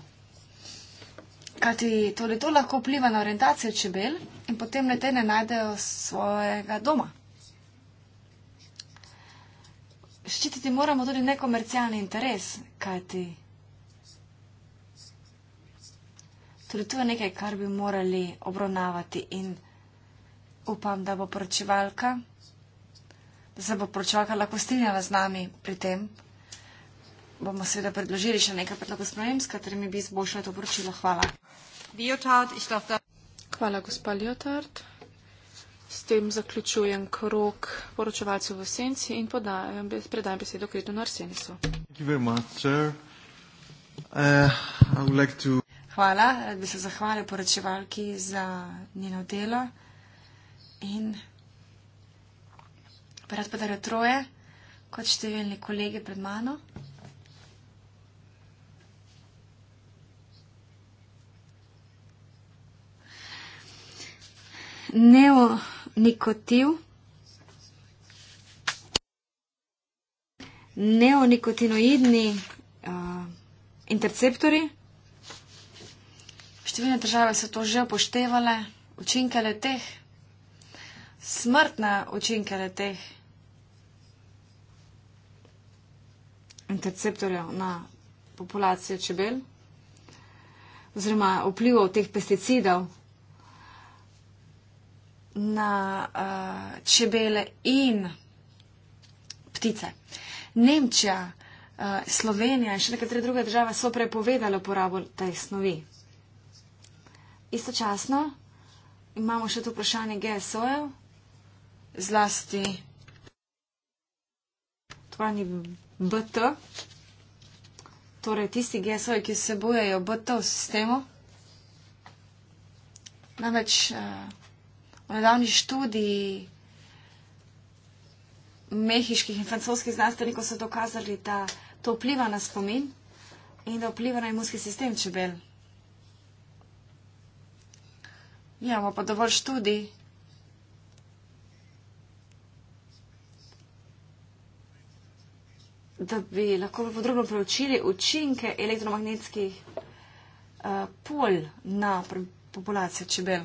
Kajti tudi to lahko vpliva na orientacijo čebel in potem le te ne najdejo svojega doma. Ščititi moramo tudi nekomercialni interes, kajti. Tudi torej, to je nekaj, kar bi morali obravnavati in upam, da bo poročevalka, da se bo poročevalka lahko strinjala z nami pri tem. Bomo seveda predložili še nekaj predlogov sprememb, s katerimi bi izboljšali to poročilo. Hvala. Hvala, gospa Ljotard. S tem zaključujem krok poročevalcev v senci in podajam, predajam besedo Kredu Narsenicu. Uh, like to... Hvala, rad bi se zahvalil poročevalki za njeno delo in rad pa da retroje, kot številni kolege pred mano. Neonikotiv. Neonikotinoidni uh, eh, interceptori civilne države so to že upoštevale, učinke le teh, smrtne učinke le teh interceptorjev na populacijo čebel, oziroma vplivov teh pesticidov na uh, čebele in ptice. Nemčija, uh, Slovenija in še nekatere druge države so prepovedali uporabo teh snovi. Istočasno imamo še to vprašanje GSO-jev. Zlasti. Tvani BT. Torej, tisti GSO-ji, ki se bojejo BT v sistemu. Namreč eh, v nedavni študiji mehiških in francoskih znanstvenikov so dokazali, da to vpliva na spomin in da vpliva na imunski sistem čebel. Ja, imamo pa dovolj študij. Da bi lahko podrobno preučili učinke elektromagnetskih eh, pol na populacijo čebel.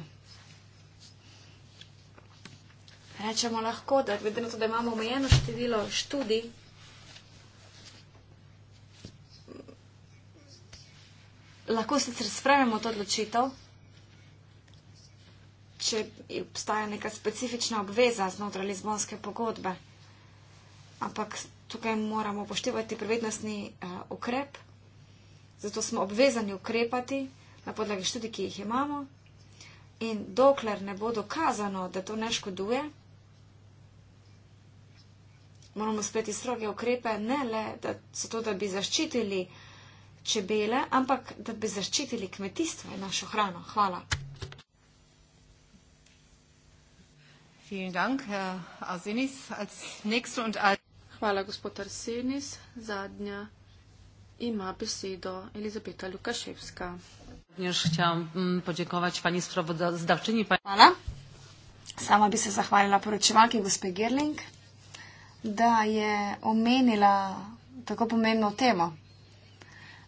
Rečemo lahko, da glede na to, da imamo omejeno število študij, lahko sicer spremljamo to odločitev če obstaja neka specifična obveza znotraj Lizbonske pogodbe. Ampak tukaj moramo poštevati prednostni uh, eh, ukrep, zato smo obvezani ukrepati na podlagi študij, ki jih imamo. In dokler ne bo dokazano, da to ne škoduje, moramo sprejeti stroge ukrepe, ne le zato, da, da bi zaščitili čebele, ampak da bi zaščitili kmetijstvo in našo hrano. Hvala. Hvala, gospod Arsenis. Zadnja ima besedo Elizabeta Lukaševska. Mm, Hvala. Sama bi se zahvalila poročevalki gospe Gerling, da je omenila tako pomembno temo.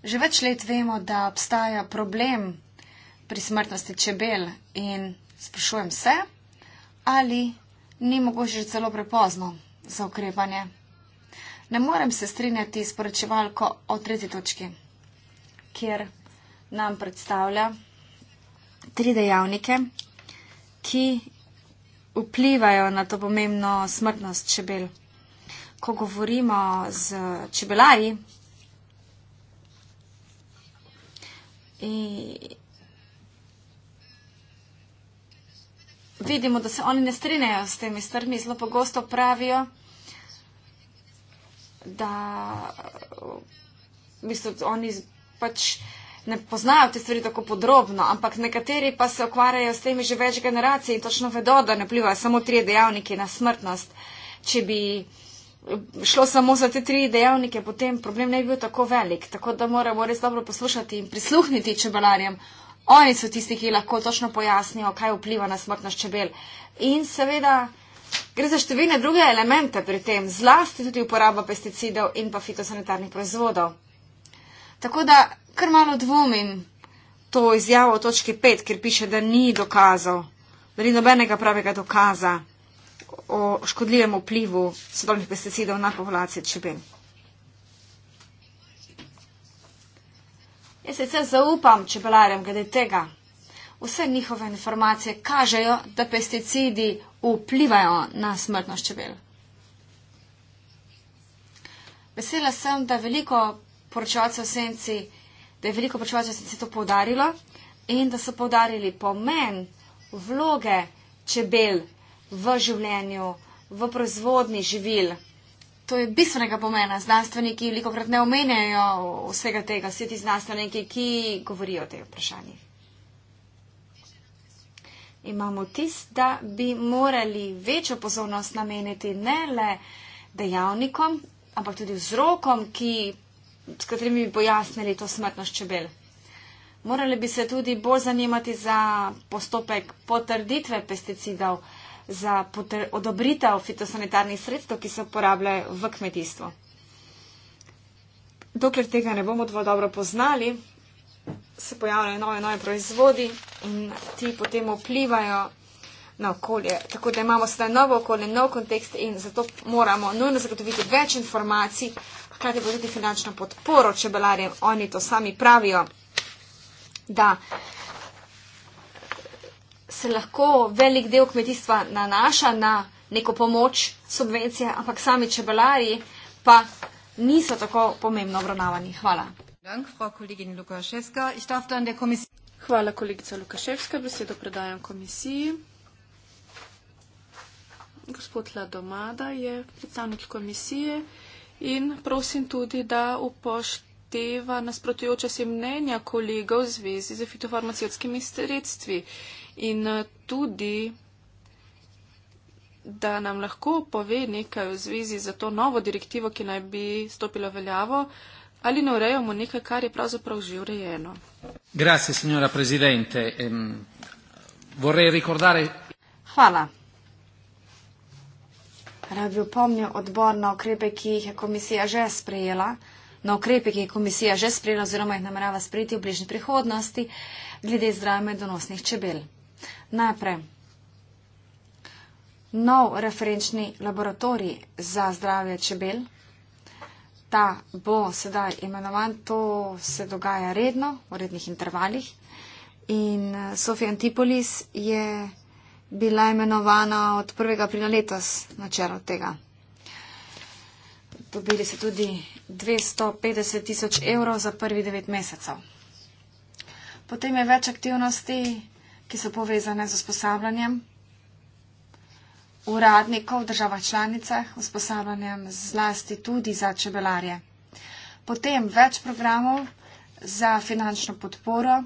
Že več let vemo, da obstaja problem pri smrtnosti čebel in sprašujem se, ali ni mogoče že celo prepozno za ukrepanje. Ne morem se strinjati s poročevalko o tretji točki, kjer nam predstavlja tri dejavnike, ki vplivajo na to pomembno smrtnost čebel. Ko govorimo z čebelaji, vidimo, da se oni ne strinjajo s temi strmi, zelo pogosto pravijo, da mislim, oni pač ne poznajo te stvari tako podrobno, ampak nekateri pa se okvarjajo s temi že več generacij in točno vedo, da ne plivajo samo tri dejavniki na smrtnost. Če bi šlo samo za te tri dejavnike, potem problem ne bi bil tako velik. Tako da moramo res dobro poslušati in prisluhniti čebelarjem, Oni so tisti, ki lahko točno pojasnijo, kaj vpliva na smrtnost čebel. In seveda gre za številne druge elemente pri tem, zlasti tudi uporaba pesticidov in pa fitosanitarnih proizvodov. Tako da kar malo dvomim to izjavo o točki 5, kjer piše, da ni dokazov, da ni nobenega pravega dokaza o škodljivem vplivu sodobnih pesticidov na populacije čebel. Jaz sicer zaupam čebelarjem glede tega. Vse njihove informacije kažejo, da pesticidi vplivajo na smrtnost čebel. Vesela sem, da, veliko senci, da je veliko poročevalcev senci to povdarilo in da so povdarili pomen vloge čebel v življenju, v proizvodni živil to je bistvenega pomena. Znanstveniki veliko krat ne omenjajo vsega tega, vsi ti znanstveniki, ki govorijo o tej vprašanji. Imamo tist, da bi morali večjo pozornost nameniti ne le dejavnikom, ampak tudi vzrokom, ki, s katerimi bi pojasnili to smrtnost čebel. Morali bi se tudi bolj zanimati za postopek potrditve pesticidov za odobritev fitosanitarnih sredstev, ki se uporabljajo v kmetijstvu. Dokler tega ne bomo dovolj dobro poznali, se pojavljajo nove, nove proizvodi in ti potem vplivajo na okolje. Tako da imamo sedaj novo okolje, nov kontekst in zato moramo nujno zagotoviti več informacij, hkrati pa tudi finančno podporo čebelarjem. Oni to sami pravijo, da se lahko velik del kmetijstva nanaša na neko pomoč, subvencije, ampak sami čebelari pa niso tako pomembno obravnavani. Hvala. Hvala, kolegica Lukaševska. Besedo predajam komisiji. Gospod Ladomada je predstavnik komisije in prosim tudi, da upošteva nasprotujoče se mnenja kolegov v zvezi z fitofarmacijskimi sredstvi in eh, tudi, da nam lahko pove nekaj v zvezi za to novo direktivo, ki naj bi stopila veljavo, ali ne urejamo nekaj, kar je pravzaprav že urejeno. Grazie, signora presidente. Um, vorrei ricordare... Hvala. Rad bi upomnil odbor na ukrepe, ki jih je komisija že sprejela, na ukrepe, ki jih je komisija že sprejela oziroma jih namerava sprejeti v bližnji prihodnosti glede zdravja medonosnih čebel. Najprej, nov referenčni laboratorij za zdravje čebel, ta bo sedaj imenovan, to se dogaja redno, v rednih intervalih. In eh, Sofija Antipolis je bila imenovana od 1. aprila letos na čelo tega. Dobili so tudi 250 tisoč evrov za prvi devet mesecev. Potem je več aktivnosti ki so povezane z usposabljanjem uradnikov v državah članicah, usposabljanjem zlasti tudi za čebelarje. Potem več programov za finančno podporo,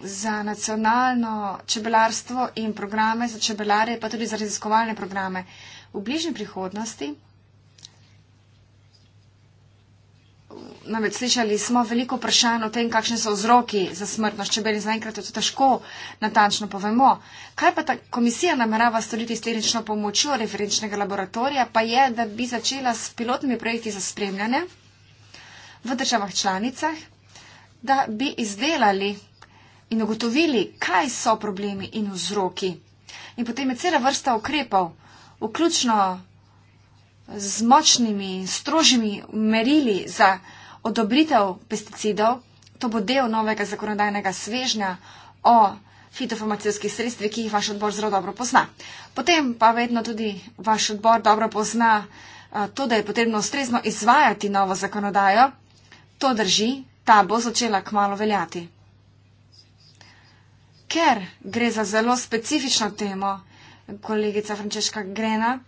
za nacionalno čebelarstvo in programe za čebelarje, pa tudi za raziskovalne programe. V bližnji prihodnosti namreč slišali smo veliko vprašanj o tem, kakšni so vzroki za smrtnost čebel in zaenkrat je to težko natančno povemo. Kaj pa ta komisija namerava storiti s klinično pomočjo referenčnega laboratorija, pa je, da bi začela s pilotnimi projekti za spremljanje v državah članicah, da bi izdelali in ugotovili, kaj so problemi in vzroki. In potem je cela vrsta ukrepov, vključno z močnimi, strožjimi merili za odobritev pesticidov, to bo del novega zakonodajnega svežnja o fitofarmacijskih sredstvih, ki jih vaš odbor zelo dobro pozna. Potem pa vedno tudi vaš odbor dobro pozna eh, to, da je potrebno ustrezno izvajati novo zakonodajo. To drži, ta bo začela kmalo veljati. Ker gre za zelo specifično temo, kolegica Frančeška Grena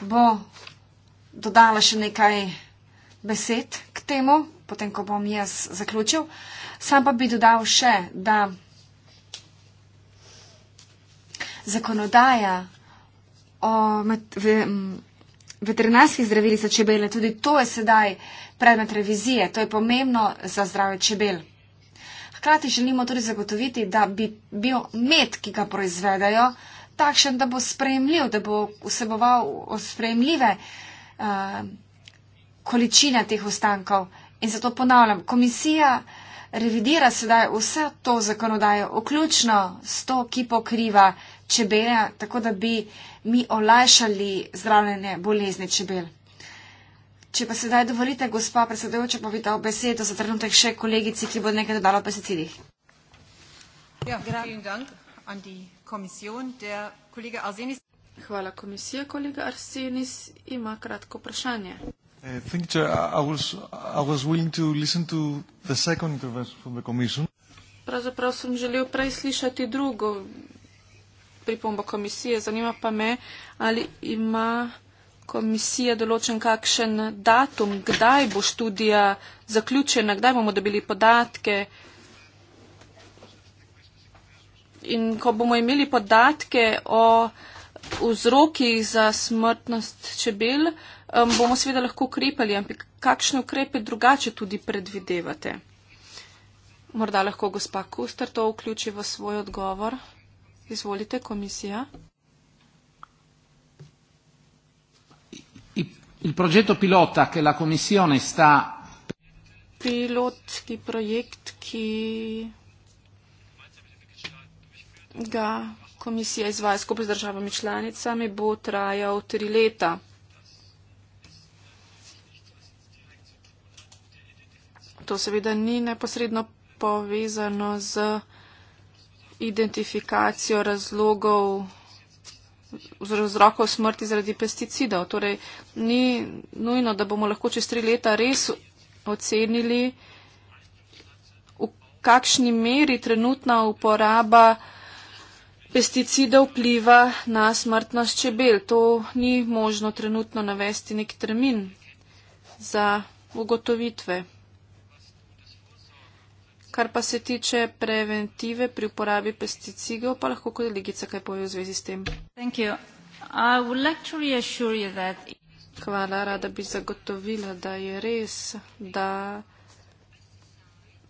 bo dodala še nekaj besed k temu potem, ko bom jaz zaključil. Sam pa bi dodal še, da zakonodaja o veterinarskih zdravilih za čebele, tudi to je sedaj predmet revizije, to je pomembno za zdrave čebel. Hkrati želimo tudi zagotoviti, da bi bil med, ki ga proizvedajo, takšen, da bo sprejemljiv, da bo vseboval sprejemljive uh, količine teh ostankov In zato ponavljam, komisija revidira sedaj vse to zakonodajo, vključno s to, ki pokriva čebele, tako da bi mi olajšali zdravljene bolezni čebel. Če pa sedaj dovolite, gospa predsedujoča, pa bi dal besedo za trenutek še kolegici, ki bo nekaj dodala o pesticidih. Ja, Hvala komisija, kolega Arsenis ima kratko vprašanje. Uh, thank you, Chair. I was willing to listen to the second intervention from the Commission. Pravzaprav sem želel prej slišati drugo pripombo komisije. Zanima pa me, ali ima komisija določen kakšen datum, kdaj bo študija zaključena, kdaj bomo dobili podatke. In ko bomo imeli podatke o vzrokih za smrtnost čebel, um, bomo seveda lahko ukrepali, ampak kakšne ukrepe drugače tudi predvidevate? Morda lahko gospa Kuster to vključi v svoj odgovor. Izvolite, komisija. Il progetto pilota che la Commissione sta. Pilot, ki projekt, ki ga komisija izvaja skupaj z državami članicami, bo trajal tri leta. to seveda ni neposredno povezano z identifikacijo razlogov, vzrokov smrti zaradi pesticidov. Torej, ni nujno, da bomo lahko čez tri leta res ocenili, v kakšni meri trenutna uporaba pesticidov vpliva na smrtnost čebel. To ni možno trenutno navesti nek termin za ugotovitve. Kar pa se tiče preventive pri uporabi pesticidov, pa lahko kolegica kaj pove v zvezi s tem. Hvala, rada bi zagotovila, da je res, da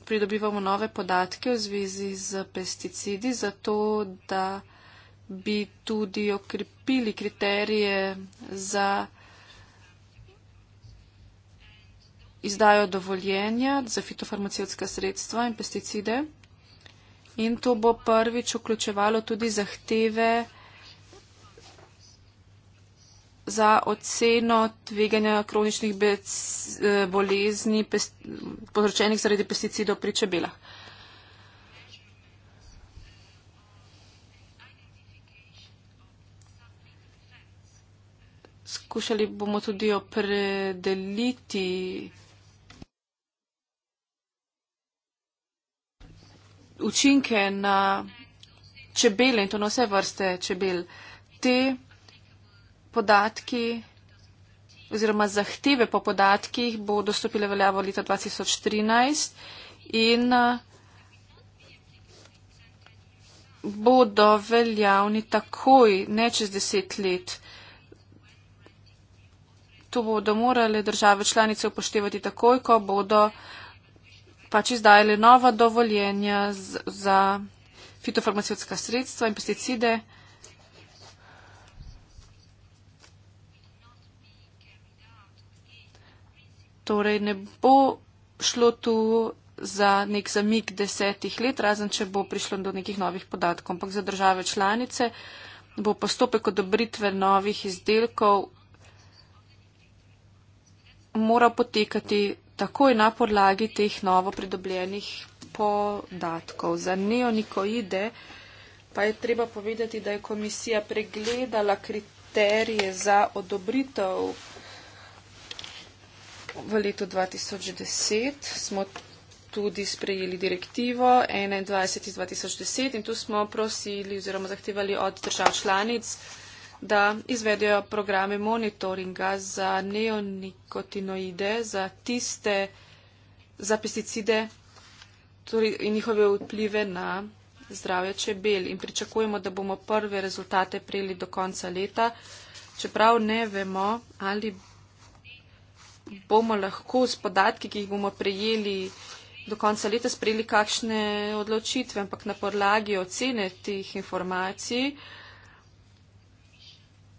pridobivamo nove podatke v zvezi z pesticidi, zato da bi tudi okrepili kriterije za. izdajo dovoljenja za fitofarmacijska sredstva in pesticide. In to bo prvič vključevalo tudi zahteve za oceno tveganja kroničnih eh, bolezni povzročenih zaradi pesticidov pri čebelah. Skušali bomo tudi opredeliti učinke na čebele in to na vse vrste čebel. Te podatki oziroma zahteve po podatkih bo dostopile veljavo leta 2013 in bodo veljavni takoj, ne čez deset let. To bodo morale države članice upoštevati takoj, ko bodo uh, pač izdajali nova dovoljenja z, za fitofarmacijska sredstva in pesticide. Torej ne bo šlo tu za nek zamik desetih let, razen če bo prišlo do nekih novih podatkov. Ampak za države članice bo postopek odobritve novih izdelkov moral potekati takoj na podlagi teh novo pridobljenih podatkov. Za neonikoide pa je treba povedati, da je komisija pregledala kriterije za odobritev v letu 2010. Smo tudi sprejeli direktivo 21 iz 2010 in tu smo prosili oziroma zahtevali od držav članic, da izvedejo programe monitoringa za neonikotinoide, za tiste, za pesticide torej in njihove vplive na zdravje čebel. In pričakujemo, da bomo prve rezultate prejeli do konca leta, čeprav ne vemo, ali bomo lahko s podatki, ki jih bomo prejeli do konca leta, sprejeli kakšne odločitve, ampak na podlagi ocene teh informacij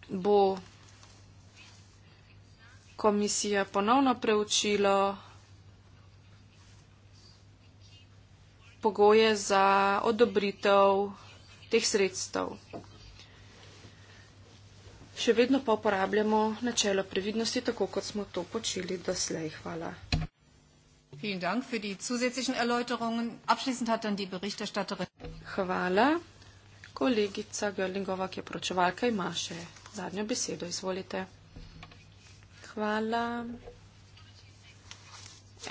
bo komisija ponovno preučila pogoje za odobritev teh sredstev. Še vedno pa uporabljamo načelo previdnosti, tako kot smo to počeli doslej. Hvala. Hvala. Kolegica Görlingova, ki je pročevalka, ima še zadnjo besedo. Izvolite. Hvala.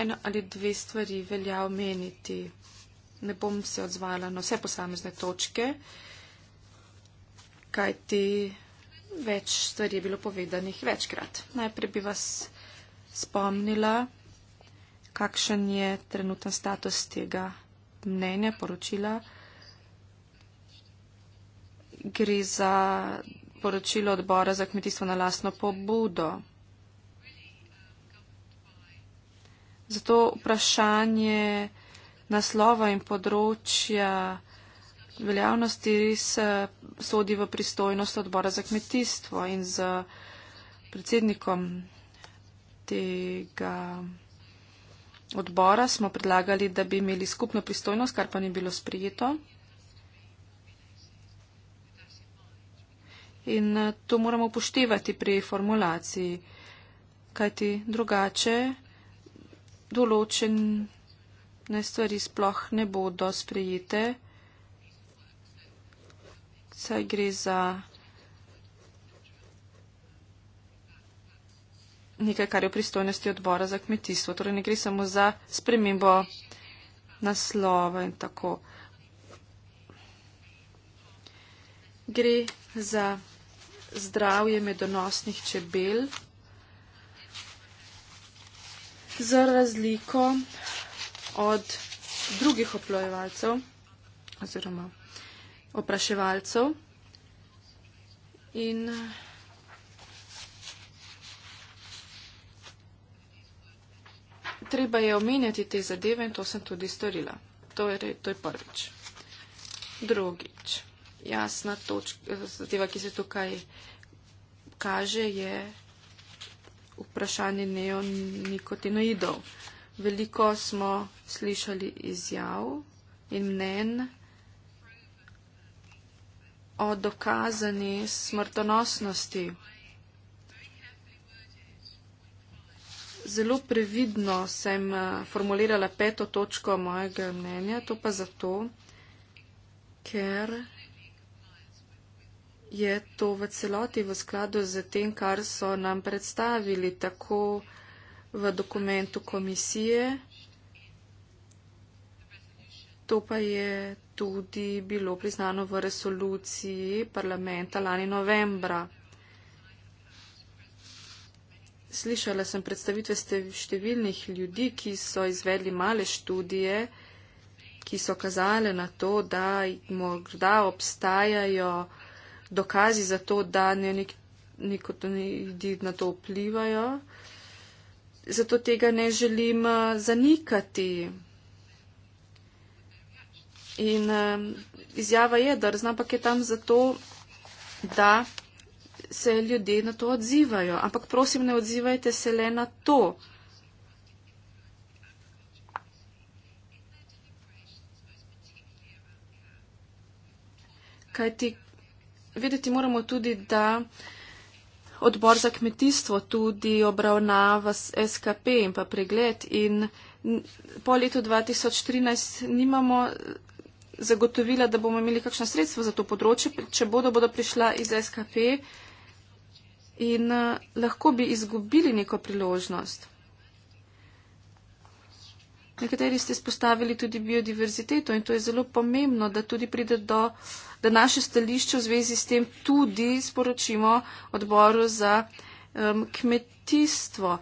Eno ali dve stvari velja omeniti. Ne bom se odzvala na vse posamezne točke, kajti več stvari je bilo povedanih večkrat. Najprej bi vas spomnila, kakšen je trenutni status tega mnenja, poročila. Gre za poročilo odbora za kmetijstvo na lastno pobudo. Zato vprašanje naslova in področja veljavnosti res eh, sodi v pristojnost odbora za kmetijstvo in z predsednikom tega odbora smo predlagali, da bi imeli skupno pristojnost, kar pa ni bilo sprijeto. in eh, to moramo upoštevati pri formulaciji, kajti drugače določene stvari sploh ne bodo sprejete, saj gre za nekaj, kar je v pristojnosti odbora za kmetijstvo. Torej ne gre samo za spremembo naslova in tako. Gre za zdravje medonosnih čebel. Za razliko od drugih oplojevalcev oziroma opraševalcev in treba je omenjati te zadeve in to sem tudi storila. To je, to je prvič. Drugič jasna točka, eh, zadeva, ki se tukaj kaže, je vprašanje neonikotinoidov. Veliko smo slišali izjav in mnen o dokazani smrtonosnosti. Zelo previdno sem eh, formulirala peto točko mojega mnenja, to pa zato, ker je to v celoti v skladu z tem, kar so nam predstavili tako v dokumentu komisije. To pa je tudi bilo priznano v resoluciji parlamenta lani novembra. Slišala sem predstavitve številnih ljudi, ki so izvedli male študije, ki so kazale na to, da morda obstajajo dokazi za to, da ne nek, neko to ljudi na to vplivajo. Zato tega ne želim eh, zanikati. In um, izjava je, da razna, ampak je tam zato, da se ljudje na to odzivajo. Ampak prosim, ne odzivajte se le na to. Kaj ti vedeti moramo tudi, da odbor za kmetijstvo tudi obravnava SKP in pa pregled in po letu 2013 nimamo zagotovila, da bomo imeli kakšna sredstva za to področje, če bodo, bodo prišla iz SKP in eh, lahko bi izgubili neko priložnost. Nekateri ste spostavili tudi biodiverziteto in to je zelo pomembno, da tudi pride do da naše stališče v zvezi s tem tudi sporočimo odboru za um, kmetijstvo.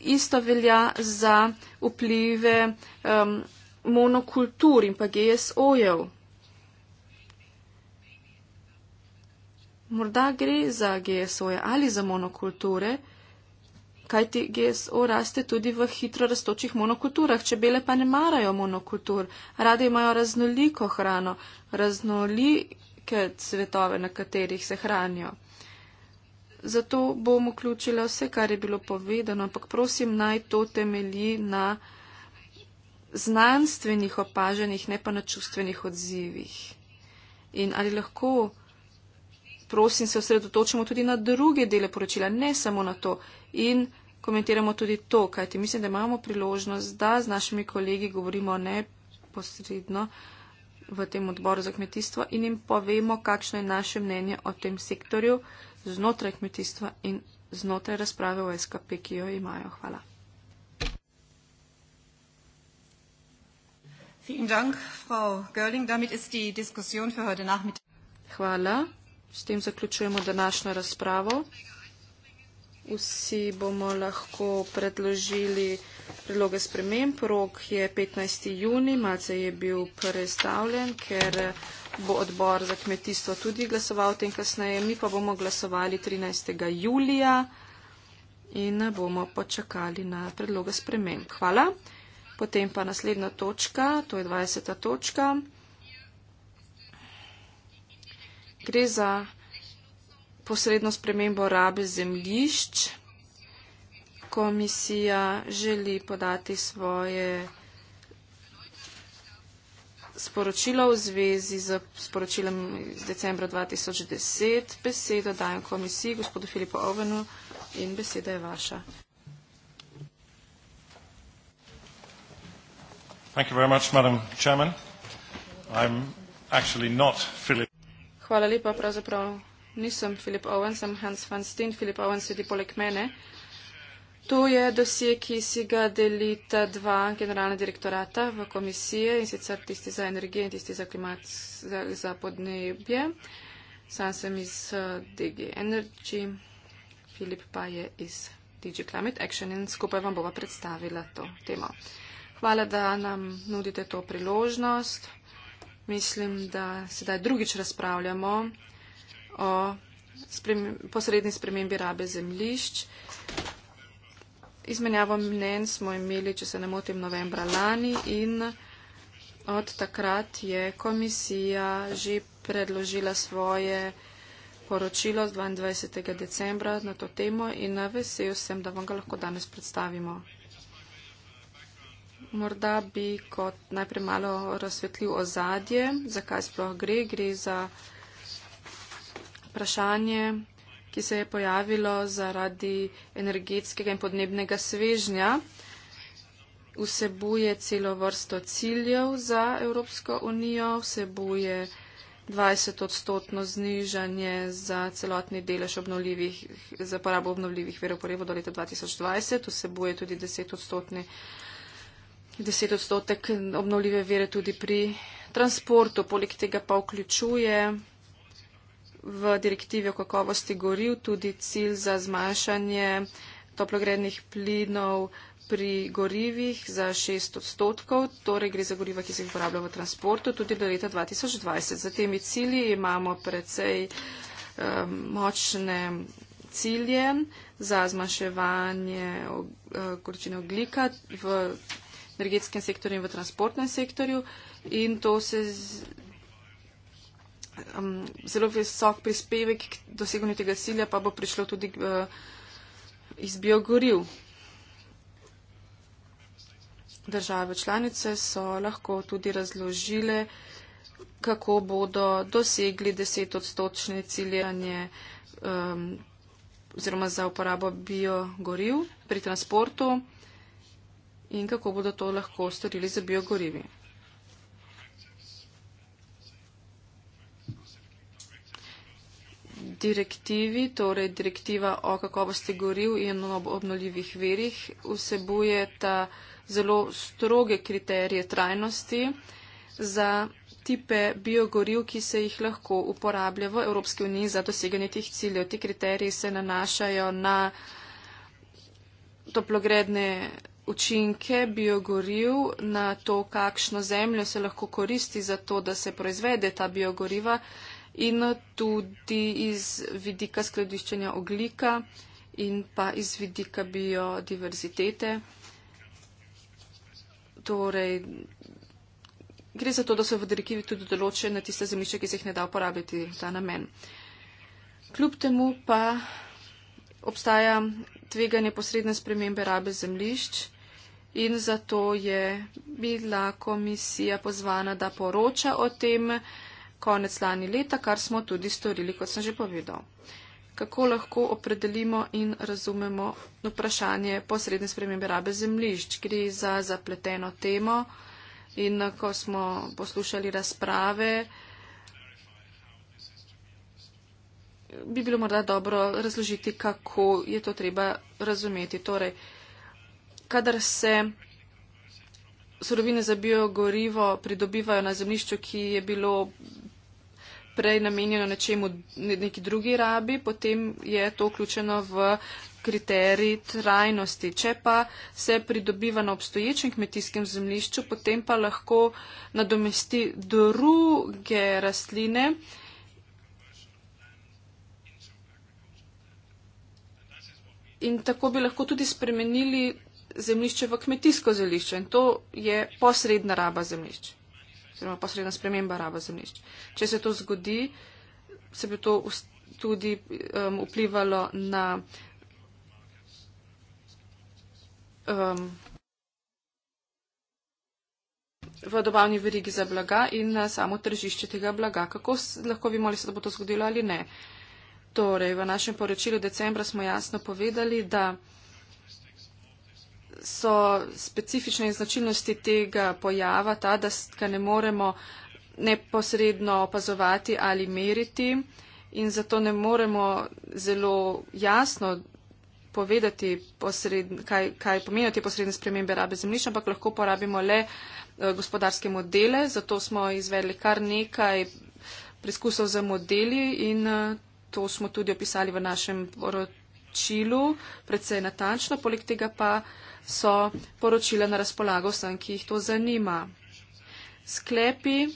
Isto velja za vplive um, monokultur in pa GSO-jev. Morda gre za GSO-je ali za monokulture kajti GSO raste tudi v hitro raztočih monokulturah. Čebele pa ne marajo monokultur, rade imajo raznoliko hrano, raznolike cvetove, na katerih se hranijo. Zato bom vključila vse, kar je bilo povedano, ampak prosim naj to temelji na znanstvenih opaženih, ne pa na čustvenih odzivih. In ali lahko prosim, se osredotočimo tudi na druge dele poročila, ne samo na to. In komentiramo tudi to, kajti mislim, da imamo priložnost, da z našimi kolegi govorimo neposredno v tem odboru za kmetijstvo in jim povemo, kakšno je naše mnenje o tem sektorju znotraj kmetijstva in znotraj razprave v SKP, ki jo imajo. Hvala. Hvala. S tem zaključujemo današnjo razpravo. Vsi bomo lahko predložili predloge sprememb. Rok je 15. juni, malce je bil prestavljen, ker bo odbor za kmetijstvo tudi glasoval tem kasneje. Mi pa bomo glasovali 13. julija in bomo počakali na predloge sprememb. Hvala. Potem pa naslednja točka, to je 20. točka. gre za posredno spremembo rabe zemljišč. Komisija želi podati svoje sporočilo v zvezi z sporočilom iz decembra 2010. Besedo dajem komisiji, gospodu Filipu Ovenu in beseda je vaša. Thank you very much, Madam Chairman. I'm actually not Philip. Hvala lepa, pravzaprav nisem Filip Owen, sem Hans van Steen, Filip Owen sedi poleg mene. To je dosje, ki si ga delita dva generalna direktorata v komisije in sicer tisti za energijo in tisti za, klimat, za, za podnebje. Sam sem iz eh, DG Energy, Filip pa je iz DG Climate Action in skupaj vam bova predstavila to temo. Hvala, da nam nudite to priložnost mislim, da sedaj drugič razpravljamo o sprem posredni spremembi rabe zemlišč. Izmenjavo mnen smo imeli, če se ne motim, novembra lani in od takrat je komisija že predložila svoje poročilo z 22. decembra na to temo in vesel sem, da vam ga lahko danes predstavimo. Morda bi kot najprej malo razsvetljiv ozadje, zakaj sploh gre. Gre za vprašanje, ki se je pojavilo zaradi energetskega in podnebnega svežnja. Vsebuje celo vrsto ciljev za Evropsko unijo, vsebuje 20 odstotno znižanje za celotni delež obnovljivih, za porabo obnovljivih verov porevo do leta 2020, vsebuje tudi 10 odstotne 10 odstotek obnovljive vere tudi pri transportu. Poleg tega pa vključuje v direktivi o kakovosti goril tudi cilj za zmanjšanje toplogrednih plinov pri gorivih za 6 odstotkov, torej gre za goriva, ki se jih uporablja v transportu, tudi do leta 2020. Za temi cilji imamo precej um, močne cilje za zmanjševanje uh, količine oglika v energetskem sektorju in v transportnem sektorju in to se z, um, zelo visok prispevek k doseganju tega cilja pa bo prišlo tudi uh, iz biogoriv. Države članice so lahko tudi razložile, kako bodo dosegli desetodstotne ciljanje um, oziroma za uporabo biogoriv pri transportu in kako bodo to lahko storili za biogorivi. Direktivi, torej direktiva o kakovosti goriv in obnoljivih verjih, vsebuje ta zelo stroge kriterije trajnosti za tipe biogoriv, ki se jih lahko uporablja v Evropski uniji za doseganje tih ciljev. Ti kriteriji se nanašajo na toplogredne učinke biogoriv na to, kakšno zemljo se lahko koristi za to, da se proizvede ta biogoriva in tudi iz vidika skladiščenja oglika in pa iz vidika biodiverzitete. Torej, gre za to, da so v direktivi tudi določene tiste zemljišče, ki se jih ne da uporabiti za namen. Kljub temu pa obstaja tveganje posredne spremembe rabe zemljišč in zato je bila komisija pozvana, da poroča o tem konec lani leta, kar smo tudi storili, kot sem že povedal. Kako lahko opredelimo in razumemo vprašanje posredne spremembe rabe zemljišč? Gre za zapleteno temo in ko smo poslušali razprave, bi bilo morda dobro razložiti, kako je to treba razumeti. Torej, kadar se surovine za biogorivo pridobivajo na zemljišču, ki je bilo prej namenjeno nečemu neki drugi rabi, potem je to vključeno v kriterij trajnosti. Če pa se pridobiva na obstoječem kmetijskem zemljišču, potem pa lahko nadomesti druge rastline. In tako bi lahko tudi spremenili zemljišče v kmetijsko zemljišče in to je posredna raba zemljišč, oziroma posredna sprememba raba zemljišč. Če se to zgodi, se bi to tudi um, vplivalo na. Um, v dobavni verigi za blaga in na samo tržišče tega blaga. Kako lahko vemo, ali se bo to zgodilo ali ne? Torej, v našem poročilu decembra smo jasno povedali, da so specifične značilnosti tega pojava ta, da ga ne moremo neposredno opazovati ali meriti in zato ne moremo zelo jasno povedati, posredn, kaj, kaj pomenijo te posredne spremembe rabe zemljišča, ampak lahko porabimo le eh, gospodarske modele. Zato smo izvedli kar nekaj preizkusov za modeli in eh, to smo tudi opisali v našem poročilu poročilu predvsej natančno, poleg tega pa so poročila na razpolago vsem, ki jih to zanima. Sklepi,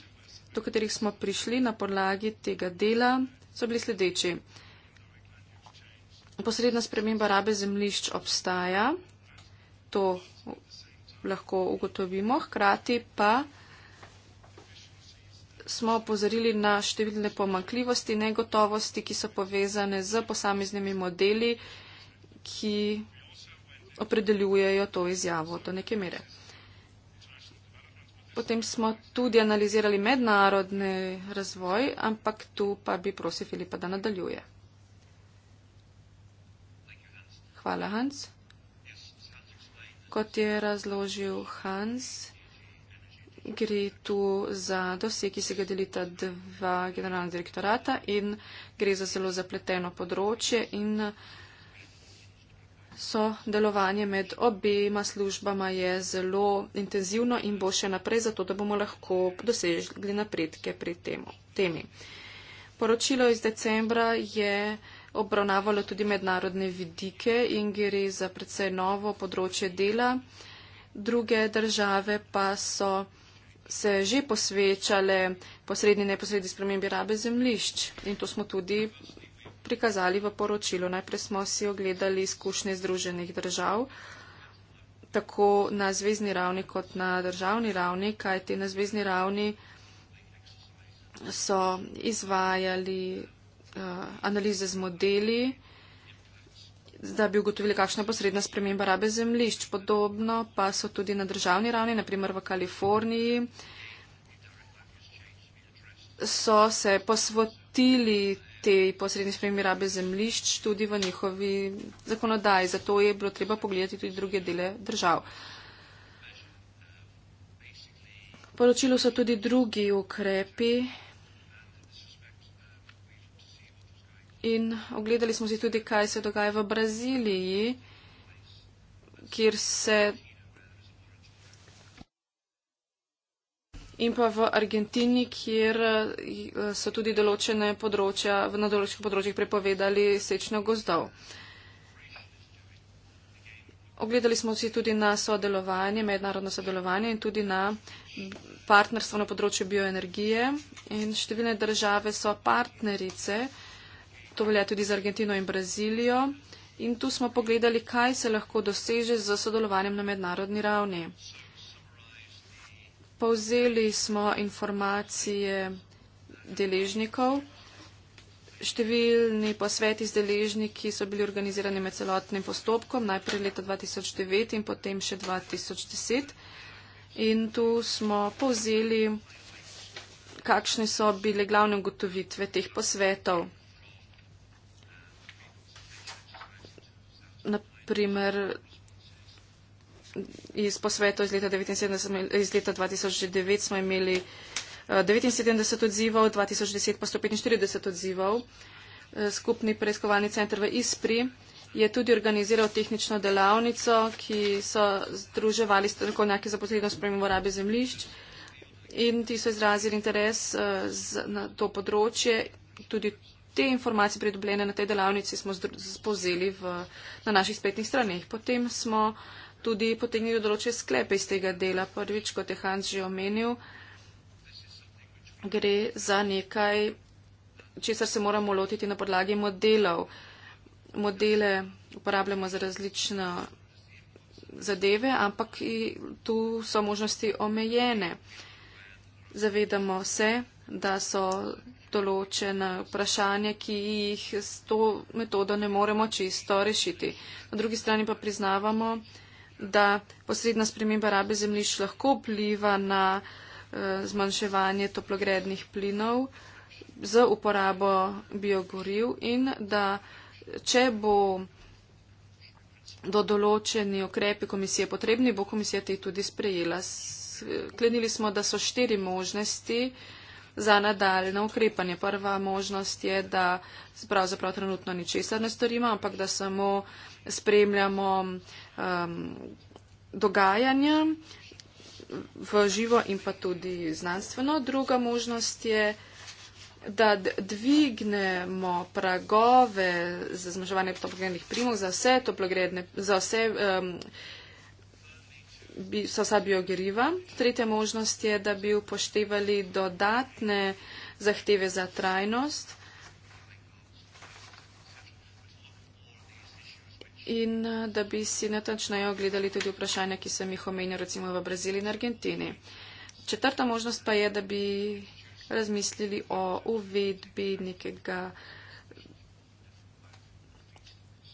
do katerih smo prišli na podlagi tega dela, so bili sledeči. Posredna sprememba rabe zemlišč obstaja, to lahko ugotovimo, hkrati pa smo opozorili na številne pomankljivosti, negotovosti, ki so povezane z posameznimi modeli, ki opredeljujejo to izjavo do neke mere. Potem smo tudi analizirali mednarodni razvoj, ampak tu pa bi prosil Filipa, da nadaljuje. Hvala, Hans. Kot je razložil Hans, gre tu za dosje, ki se ga delita dva generalna direktorata in gre za zelo zapleteno področje in so delovanje med obema službama je zelo intenzivno in bo še naprej, zato da bomo lahko dosežli napredke pri temu, temi. Poročilo iz decembra je obravnavalo tudi mednarodne vidike in gre za predvsej novo področje dela. Druge države pa so se že posvečale posredni neposredni spremembi rabe zemlišč in to smo tudi prikazali v poročilu. Najprej smo si ogledali izkušnje združenih držav, tako na zvezdni ravni kot na državni ravni, kaj te na zvezdni ravni so izvajali uh, analize z modeli, da bi ugotovili, kakšna je posredna sprememba rabe zemljišč. Podobno pa so tudi na državni ravni, naprimer v Kaliforniji, so se posvotili tej posredni spremembi rabe zemljišč tudi v njihovi zakonodaji. Zato je bilo treba pogledati tudi druge dele držav. Poročilo so tudi drugi ukrepi, In ogledali smo si tudi, kaj se dogaja v Braziliji, kjer se. In pa v Argentini, kjer eh, so tudi določene področja, na določenih področjih prepovedali sečno gozdov. Ogledali smo si tudi na sodelovanje, mednarodno sodelovanje in tudi na partnerstvo na področju bioenergije. In številne države so partnerice. To velja tudi za Argentino in Brazilijo. In tu smo pogledali, kaj se lahko doseže z sodelovanjem na mednarodni ravni. Povzeli smo informacije deležnikov. Številni posveti z deležniki so bili organizirani med celotnim postopkom, najprej leta 2009 in potem še 2010. In tu smo povzeli, kakšne so bile glavne ugotovitve teh posvetov. primer iz posvetov iz leta, 79, iz leta 2009 smo imeli 79 eh, odzivov, 2010 pa 145 odzivov. Eh, skupni preiskovalni center v ISPRI je tudi organiziral tehnično delavnico, ki so združevali strokovnjaki za posledno spremembo rabe zemlišč in ti so izrazili interes eh, na to področje, tudi te informacije pridobljene na tej delavnici smo spozeli v, na naših spletnih straneh. Potem smo tudi potegnili določene sklepe iz tega dela. Prvič, kot je Hans že omenil, gre za nekaj, česar se moramo lotiti na podlagi modelov. Modele uporabljamo za različne zadeve, ampak tu so možnosti omejene. Zavedamo se, da so določena vprašanja, ki jih s to metodo ne moremo čisto rešiti. Na drugi strani pa priznavamo, da posredna sprememba rabe zemljišč lahko pliva na eh, zmanjševanje toplogrednih plinov z uporabo biogoriv in da če bo do določeni okrepi komisije potrebni, bo komisija te tudi sprejela. Klenili smo, da so štiri možnosti, za nadaljno ukrepanje. Prva možnost je, da pravzaprav trenutno ničesar ne storimo, ampak da samo spremljamo um, dogajanja v živo in pa tudi znanstveno. Druga možnost je, da dvignemo pragove za zmanjševanje toplogrednih primov za vse toplogredne, za vse um, bi, so za biogeriva. Tretja možnost je, da bi upoštevali dodatne zahteve za trajnost. In eh, da bi si natančneje ogledali tudi vprašanja, ki sem jih omenil, recimo v Braziliji in Argentini. Četrta možnost pa je, da bi razmislili o uvedbi nekega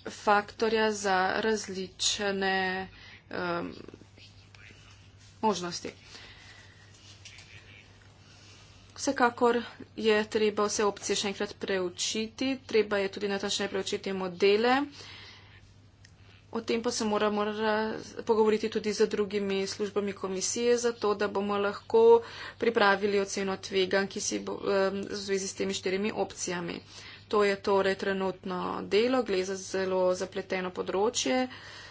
faktorja za različne um, možnosti. Vsekakor je treba vse opcije še enkrat preučiti, treba je tudi natančno preučiti modele. O tem pa se mora, mora pogovoriti tudi z drugimi službami komisije, zato da bomo lahko pripravili oceno tvega, ki si bo v zvezi s temi štirimi opcijami. To je torej trenutno delo, gleda zelo zapleteno področje. Uh,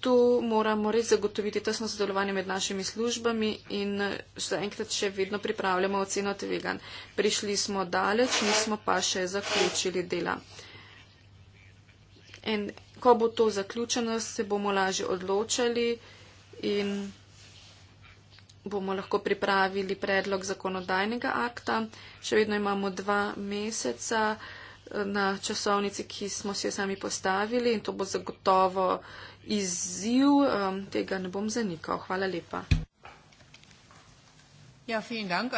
tu moramo res zagotoviti tesno sodelovanje med našimi službami in še eh, enkrat še vedno pripravljamo oceno tvegan. Prišli smo daleč, nismo pa še zaključili dela. In ko bo to zaključeno, se bomo lažje odločali in bomo lahko pripravili predlog zakonodajnega akta. Še vedno imamo dva meseca eh, na časovnici, ki smo si jo sami postavili in to bo zagotovo izziv, um, tega ne bom zanikal. Hvala lepa. Ja, dank,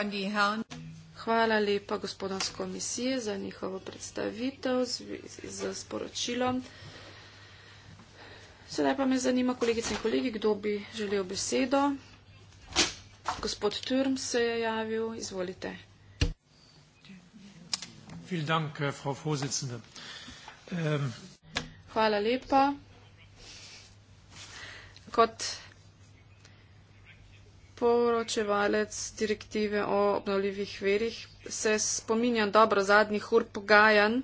Hvala lepa gospodom z komisije za njihovo predstavitev z, z, z sporočilom. Sedaj pa me zanima, kolegice in kolegi, kdo bi želel besedo. Gospod Turm se je javil, izvolite. Dank, äh, ähm, Hvala lepa kot poročevalec direktive o obnovljivih verjih se spominjam dobro zadnjih ur pogajanj.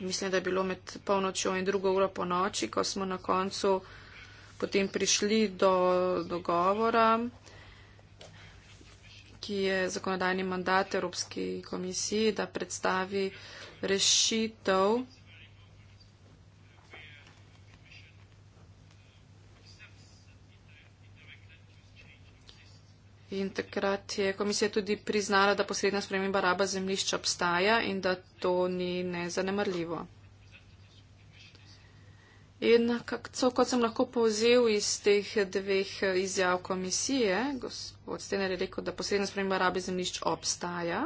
Mislim, da je bilo med polnočjo in drugo uro po noči, ko smo na koncu potem prišli do dogovora, ki je zakonodajni mandat Evropski komisiji, da predstavi rešitev. In takrat je komisija tudi priznala, da posredna sprememba raba zemljišča obstaja in da to ni nezanemrljivo. In kako, kot sem lahko povzel iz teh dveh eh, izjav komisije, gospod Stener je rekel, da posredna sprememba rabe zemljišč obstaja.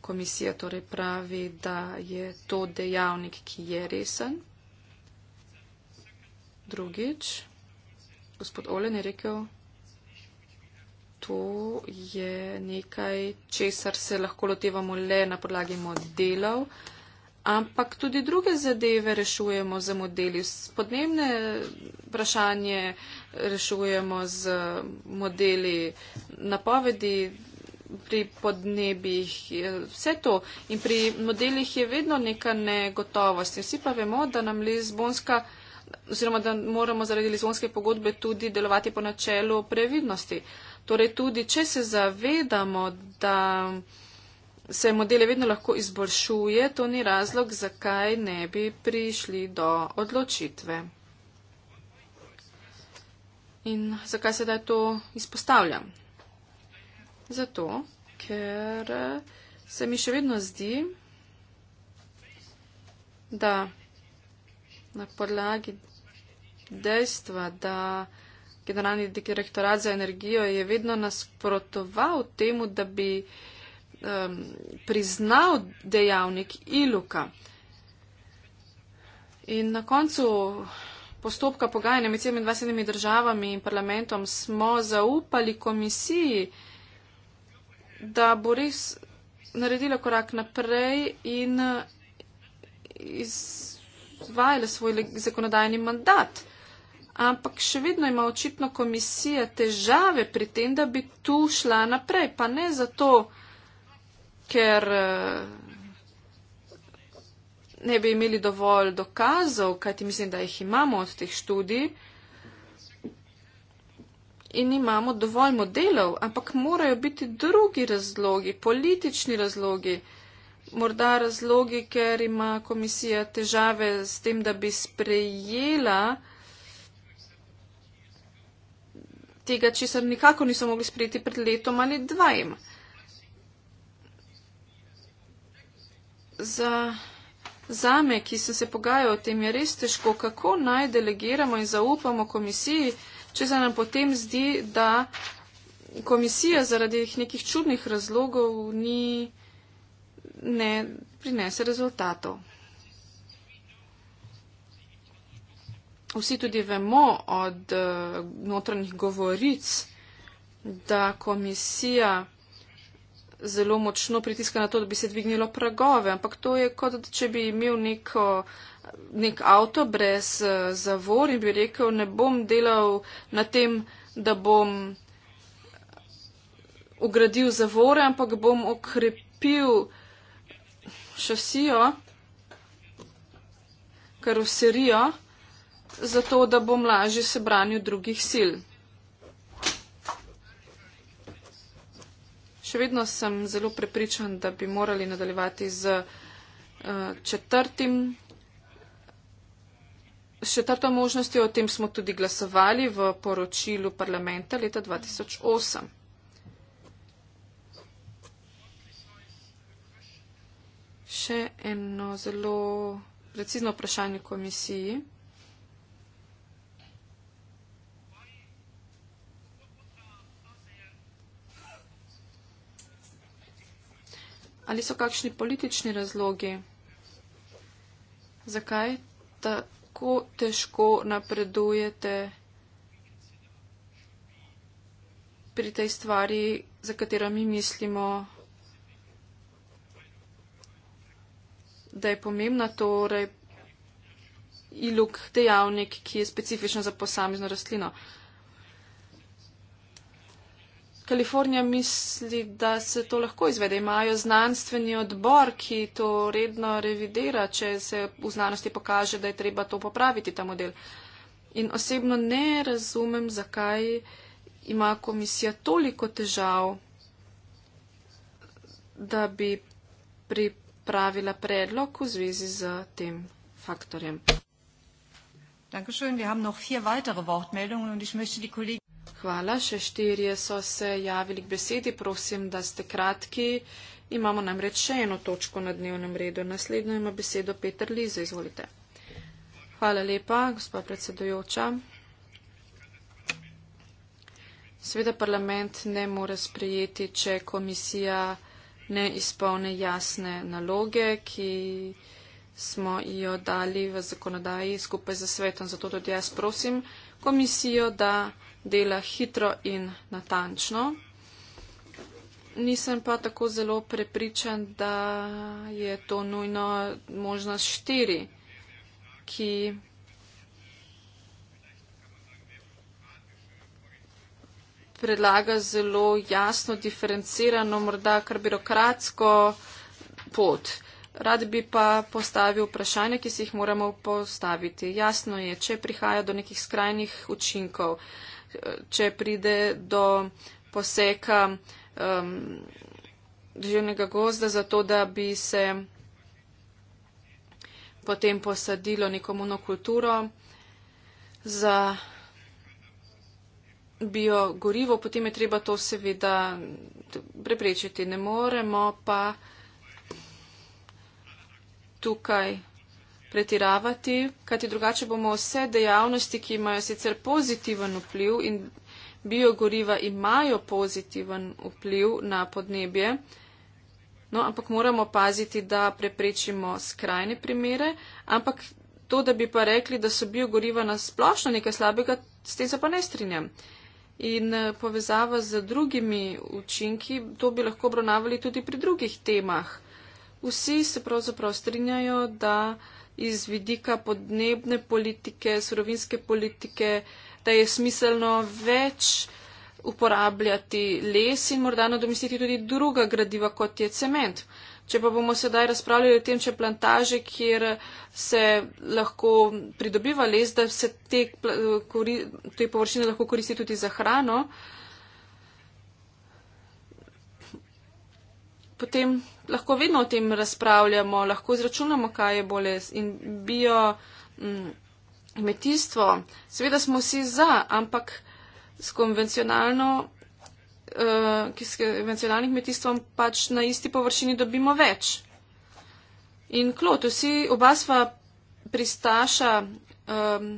Komisija torej pravi, da je to dejavnik, ki je resen. Drugič, gospod Olen je rekel, to je nekaj, česar se lahko lotevamo le na podlagi modelov, ampak tudi druge zadeve rešujemo z modeli. Podnebne vprašanje rešujemo z modeli napovedi pri podnebih, vse to. In pri modelih je vedno neka negotovost. Vsi pa vemo, da nam Lizbonska oziroma da moramo zaradi Lizbonske pogodbe tudi delovati po načelu previdnosti. Torej, tudi če se zavedamo, da se modele vedno lahko izboljšuje, to ni razlog, zakaj ne bi prišli do odločitve. In zakaj sedaj to izpostavljam? Zato, ker se mi še vedno zdi, da na podlagi dejstva, da generalni direktorat za energijo je vedno nasprotoval temu, da bi um, priznal dejavnik Iluka. In na koncu postopka pogajanja med 27 državami in parlamentom smo zaupali komisiji, da bo res naredila korak naprej in izvajala svoj zakonodajni mandat ampak še vedno ima očitno komisija težave pri tem, da bi tu šla naprej. Pa ne zato, ker eh, ne bi imeli dovolj dokazov, kajti mislim, da jih imamo od teh študij in imamo dovolj modelov, ampak morajo biti drugi razlogi, politični razlogi. Morda razlogi, ker ima komisija težave s tem, da bi sprejela tega, česar nikako niso mogli sprejeti pred letom ali dvajem. Za, za me, ki sem se pogajal o tem, je res težko, kako naj delegiramo in zaupamo komisiji, če se nam potem zdi, da komisija zaradi nekih čudnih razlogov ni, ne prinese rezultatov. vsi tudi vemo od uh, notranjih govoric, da komisija zelo močno pritiska na to, da bi se dvignilo pragove, ampak to je kot, če bi imel neko, nek avto brez uh, zavor in bi rekel, ne bom delal na tem, da bom eh, ugradil zavore, ampak bom okrepil šasijo, karoserijo. Uh, zato da bom lažje se branil drugih sil. Še vedno sem zelo prepričan, da bi morali nadaljevati z eh, četrtim. Četrto možnostjo, o tem smo tudi glasovali v poročilu parlamenta leta 2008. Še eno zelo precizno vprašanje komisiji. ali so kakšni politični razlogi, zakaj tako težko napredujete pri tej stvari, za katero mi mislimo, da je pomembna torej ilug dejavnik, ki je specifičen za posamezno rastlino. Kalifornija misli, da se to lahko izvede. Imajo znanstveni odbor, ki to redno revidira, če se v znanosti pokaže, da je treba to popraviti, ta model. In osebno ne razumem, zakaj ima komisija toliko težav, da bi pripravila predlog v zvezi z tem faktorjem. Hvala. Še štirje so se javili k besedi. Prosim, da ste kratki. Imamo namreč še eno točko na dnevnem redu. Naslednjo ima besedo Peter Liza. Izvolite. Hvala lepa, gospa predsedujoča. Sveda parlament ne more sprejeti, če komisija ne izpolne jasne naloge, ki smo jo dali v zakonodaji skupaj za svetom. Zato tudi jaz prosim komisijo, da dela hitro in natančno. Nisem pa tako zelo prepričan, da je to nujno možnost štiri, ki. predlaga zelo jasno, diferencirano, morda kar birokratsko pot. Rad bi pa postavil vprašanje, ki si jih moramo postaviti. Jasno je, če prihaja do nekih skrajnih učinkov, če pride do poseka um, živnega gozda, zato da bi se potem posadilo neko monokulturo za biogorivo, potem je treba to seveda preprečiti. Ne moremo pa tukaj pretiravati, kajti drugače bomo vse dejavnosti, ki imajo sicer pozitiven vpliv in biogoriva imajo pozitiven vpliv na podnebje, no, ampak moramo paziti, da preprečimo skrajne primere, ampak to, da bi pa rekli, da so biogoriva nasplošno nekaj slabega, s tem se pa ne strinjam. In eh, povezava z drugimi učinki, to bi lahko obravnavali tudi pri drugih temah. Vsi se pravzaprav strinjajo, da iz vidika podnebne politike, surovinske politike, da je smiselno več uporabljati les in morda nadomestiti tudi druga gradiva, kot je cement. Če pa bomo sedaj razpravljali o tem, če plantaže, kjer se lahko pridobiva les, da se te, te površine lahko koristi tudi za hrano, uh, potem lahko vedno o tem razpravljamo, lahko izračunamo, kaj je bolje in bio mm, kmetijstvo. Seveda smo vsi za, ampak s konvencionalno, eh, ki s konvencionalnim kmetijstvom pač na isti površini dobimo več. In klot, vsi oba sva pristaša um,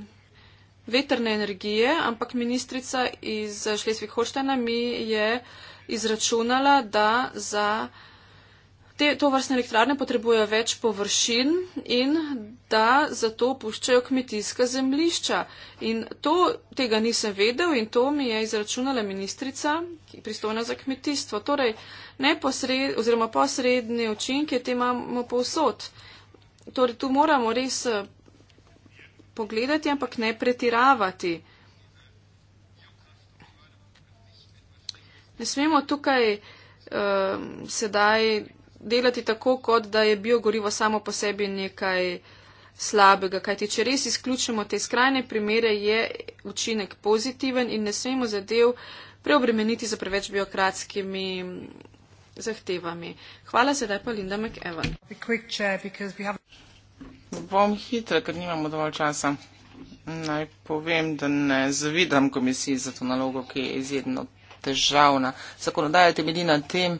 vetrne energije, ampak ministrica iz Šlesvik Hoštana mi je izračunala, da za Te, to vrstne elektrarne potrebujejo več površin in da zato puščajo kmetijska zemlišča. In to tega nisem vedel in to mi je izračunala ministrica, ki je pristojna za kmetijstvo. Torej, neposred, oziroma posredni učinke te imamo povsod. Torej, tu moramo res eh, pogledati, ampak ne pretiravati. Ne smemo tukaj um, sedaj delati tako, kot da je biogorivo samo po sebi nekaj slabega. Kajti, če res izključimo te skrajne primere, je učinek pozitiven in ne smemo zadev preobremeniti za preveč biokratskimi zahtevami. Hvala se, da je pa Linda McEwan. Bom hitra, ker nimamo dovolj časa. Naj povem, da ne zavidam komisiji za to nalogo, ki je izjedno težavna. Zakonodaja temelji na tem,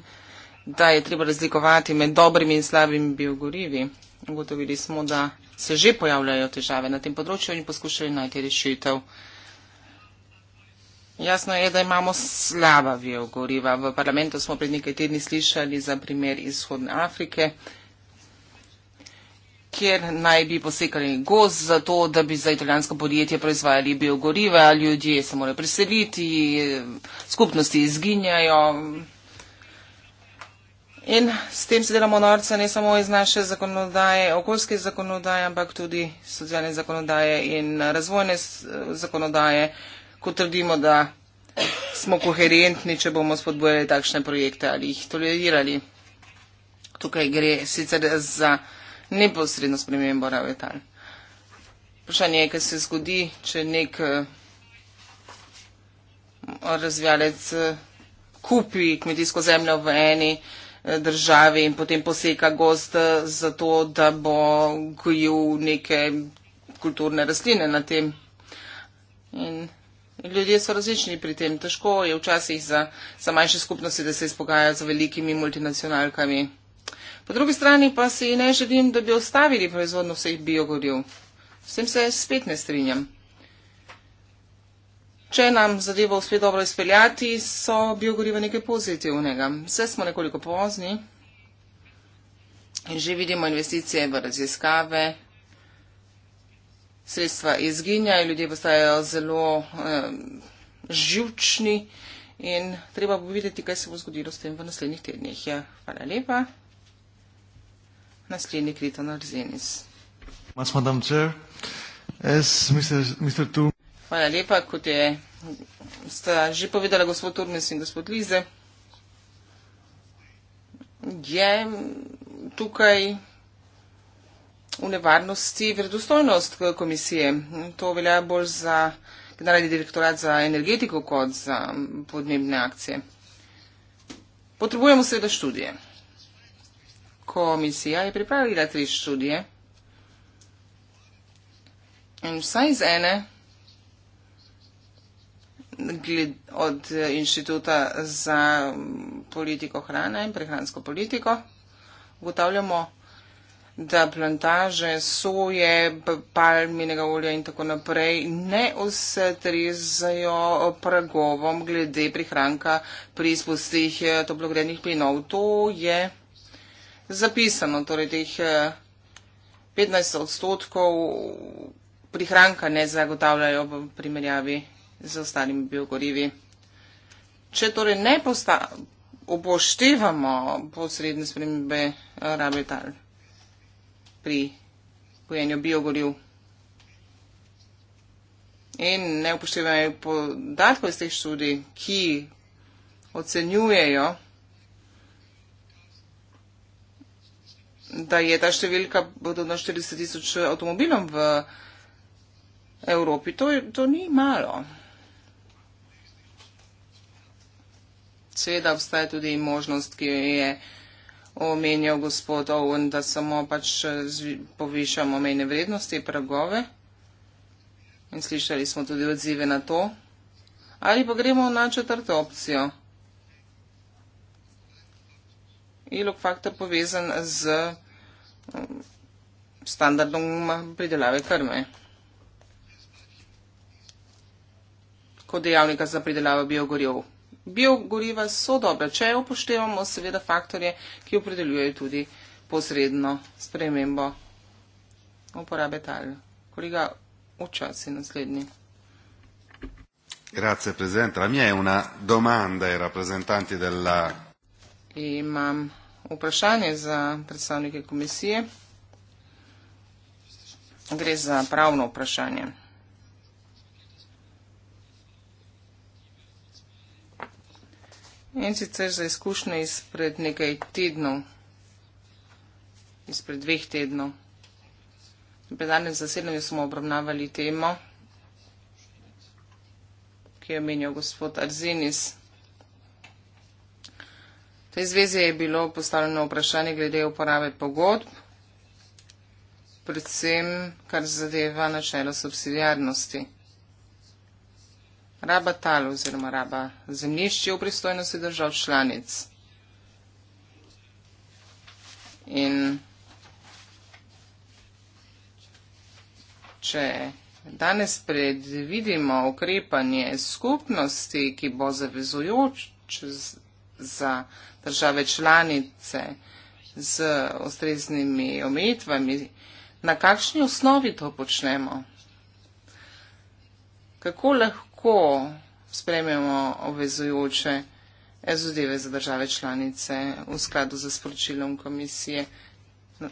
da je treba razlikovati med dobrimi in slabimi biogorivi. Ugotovili smo, da se že pojavljajo težave na tem področju in poskušali najti rešitev. Jasno je, da imamo slaba biogoriva. V parlamentu smo pred nekaj tedni slišali za primer iz Vzhodne Afrike, kjer naj bi posekali gozd za to, da bi za italijansko podjetje proizvajali biogoriva, ljudje se morajo preseliti, skupnosti izginjajo. In s tem se delamo norce ne samo iz naše zakonodaje, okoljske zakonodaje, ampak tudi socialne zakonodaje in eh, razvojne eh, zakonodaje, ko trdimo, da smo koherentni, če bomo spodbojali takšne projekte ali jih tolerirali. Tukaj gre sicer za neposredno spremembo rave tal. Vprašanje je, kaj se zgodi, če nek eh, razvijalec kupi kmetijsko zemljo v eni državi in potem poseka gost eh, za to, da bo gojil neke kulturne rastline na tem. In ljudje so različni pri tem. Težko je včasih za, za manjše skupnosti, da se izpogaja z velikimi multinacionalkami. Po drugi strani pa si ne želim, da bi ostavili proizvodno vseh biogoriv. S tem se spet ne strinjam. Če nam zadevo uspe dobro izpeljati, so biogoriva nekaj pozitivnega. Vse smo nekoliko pozni in že vidimo investicije v raziskave. Sredstva izginjajo, ljudje postajajo zelo eh, živčni in treba bo videti, kaj se bo zgodilo s tem v naslednjih tednih. Ja, hvala lepa. Naslednji kriton Arzenis. Mr. Tu. Hvala lepa, kot je sta že povedala gospod Turmes in gospod Lize. Je tukaj v nevarnosti vredostojnost komisije. To velja bolj za generalni direktorat za energetiko kot za podnebne akcije. Potrebujemo seveda študije. Komisija je pripravila tri študije. In vsaj iz ene od Inštituta za mm, politiko hrane in prehransko politiko. Ugotavljamo, da plantaže soje, palminega olja in tako naprej ne ustrezajo pragovom glede prihranka pri izpustih eh, toplogrednih plinov. To je zapisano, torej teh 15 eh, odstotkov prihranka ne zagotavljajo v primerjavi z ostalimi biogorivi. Če torej ne posta, upoštevamo posredne spremembe rabe tal pri pojenju biogoriv in ne upoštevajo podatkov iz teh študij, ki ocenjujejo, da je ta številka bodo na 40 tisoč avtomobilom v Evropi, to, to ni malo. Seveda obstaja tudi možnost, ki jo je omenjal gospod Owen, da samo pač povišamo mejne vrednosti, pragove. In slišali smo tudi odzive na to. Ali pa gremo na četrto opcijo. Ilok faktor povezan z um, standardom pridelave krme. Kot dejavnika za pridelavo biogorjev. Biogoriva so dobra, če upoštevamo seveda faktorje, ki opredeljujejo tudi posredno spremembo uporabe tal. Kolega, včasih naslednji. Grazie, Presidente. La mia è una domanda ai rappresentanti della. Imam vprašanje za predstavnike komisije. Gre za pravno vprašanje. In sicer za izkušnje izpred nekaj tednov, izpred dveh tednov. Pred danes zasedanjem smo obravnavali temo, ki jo menijo gospod Arzenis. V tej zvezi je bilo postavljeno vprašanje glede uporabe pogodb, predvsem kar zadeva načelo subsidijarnosti raba tal oziroma raba zemljišč je v pristojnosti držav članic. In če danes predvidimo ukrepanje skupnosti, ki bo zavezujoč za države članice z ustreznimi omejitvami, na kakšni osnovi to počnemo? Kako lahko lahko sprejmemo obvezujoče zadeve za države članice v skladu z sporočilom komisije. No,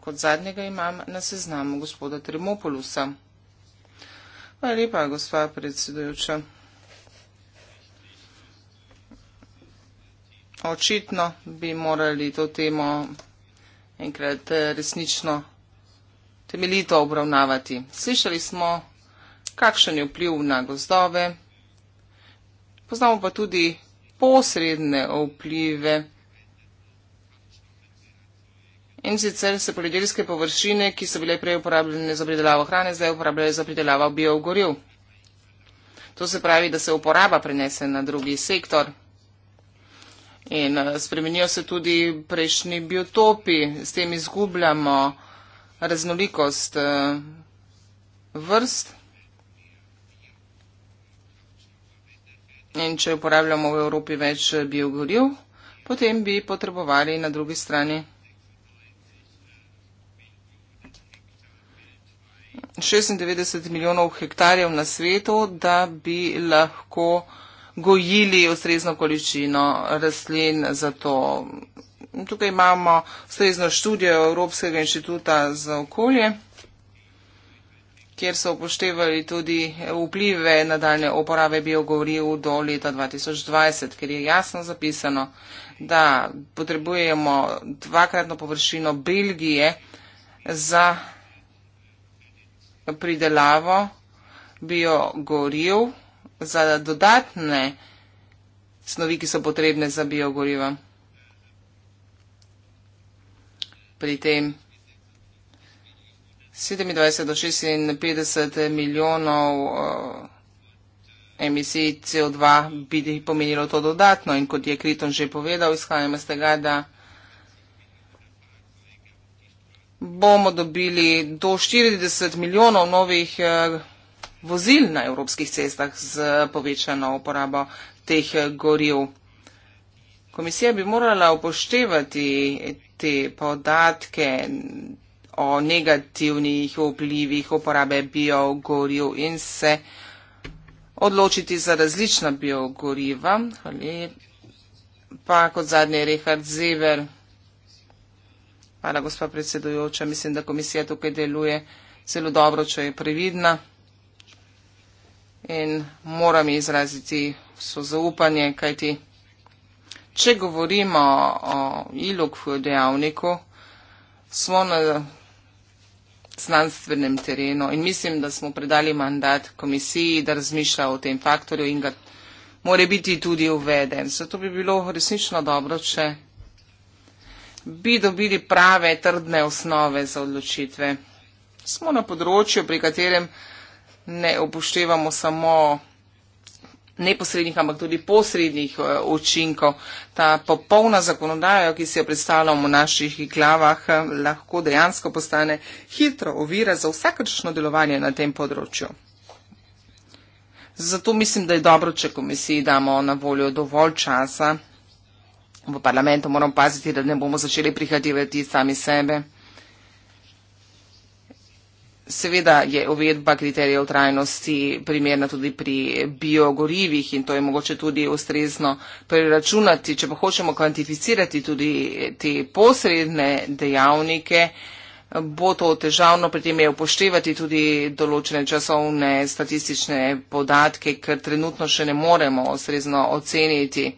kot zadnjega imam na seznamu gospoda Tremopolusa. Hvala lepa, gospa predsedujoča. Očitno bi morali to temo enkrat eh, resnično temeljito obravnavati. Slišali smo kakšen je vpliv na gozdove. Poznamo pa tudi posredne vplive. In sicer se poljedelske površine, ki so bile prej uporabljene za pridelavo hrane, zdaj uporabljajo za pridelavo biogoriv. To se pravi, da se uporaba prenese na drugi sektor. In eh, spremenijo se tudi prejšnji biotopi, s tem izgubljamo raznolikost eh, vrst, In če uporabljamo v Evropi več eh, biogoriv, potem bi potrebovali na drugi strani 96 milijonov hektarjev na svetu, da bi lahko gojili ustrezno količino rastlin za to. Tukaj imamo ustrezno študijo Evropskega inštituta za okolje kjer so upoštevali tudi vplive nadaljne oporabe biogoriv do leta 2020, ker je jasno zapisano, da potrebujemo dvakratno površino Belgije za pridelavo biogoriv, za dodatne snovi, ki so potrebne za biogoriva. Pri tem 27 do 56 milijonov uh, emisij CO2 bi pomenilo to dodatno in kot je Kriton že povedal, izhajamo iz tega, da bomo dobili do 40 milijonov novih uh, vozil na evropskih cestah z povečano uporabo teh eh, goril. Komisija bi morala upoštevati te podatke o negativnih vplivih uporabe biogoriv in se odločiti za različna biogoriva. Ali pa kot zadnji Richard Zever. Hvala, gospa predsedujoča. Mislim, da komisija tukaj deluje zelo dobro, če je previdna. In moram izraziti so zaupanje, kajti če govorimo o ilog dejavniku, smo na znanstvenem terenu in mislim, da smo predali mandat komisiji, da razmišlja o tem faktorju in ga more biti tudi uveden. Zato bi bilo resnično dobro, če bi dobili prave trdne osnove za odločitve. Smo na področju, pri katerem ne upoštevamo samo neposrednih, ampak tudi posrednih eh, učinkov. Ta popolna zakonodaja, ki si jo predstavljamo v naših glavah, eh, lahko dejansko postane hitro ovira za vsakršno delovanje na tem področju. Zato mislim, da je dobro, če komisiji damo na voljo dovolj časa. V parlamentu moramo paziti, da ne bomo začeli prihajati sami sebe. Seveda je uvedba kriterijev trajnosti primerna tudi pri biogorivih in to je mogoče tudi ustrezno preračunati. Če pa hočemo kvantificirati tudi te posredne dejavnike, bo to težavno, pri tem je upoštevati tudi določene časovne statistične podatke, ker trenutno še ne moremo ustrezno oceniti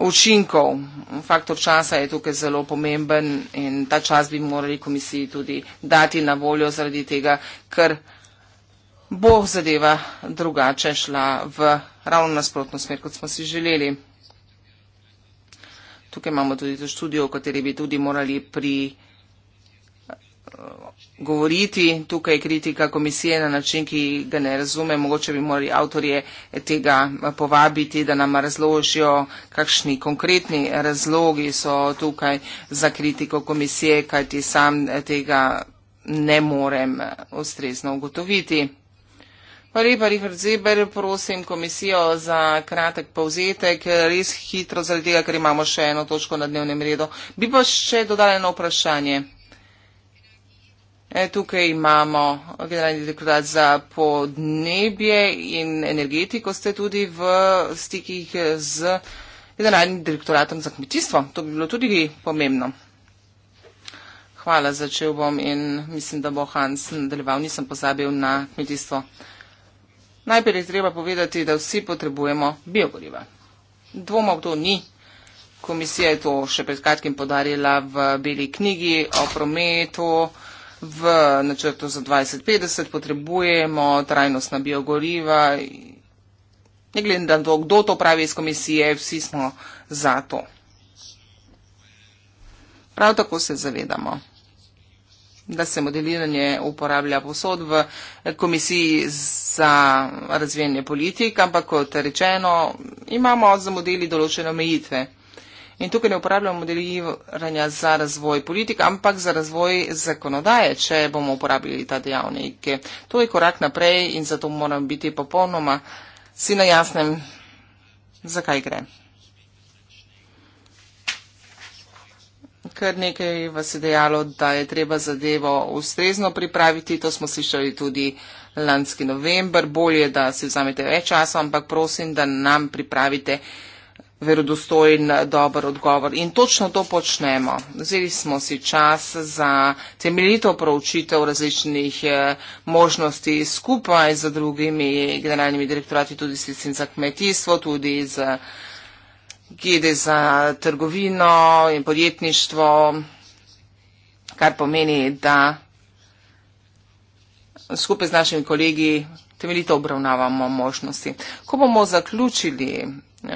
učinkov. Faktor časa je tukaj zelo pomemben in ta čas bi morali komisiji tudi dati na voljo zaradi tega, ker bo zadeva drugače šla v ravno nasprotno smer, kot smo si želeli. Tukaj imamo tudi to študijo, o kateri bi tudi morali pri govoriti. Tukaj je kritika komisije na način, ki ga ne razume. Mogoče bi morali avtorje tega povabiti, da nam razložijo, kakšni konkretni razlogi so tukaj za kritiko komisije, kajti sam tega ne morem ustrezno ugotoviti. Pa lepa, Richard Zeber, prosim komisijo za kratek povzetek, res hitro, zaradi tega, ker imamo še eno točko na dnevnem redu. Bi pa še dodala eno vprašanje. E, tukaj imamo generalni direktorat za podnebje in energetiko, ste tudi v stikih z generalnim direktoratom za kmetijstvo. To bi bilo tudi pomembno. Hvala, začel bom in mislim, da bo Hans nadaljeval, nisem pozabil na kmetijstvo. Najprej je treba povedati, da vsi potrebujemo biogoriva. Dvoma v to ni. Komisija je to še pred kratkim podarila v beli knjigi o prometu v načrtu za 2050 potrebujemo trajnostna biogoriva. Ne glede na to, kdo to pravi iz komisije, vsi smo za to. Prav tako se zavedamo, da se modeliranje uporablja posod v komisiji za razvijanje politik, ampak kot rečeno, imamo za modeli določene omejitve. In tukaj ne uporabljamo modeliranja za razvoj politik, ampak za razvoj zakonodaje, če bomo uporabili ta dejavnik. To je korak naprej in zato moram biti popolnoma si na jasnem, zakaj gre. Kar nekaj vas je dejalo, da je treba zadevo ustrezno pripraviti, to smo slišali tudi lanski november, bolje, da si vzamete več časa, ampak prosim, da nam pripravite verodostojen, dober odgovor. In točno to počnemo. Vzeli smo si čas za temeljito proučitev različnih eh, možnosti skupaj z drugimi generalnimi direktorati, tudi s licim za kmetijstvo, tudi z gede za trgovino in podjetništvo, kar pomeni, da skupaj z našimi kolegi temeljito obravnavamo možnosti. Ko bomo zaključili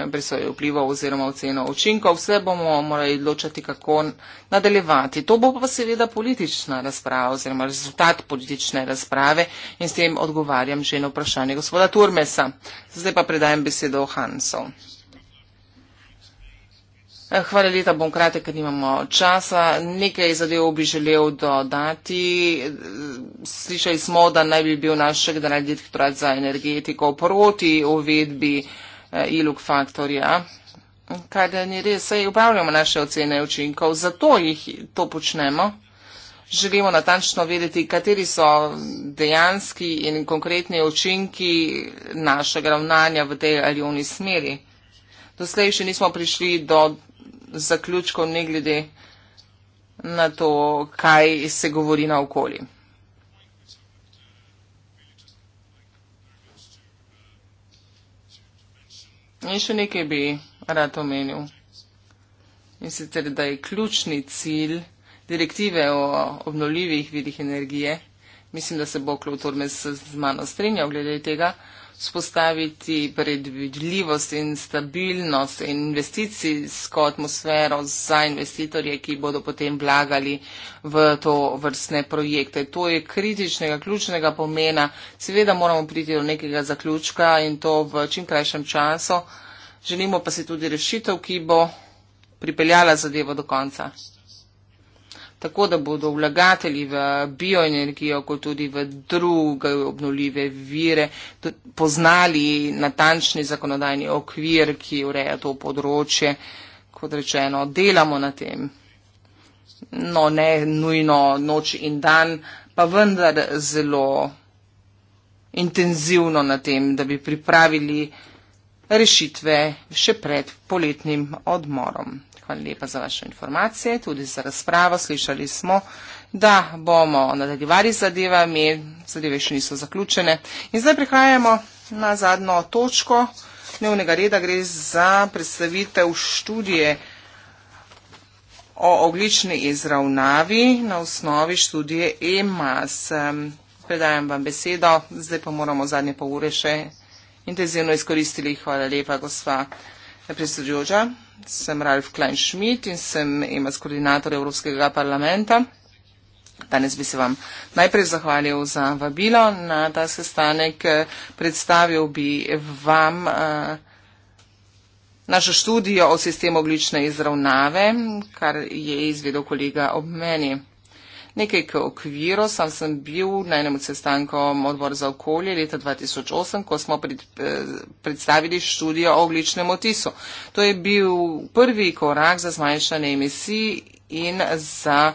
brisoje vpliva oziroma oceno učinkov. Vse bomo morali odločati, kako nadaljevati. To bo pa seveda politična razprava oziroma rezultat politične razprave in s tem odgovarjam že na vprašanje gospoda Turmesa. Zdaj pa predajem besedo Hansov. Eh, hvala leta, bom kratek, ker nimamo časa. Nekaj zadev bi želel dodati. Slišali smo, da naj bi bil naš generalni direktorat za energetiko proti uvedbi Eh, in luk faktorja. Kaj da ni res, saj upravljamo naše ocene učinkov, zato jih to počnemo. Želimo natančno vedeti, kateri so dejanski in konkretni učinki našega ravnanja v tej ali oni smeri. Doslej še nismo prišli do zaključkov, ne glede na to, kaj se govori na okolici. In še nekaj bi rad omenil. In sicer, da je ključni cilj direktive o obnovljivih vidih energije. Mislim, da se bo Klotormes z mano strinjal glede tega vzpostaviti predvidljivost in stabilnost in investicijsko atmosfero za investitorje, ki bodo potem vlagali v to vrstne projekte. To je kritičnega, ključnega pomena. Seveda moramo priti do nekega zaključka in to v čim krajšem času. Želimo pa si tudi rešitev, ki bo pripeljala zadevo do konca tako da bodo vlagatelji v bioenergijo, kot tudi v druge obnoljive vire, poznali natančni zakonodajni okvir, ki ureja to področje. Kot rečeno, delamo na tem. No, ne nujno noč in dan, pa vendar zelo intenzivno na tem, da bi pripravili rešitve še pred poletnim odmorom. Hvala lepa za vaše informacije, tudi za razpravo. Slišali smo, da bomo nadaljevali zadevami, zadeve še niso zaključene. In zdaj prihajamo na zadnjo točko dnevnega reda, gre za predstavitev študije o oglični izravnavi na osnovi študije e EMAS. Predajam vam besedo, zdaj pa moramo zadnje pol ure še intenzivno izkoristili. Hvala lepa, gospa. Predsedujoča, sem Ralf Klein-Schmidt in sem EMAS koordinator Evropskega parlamenta. Danes bi se vam najprej zahvalil za vabilo na ta sestanek. Eh, predstavil bi vam eh, našo študijo o sistemu oglične izravnave, kar je izvedel kolega ob meni nekaj k okviru. Sam sem bil na enem od sestankov odbor za okolje leta 2008, ko smo pred, eh, predstavili študijo o ogličnem otisu. To je bil prvi korak za zmanjšanje emisij in za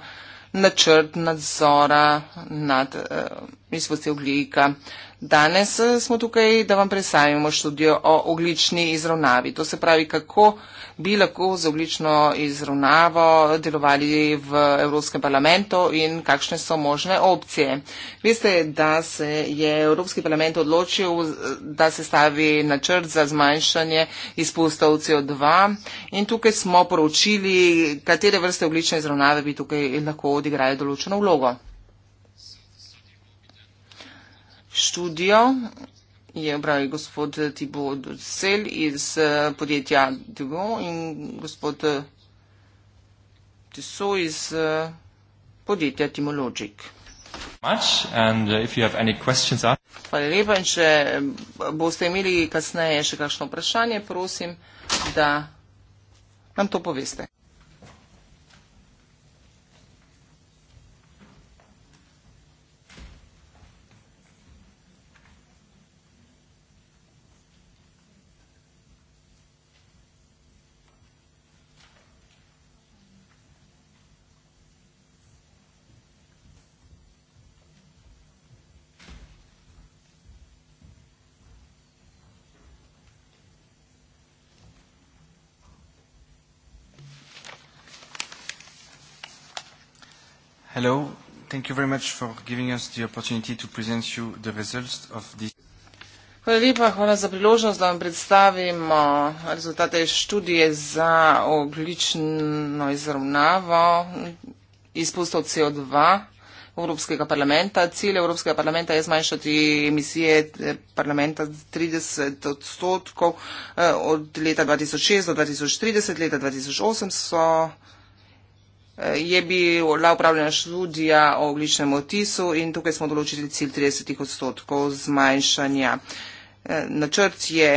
načrt nadzora nad eh, izpusti oglika Danes eh, smo tukaj, da vam predstavimo študijo o oglični izravnavi. To se pravi, kako bi lahko z oglično izravnavo delovali v Evropskem parlamentu in kakšne so možne opcije. Veste, da se je Evropski parlament odločil, eh, da se stavi načrt za zmanjšanje izpustov CO2 in tukaj smo poročili, katere vrste oglične izravnave bi tukaj lahko odigrali določeno vlogo študijo je upravil gospod Tibo Dursel iz eh, podjetja Tibo in gospod Tiso eh, iz eh, podjetja Timologic. Uh, Hvala lepa in če boste imeli kasneje še kakšno vprašanje, prosim, da nam to poveste. Hello. Thank you very much for giving us the opportunity to present you the results of this. Hvala lepa, hvala za priložnost, da vam predstavimo rezultate študije za oglično izravnavo izpustov CO2 Evropskega parlamenta. Cilj Evropskega parlamenta je zmanjšati emisije eh, parlamenta 30 odstotkov eh, od leta 2006 do 2030, leta 2008 so. Eh, je bila upravljena študija o ogličnem otisu in tukaj smo določili cilj 30 odstotkov zmanjšanja. Eh, načrt je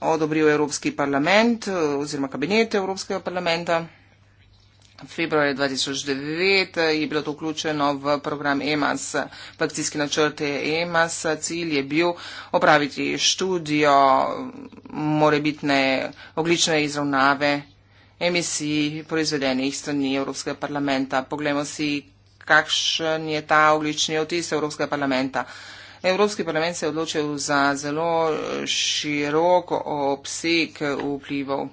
odobril Evropski parlament eh, oziroma kabinet Evropskega parlamenta. Februar 2009 je bilo to vključeno v program EMAS, v akcijski načrte EMAS. Cilj je bil opraviti študijo morebitne oglične izravnave emisij proizvedenih strani Evropskega parlamenta. Poglejmo si, kakšen je ta oglični otis Evropskega parlamenta. Evropski parlament se je odločil za zelo širok obseg vplivov.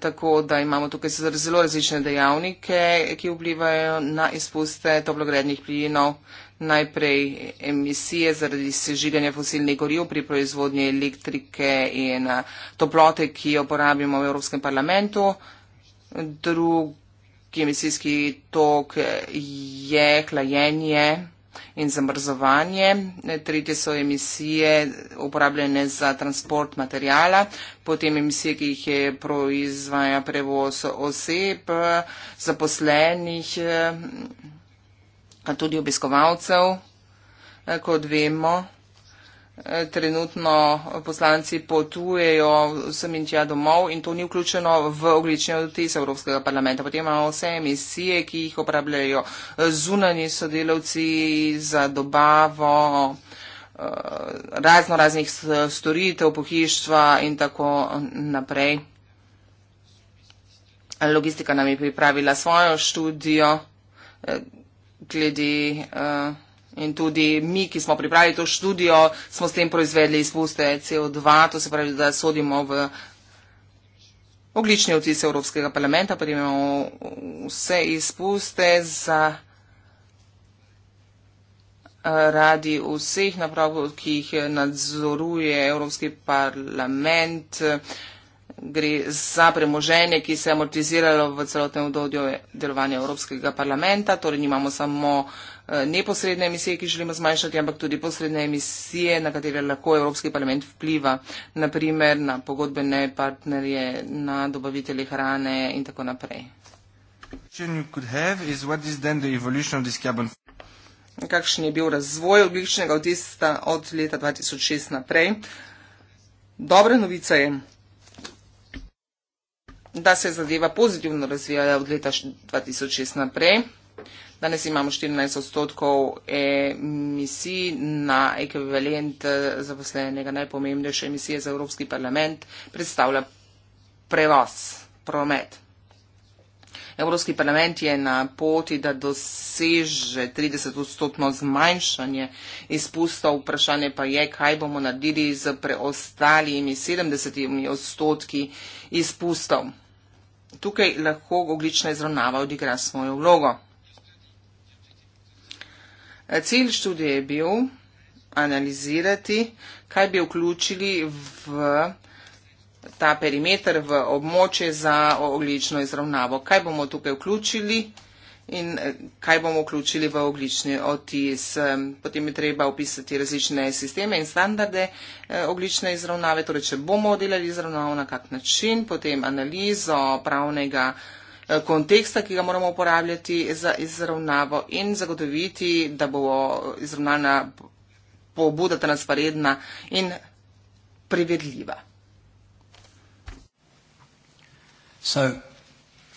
Tako da imamo tukaj zelo različne dejavnike, ki vplivajo na izpuste toplogrednih plinov najprej emisije zaradi sežiganja fosilnih goriv pri proizvodnji elektrike in eh, toplote, ki jo porabimo v Evropskem parlamentu. Drugi emisijski tok eh, je hlajenje in zamrzovanje. Tretje so emisije uporabljene za transport materijala, potem emisije, ki jih je proizvaja prevoz oseb, eh, zaposlenih tudi obiskovalcev. E, kot vemo, e, trenutno poslanci potujejo sem in tja domov in to ni vključeno v oglične odtise Evropskega parlamenta. Potem imamo vse emisije, ki jih uporabljajo zunani sodelavci za dobavo e, razno raznih storitev, pohištva in tako naprej. Logistika nam je pripravila svojo študijo, glede uh, in tudi mi, ki smo pripravili to študijo, smo s tem proizvedli izpuste CO2, to se pravi, da sodimo v oglični otis Evropskega parlamenta, pa imamo vse izpuste za eh, radi vseh naprav, ki jih nadzoruje Evropski parlament. Uh, gre za premoženje, ki se je amortiziralo v celotnem obdobju delovanja Evropskega parlamenta, torej nimamo samo eh, neposredne emisije, ki želimo zmanjšati, ampak tudi posredne emisije, na katere lahko Evropski parlament vpliva, naprimer na pogodbene partnerje, na dobavitelje hrane in tako naprej. Kakšen je bil razvoj ugljičnega odtisa od leta 2006 naprej? Dobra novica je, da se je zadeva pozitivno razvijala od leta 2006 naprej. Danes imamo 14 odstotkov emisij na ekvivalent eh, zaposlenega najpomembnejše emisije za Evropski parlament, predstavlja prevoz, promet. Evropski parlament je na poti, da doseže 30-odstotno zmanjšanje izpustov. Vprašanje pa je, kaj bomo naredili z preostalimi 70 odstotki izpustov. Tukaj lahko oglična izravnava odigra svojo vlogo. Cilj študije je bil analizirati, kaj bi vključili v ta perimeter, v območje za oglično izravnavo. Kaj bomo tukaj vključili? in eh, kaj bomo vključili v oglični otis. Potem je treba opisati različne sisteme in standarde eh, oglične izravnave, torej če bomo delali izravnavo na kak način, potem analizo pravnega eh, konteksta, ki ga moramo uporabljati za izravnavo in zagotoviti, da bo izravnana pobuda transparentna in privedljiva. So,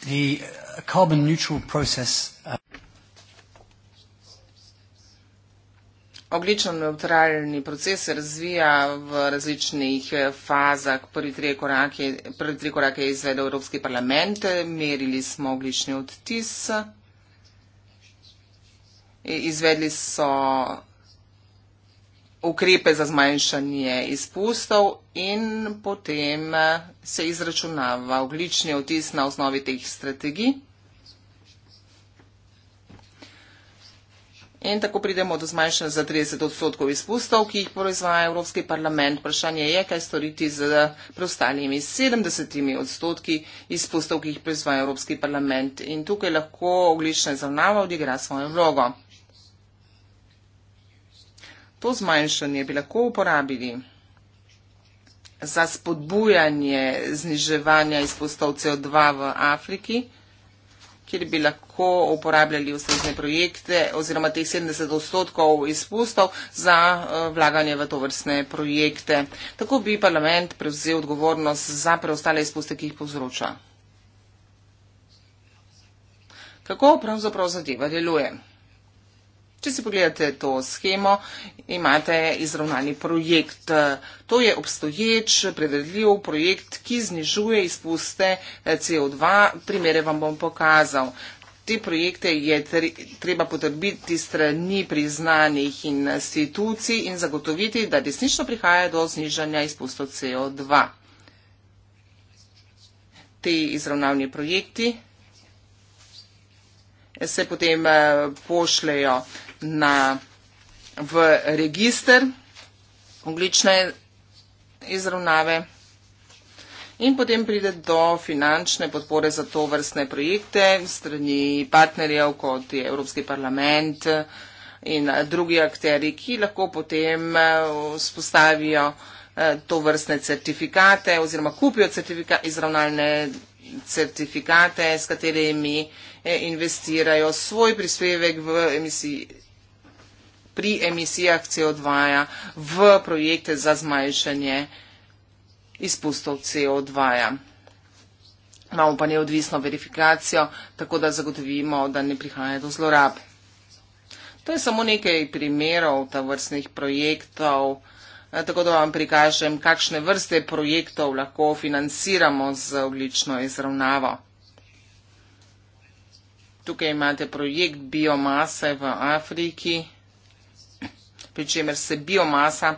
the, uh a carbon neutral process. Uh, Oglično neutralni proces se razvija v različnih eh, fazah. Prvi tri, korake, prvi tri korake je izvedel Evropski parlament, merili smo oglični odtis, eh, izvedli so ukrepe za zmanjšanje izpustov in potem eh, se izračunava oglični odtis na osnovi teh strategij. In tako pridemo do zmanjšanja za 30 odstotkov izpustov, ki jih proizvaja Evropski parlament. Vprašanje je, kaj storiti z preostalimi 70 odstotki izpustov, ki jih proizvaja Evropski parlament. In tukaj lahko oglična izravnava odigra svojo vlogo. To zmanjšanje bi lahko uporabili za spodbujanje zniževanja izpustov CO2 v Afriki kjer bi lahko uporabljali ustrezne projekte oziroma teh 70 odstotkov izpustov za eh, vlaganje v to vrstne projekte. Tako bi parlament prevzel odgovornost za preostale izpuste, ki jih povzroča. Kako pravzaprav zadeva deluje? Če si pogledate to schemo, imate izravnani projekt. To je obstoječ, predvidljiv projekt, ki znižuje izpuste eh, CO2. Primere vam bom pokazal. Te projekte je treba potrbiti strani priznanih institucij in zagotoviti, da desnično prihaja do znižanja izpustov CO2. Te izravnavni projekti se potem eh, pošljajo na, v register oglične izravnave in potem pride do finančne podpore za to vrstne projekte strani partnerjev, kot je Evropski parlament in drugi akteri, ki lahko potem spostavijo eh, eh, to vrstne certifikate oziroma kupijo certifika, izravnalne certifikate, s katerimi eh, investirajo svoj prispevek v emisiji pri emisijah CO2 -ja v projekte za zmanjšanje izpustov CO2. -ja. Imamo pa neodvisno verifikacijo, tako da zagotovimo, da ne prihaja do zlorab. To je samo nekaj primerov ta vrstnih projektov, e, tako da vam prikažem, kakšne vrste projektov lahko financiramo z oglično izravnavo. Tukaj imate projekt biomase v Afriki pri čemer se biomasa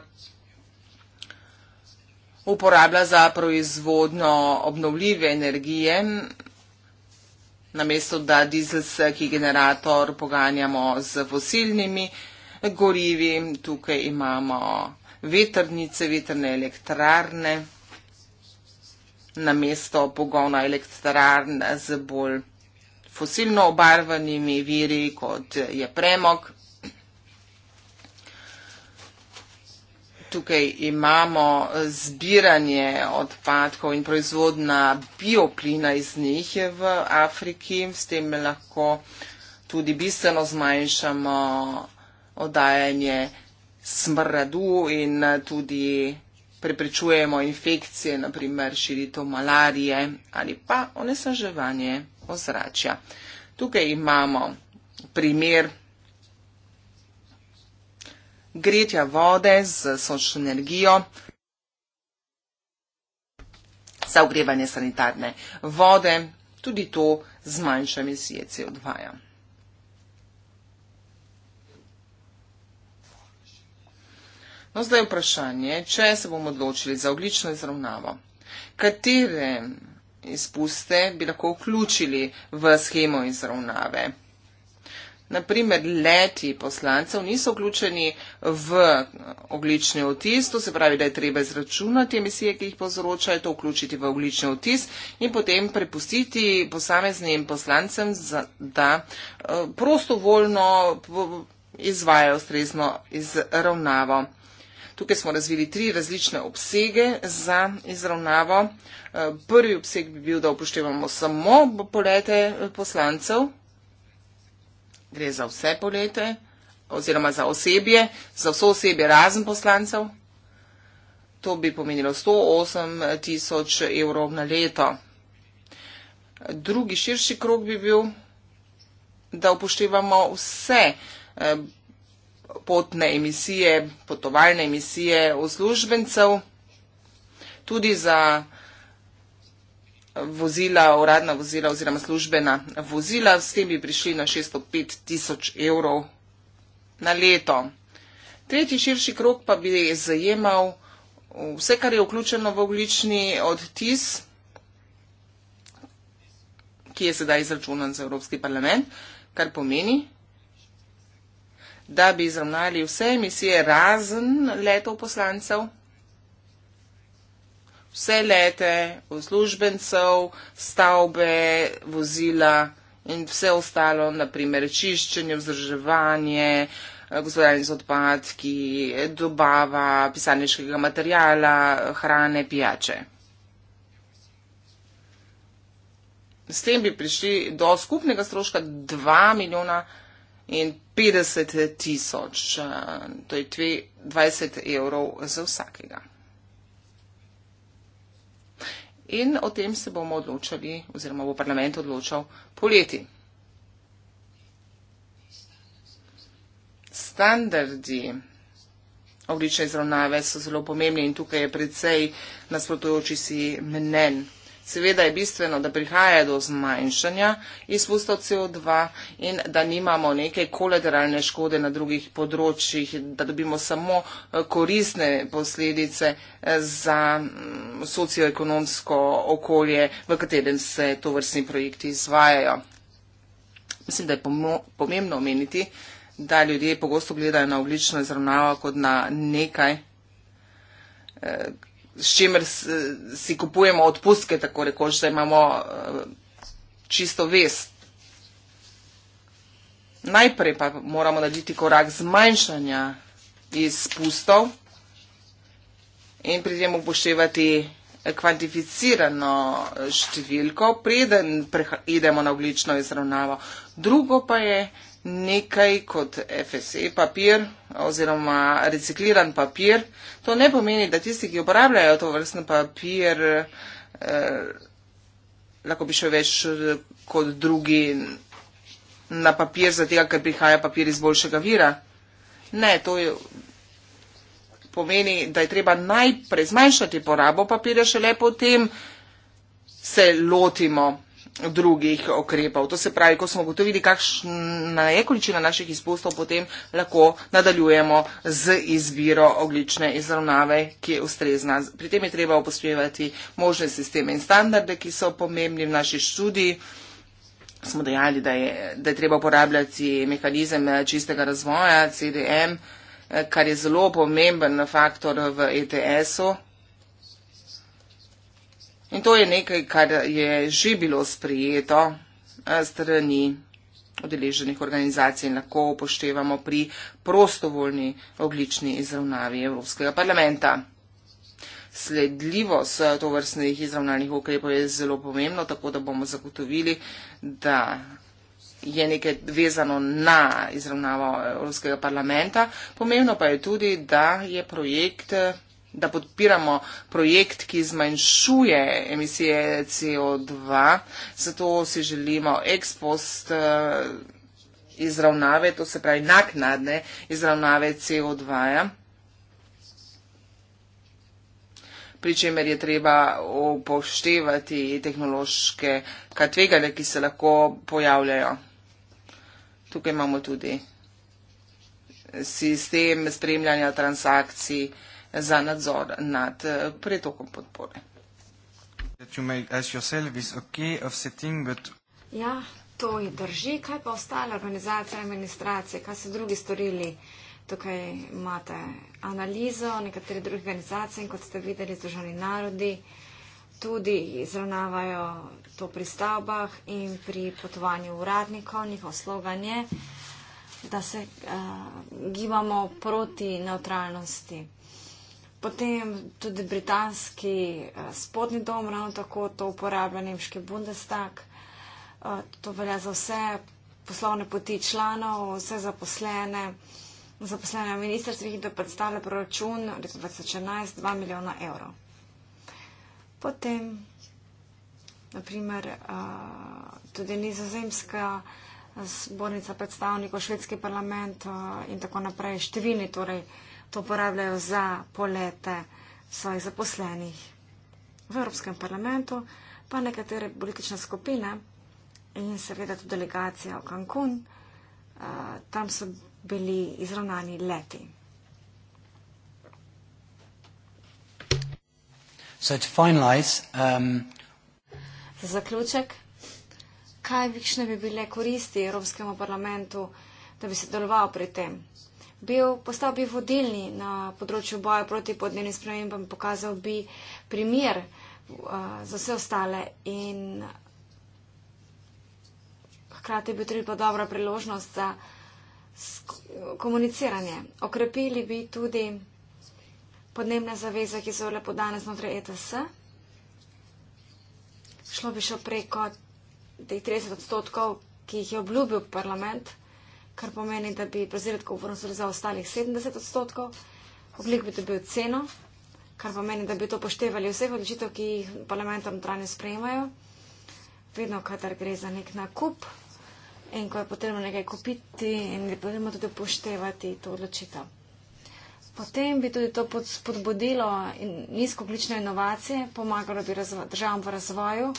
uporablja za proizvodno obnovljive energije, namesto da dizelski generator poganjamo z fosilnimi gorivi. Tukaj imamo vetrnice, vetrne elektrarne, namesto pogona elektrarne z bolj fosilno obarvanimi viri, kot je premog. tukaj imamo zbiranje odpadkov in proizvodna bioplina iz njih v Afriki, s tem lahko tudi bistveno zmanjšamo oddajanje smradu in tudi preprečujemo infekcije, naprimer širitev malarije ali pa onesnaževanje ozračja. Tukaj imamo primer gretja vode z sončno energijo, za ogrevanje sanitarne vode, tudi to zmanjša emisije CO2. No, zdaj je vprašanje, če se bomo odločili za oglično izravnavo. Katere izpuste bi lahko vključili v schemo izravnave? naprimer leti poslancev niso vključeni v oglični otis, to se pravi, da je treba izračunati emisije, ki jih povzročajo, to vključiti v oglični otis in potem prepustiti posameznim poslancem, za, da eh, prostovoljno izvajajo ustrezno izravnavo. Tukaj smo razvili tri različne obsege za izravnavo. Eh, prvi obseg bi bil, da upoštevamo samo polete eh, poslancev gre za vse polete oziroma za osebje, za vso osebje razen poslancev. To bi pomenilo 108 tisoč evrov na leto. Drugi širši krok bi bil, da upoštevamo vse eh, potne emisije, potovalne emisije uslužbencev, tudi za vozila, uradna vozila oziroma službena vozila, s tem bi prišli na 605 tisoč evrov na leto. Tretji širši krok pa bi zajemal vse, kar je vključeno v oglični odtis, ki je sedaj izračunan za Evropski parlament, kar pomeni, da bi izravnali vse emisije razen letov poslancev vse lete, uslužbencev, stavbe, vozila in vse ostalo, naprimer čiščenje, vzdrževanje, eh, gospodarjenje z odpadki, dobava pisarniškega materijala, hrane, pijače. S tem bi prišli do skupnega stroška 2 milijona in 50 tisoč, eh, to je 20 evrov za vsakega in o tem se bomo odločali oziroma bo parlament odločal poleti. Standardi oblične izravnave so zelo pomembni in tukaj je predvsej nasprotujoči si mnen. Seveda je bistveno, da prihaja do zmanjšanja izpustov CO2 in da nimamo neke kolateralne škode na drugih področjih, da dobimo samo eh, koristne posledice eh, za mm, socioekonomsko okolje, v katerem se to vrstni projekti izvajajo. Mislim, da je pomembno omeniti, da ljudje pogosto gledajo na oglično izravnavo kot na nekaj, eh, s čimer si kupujemo odpustke, tako rekoč, da imamo eh, čisto vest. Najprej pa moramo narediti korak zmanjšanja izpustov in pri tem upoštevati kvantificirano številko, preden idemo na oglično izravnavo. Drugo pa je, nekaj kot FSE papir oziroma recikliran papir. To ne pomeni, da tisti, ki uporabljajo to vrstno papir, eh, lahko bi še več eh, kot drugi na papir, zato ker prihaja papir iz boljšega vira. Ne, to je, pomeni, da je treba najprej zmanjšati porabo papirja, šele potem se lotimo drugih okrepov. To se pravi, ko smo gotovili, kakšna je količina naših izpustov, potem lahko nadaljujemo z izbiro oglične izravnave, ki je ustrezna. Pri tem je treba upoštevati možne sisteme in standarde, ki so pomembni v naši študiji. Smo dejali, da je, da je treba uporabljati mehanizem čistega razvoja, CDM, kar je zelo pomemben faktor v ETS-u, In to je nekaj, kar je že bilo sprejeto eh, strani odeleženih organizacij in lahko upoštevamo pri prostovoljni oglični izravnavi Evropskega parlamenta. Sledljivost to vrstnih izravnalnih ukrepov je zelo pomembno, tako da bomo zagotovili, da je nekaj vezano na izravnavo Evropskega parlamenta. Pomembno pa je tudi, da je projekt da podpiramo projekt, ki zmanjšuje emisije CO2. Zato si želimo ekspost eh, izravnave, to se pravi naknadne izravnave CO2. -ja. Pričemer je treba upoštevati tehnološke katvegane, ki se lahko pojavljajo. Tukaj imamo tudi sistem spremljanja transakcij, uh, za nadzor nad eh, pretokom podpore. Ja, to je drži. Kaj pa ostale organizacije, administracije, kaj so drugi storili? Tukaj imate analizo, nekatere druge organizacije in kot ste videli, združeni narodi tudi izravnavajo to pri stavbah in pri potovanju uradnikov. Njihov slogan je, da se uh, gibamo proti neutralnosti. Potem tudi britanski eh, spodnji dom, ravno tako to uporablja nemški Bundestag. Eh, to velja za vse poslovne poti članov, vse zaposlene, zaposlene v ministrstvih, da predstavlja proračun leta 2011 2 milijona evrov. Potem, naprimer, eh, tudi nizozemska zbornica predstavnikov, švedski parlament in tako naprej, številni torej to uporabljajo za polete svojih zaposlenih v Evropskem parlamentu, pa nekatere politične skupine in seveda tudi delegacija v Cancun, eh, tam so bili izravnani leti. So to finalize, um... Za zaključek, kaj bi bile koristi Evropskemu parlamentu, da bi se deloval pri tem? bil, postal bi vodilni na področju boja proti podnebnim spremembam, pokazal bi primer uh, za vse ostale in hkrati bi tudi pa dobra priložnost za komuniciranje. Okrepili bi tudi podnebne zaveze, ki so lepo danes znotraj ETS. Šlo bi še preko teh 30 odstotkov, ki jih je obljubil parlament kar pomeni, da bi Brazilec konkurenciral za ostalih 70 odstotkov, oglik bi dobil ceno, kar pomeni, da bi to poštevali vseh odločitev, ki jih parlamentar notranje sprejemajo, vedno, kadar gre za nek nakup in ko je potrebno nekaj kupiti in je potrebno tudi poštevati to odločitev. Potem bi tudi to spodbudilo in nizkoglične inovacije, pomagalo bi državam v razvoju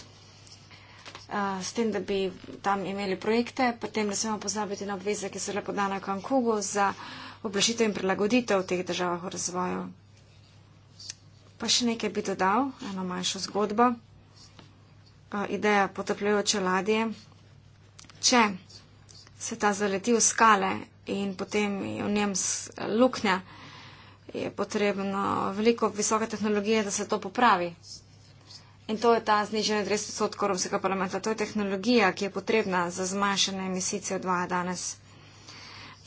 s tem, da bi tam imeli projekte, potem ne smemo pozabiti na obveze, ki so le podane v Kankugu za oblašitev in prilagoditev v teh državah v razvoju. Pa še nekaj bi dodal, eno manjšo zgodbo. Ideja potapljajoče ladje. Če se ta zaleti v skale in potem je v njem luknja, je potrebno veliko visoke tehnologije, da se to popravi. In to je ta znižanje 30 odstotkov Evropskega parlamenta. To je tehnologija, ki je potrebna za zmanjšanje emisije od 2 danes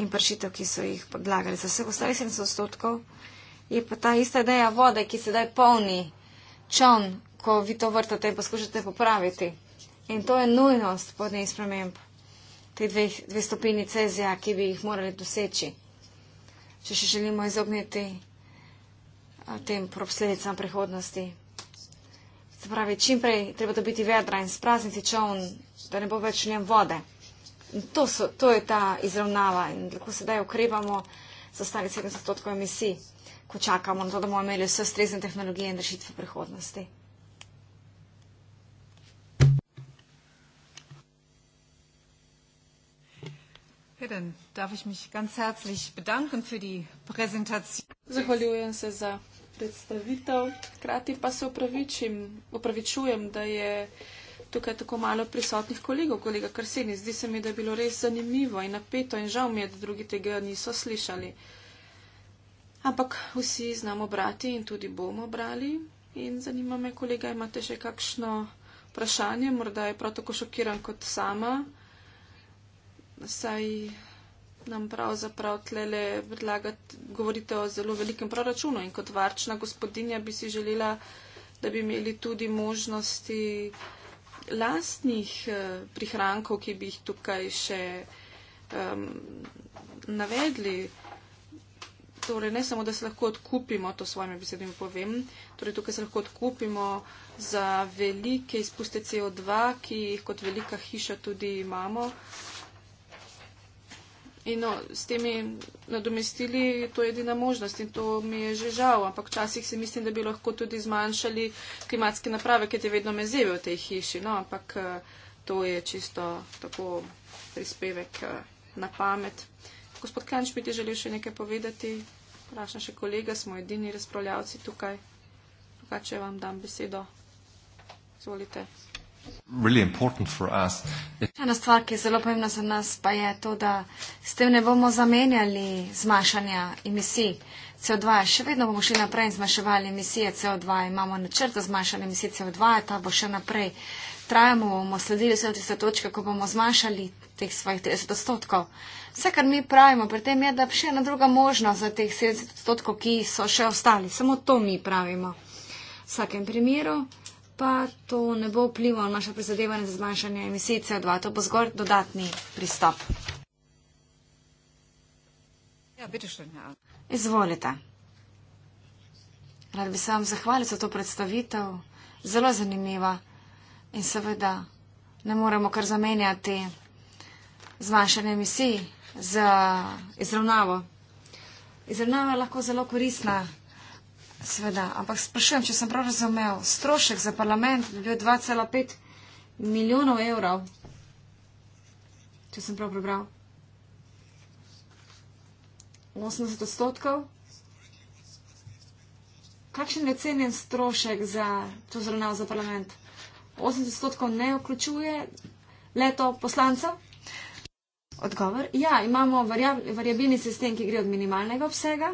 in pršitev, ki so jih podlagali. Za vse ostale 70 odstotkov je pa ta ista ideja vode, ki se daj polni čon, ko vi to vrtate in poskušate popraviti. In to je nujnost podnebnih sprememb, te dve, dve stopini Cezija, ki bi jih morali doseči, če še želimo izogniti tem posledicam prihodnosti. Se pravi, čim prej treba dobiti vedra in sprazniti čovn, da ne bo več v njem vode. To, so, to je ta izravnava in lahko sedaj ukrepamo za stari 70% emisij, ko čakamo na to, da bomo imeli vse strezne tehnologije in rešitve prihodnosti. Zahvaljujem se za predstavitev. Hkrati pa se upravičim, upravičujem, da je tukaj tako malo prisotnih kolegov, kolega Krseni. Zdi se mi, da je bilo res zanimivo in napeto in žal mi je, da drugi tega niso slišali. Ampak vsi znamo brati in tudi bomo brali. In zanima me, kolega, imate še kakšno vprašanje? Morda je prav tako šokiran kot sama. Saj nam pravzaprav tlele predlagati, govorite o zelo velikem proračunu in kot varčna gospodinja bi si želela, da bi imeli tudi možnosti lastnih eh, prihrankov, ki bi jih tukaj še um, navedli. Torej, ne samo, da se lahko odkupimo, to s vami besedami povem, torej tukaj se lahko odkupimo za velike izpuste CO2, ki jih kot velika hiša tudi imamo, In no, s temi nadomestili to je edina možnost in to mi je že žal, ampak včasih si mislim, da bi lahko tudi zmanjšali klimatske naprave, ki te vedno mezeve v tej hiši, no, ampak eh, to je čisto tako prispevek eh, na pamet. Gospod Klanč, bi ti želel še nekaj povedati? Vprašam še kolega, smo edini razpravljavci tukaj. Kaj, če vam dam besedo? Zvolite. Really Ena stvar, ki je zelo pomembna za nas, pa je to, da s tem ne bomo zamenjali zmanjšanja emisij CO2. Še vedno bomo šli naprej in zmanjševali emisije CO2. Imamo načrt za zmanjšanje emisij CO2, ta bo še naprej. Trajamo, bomo sledili vse tiste točke, ko bomo zmanjšali teh svojih 30 odstotkov. Vse, kar mi pravimo pri tem, je, da še ena druga možnost za teh 70 odstotkov, ki so še ostali. Samo to mi pravimo. V vsakem primeru pa to ne bo vplivalo naše prizadevanje za zmanjšanje emisij CO2. To bo zgolj dodatni pristop. Ja, Izvolite. Rad bi se vam zahvalil za to predstavitev. Zelo zanimiva. In seveda ne moremo kar zamenjati zmanjšanje emisij z izravnavo. Izravnava je lahko zelo koristna. Sveda, ampak sprašujem, če sem prav razumel, strošek za parlament bi bil 2,5 milijonov evrov. Če sem prav prebral. 80 odstotkov. Kakšen je cenjen strošek za to zravnav za parlament? 80 odstotkov ne vključuje leto poslancev? Odgovor. Ja, imamo variabilni sistem, ki gre od minimalnega obsega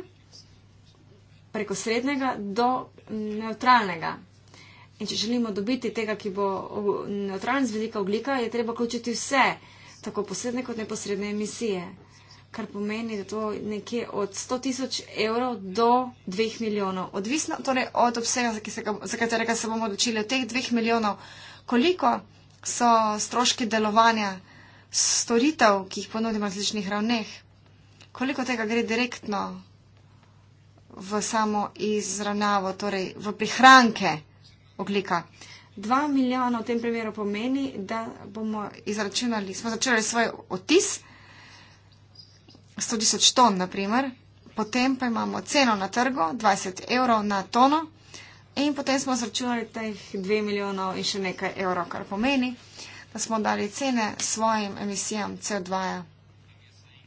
preko srednjega do neutralnega. In če želimo dobiti tega, ki bo neutralen z velika oglika, je treba vključiti vse, tako posredne kot neposredne emisije. Kar pomeni, da to je nekje od 100 tisoč evrov do 2 milijonov. Odvisno torej od obsega, za katerega se bomo odločili, od teh 2 milijonov, koliko so stroški delovanja storitev, ki jih ponudimo na različnih ravneh, koliko tega gre direktno v samo izravnavo, torej v prihranke oglika. 2 milijona v tem primeru pomeni, da bomo izračunali, smo začeli svoj otis, 100 tisoč ton naprimer, potem pa imamo ceno na trgu, 20 evrov na tono in potem smo izračunali teh 2 milijonov in še nekaj evrov, kar pomeni, da smo dali cene svojim emisijam CO2. -ja.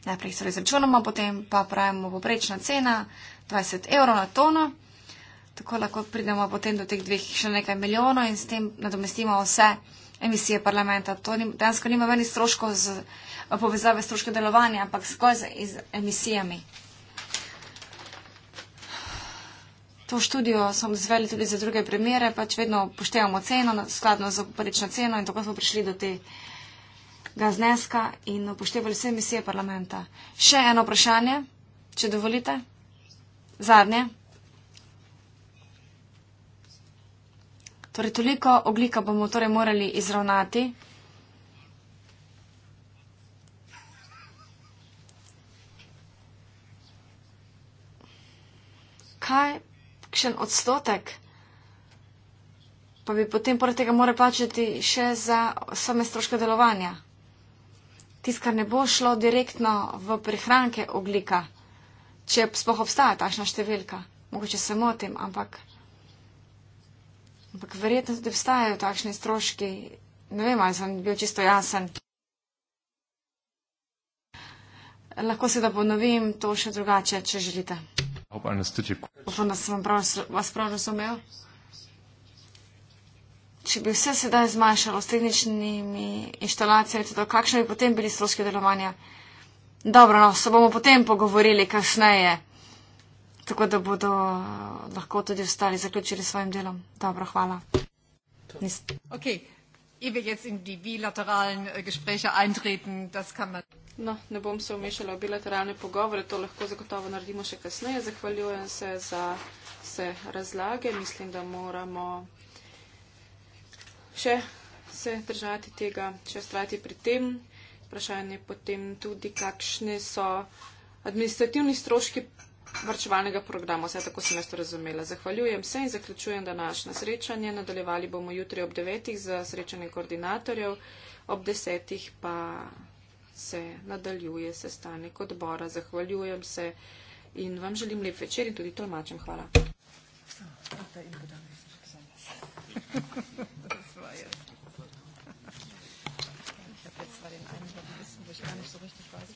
Najprej se torej izračunamo, potem pa pravimo poprečna cena, 20 evrov na tono. Tako lahko pridemo potem do teh dveh še nekaj milijonov in s tem nadomestimo vse emisije parlamenta. To ni, dansko nima veni stroškov z povezave stroške delovanja, ampak skozi z, z emisijami. To študijo smo izveli tudi za druge primere, pač vedno poštevamo ceno, skladno z oporečno ceno in tako smo prišli do tega zneska in upoštevali vse emisije parlamenta. Še eno vprašanje, če dovolite zadnje. Torej, toliko oglika bomo torej morali izravnati. Kaj, kakšen odstotek? Pa bi potem poleg tega morali plačati še za same stroške delovanja. Tisto, kar ne bo šlo direktno v prihranke oglika če sploh obstaja tašna številka. Mogoče se motim, ampak, ampak verjetno tudi obstajajo takšni stroški. Ne vem, ali sem bil čisto jasen. Lahko se da ponovim to še drugače, če želite. Upam, da sem vas prav razumel. Če bi vse sedaj zmanjšalo s tehničnimi inštalacijami, to, kakšne bi potem bili stroški delovanja? Dobro, no, se bomo potem pogovorili kasneje, tako da bodo eh, lahko tudi ostali zaključili s svojim delom. Dobro, hvala. Eh, no, ne bom se umešala v bilateralne pogovore, to lahko zagotovo naredimo še kasneje. Zahvaljujem se za vse razlage. Mislim, da moramo še se držati tega, še ostati pri tem vprašanje potem tudi, kakšni so administrativni stroški vrčevalnega programa. Vse tako sem jaz to razumela. Zahvaljujem se in zaključujem današnje srečanje. Nadaljevali bomo jutri ob devetih za srečanje koordinatorjev, ob desetih pa se nadaljuje sestanek odbora. Zahvaljujem se in vam želim lep večer in tudi tolmačem. Hvala. Thank you.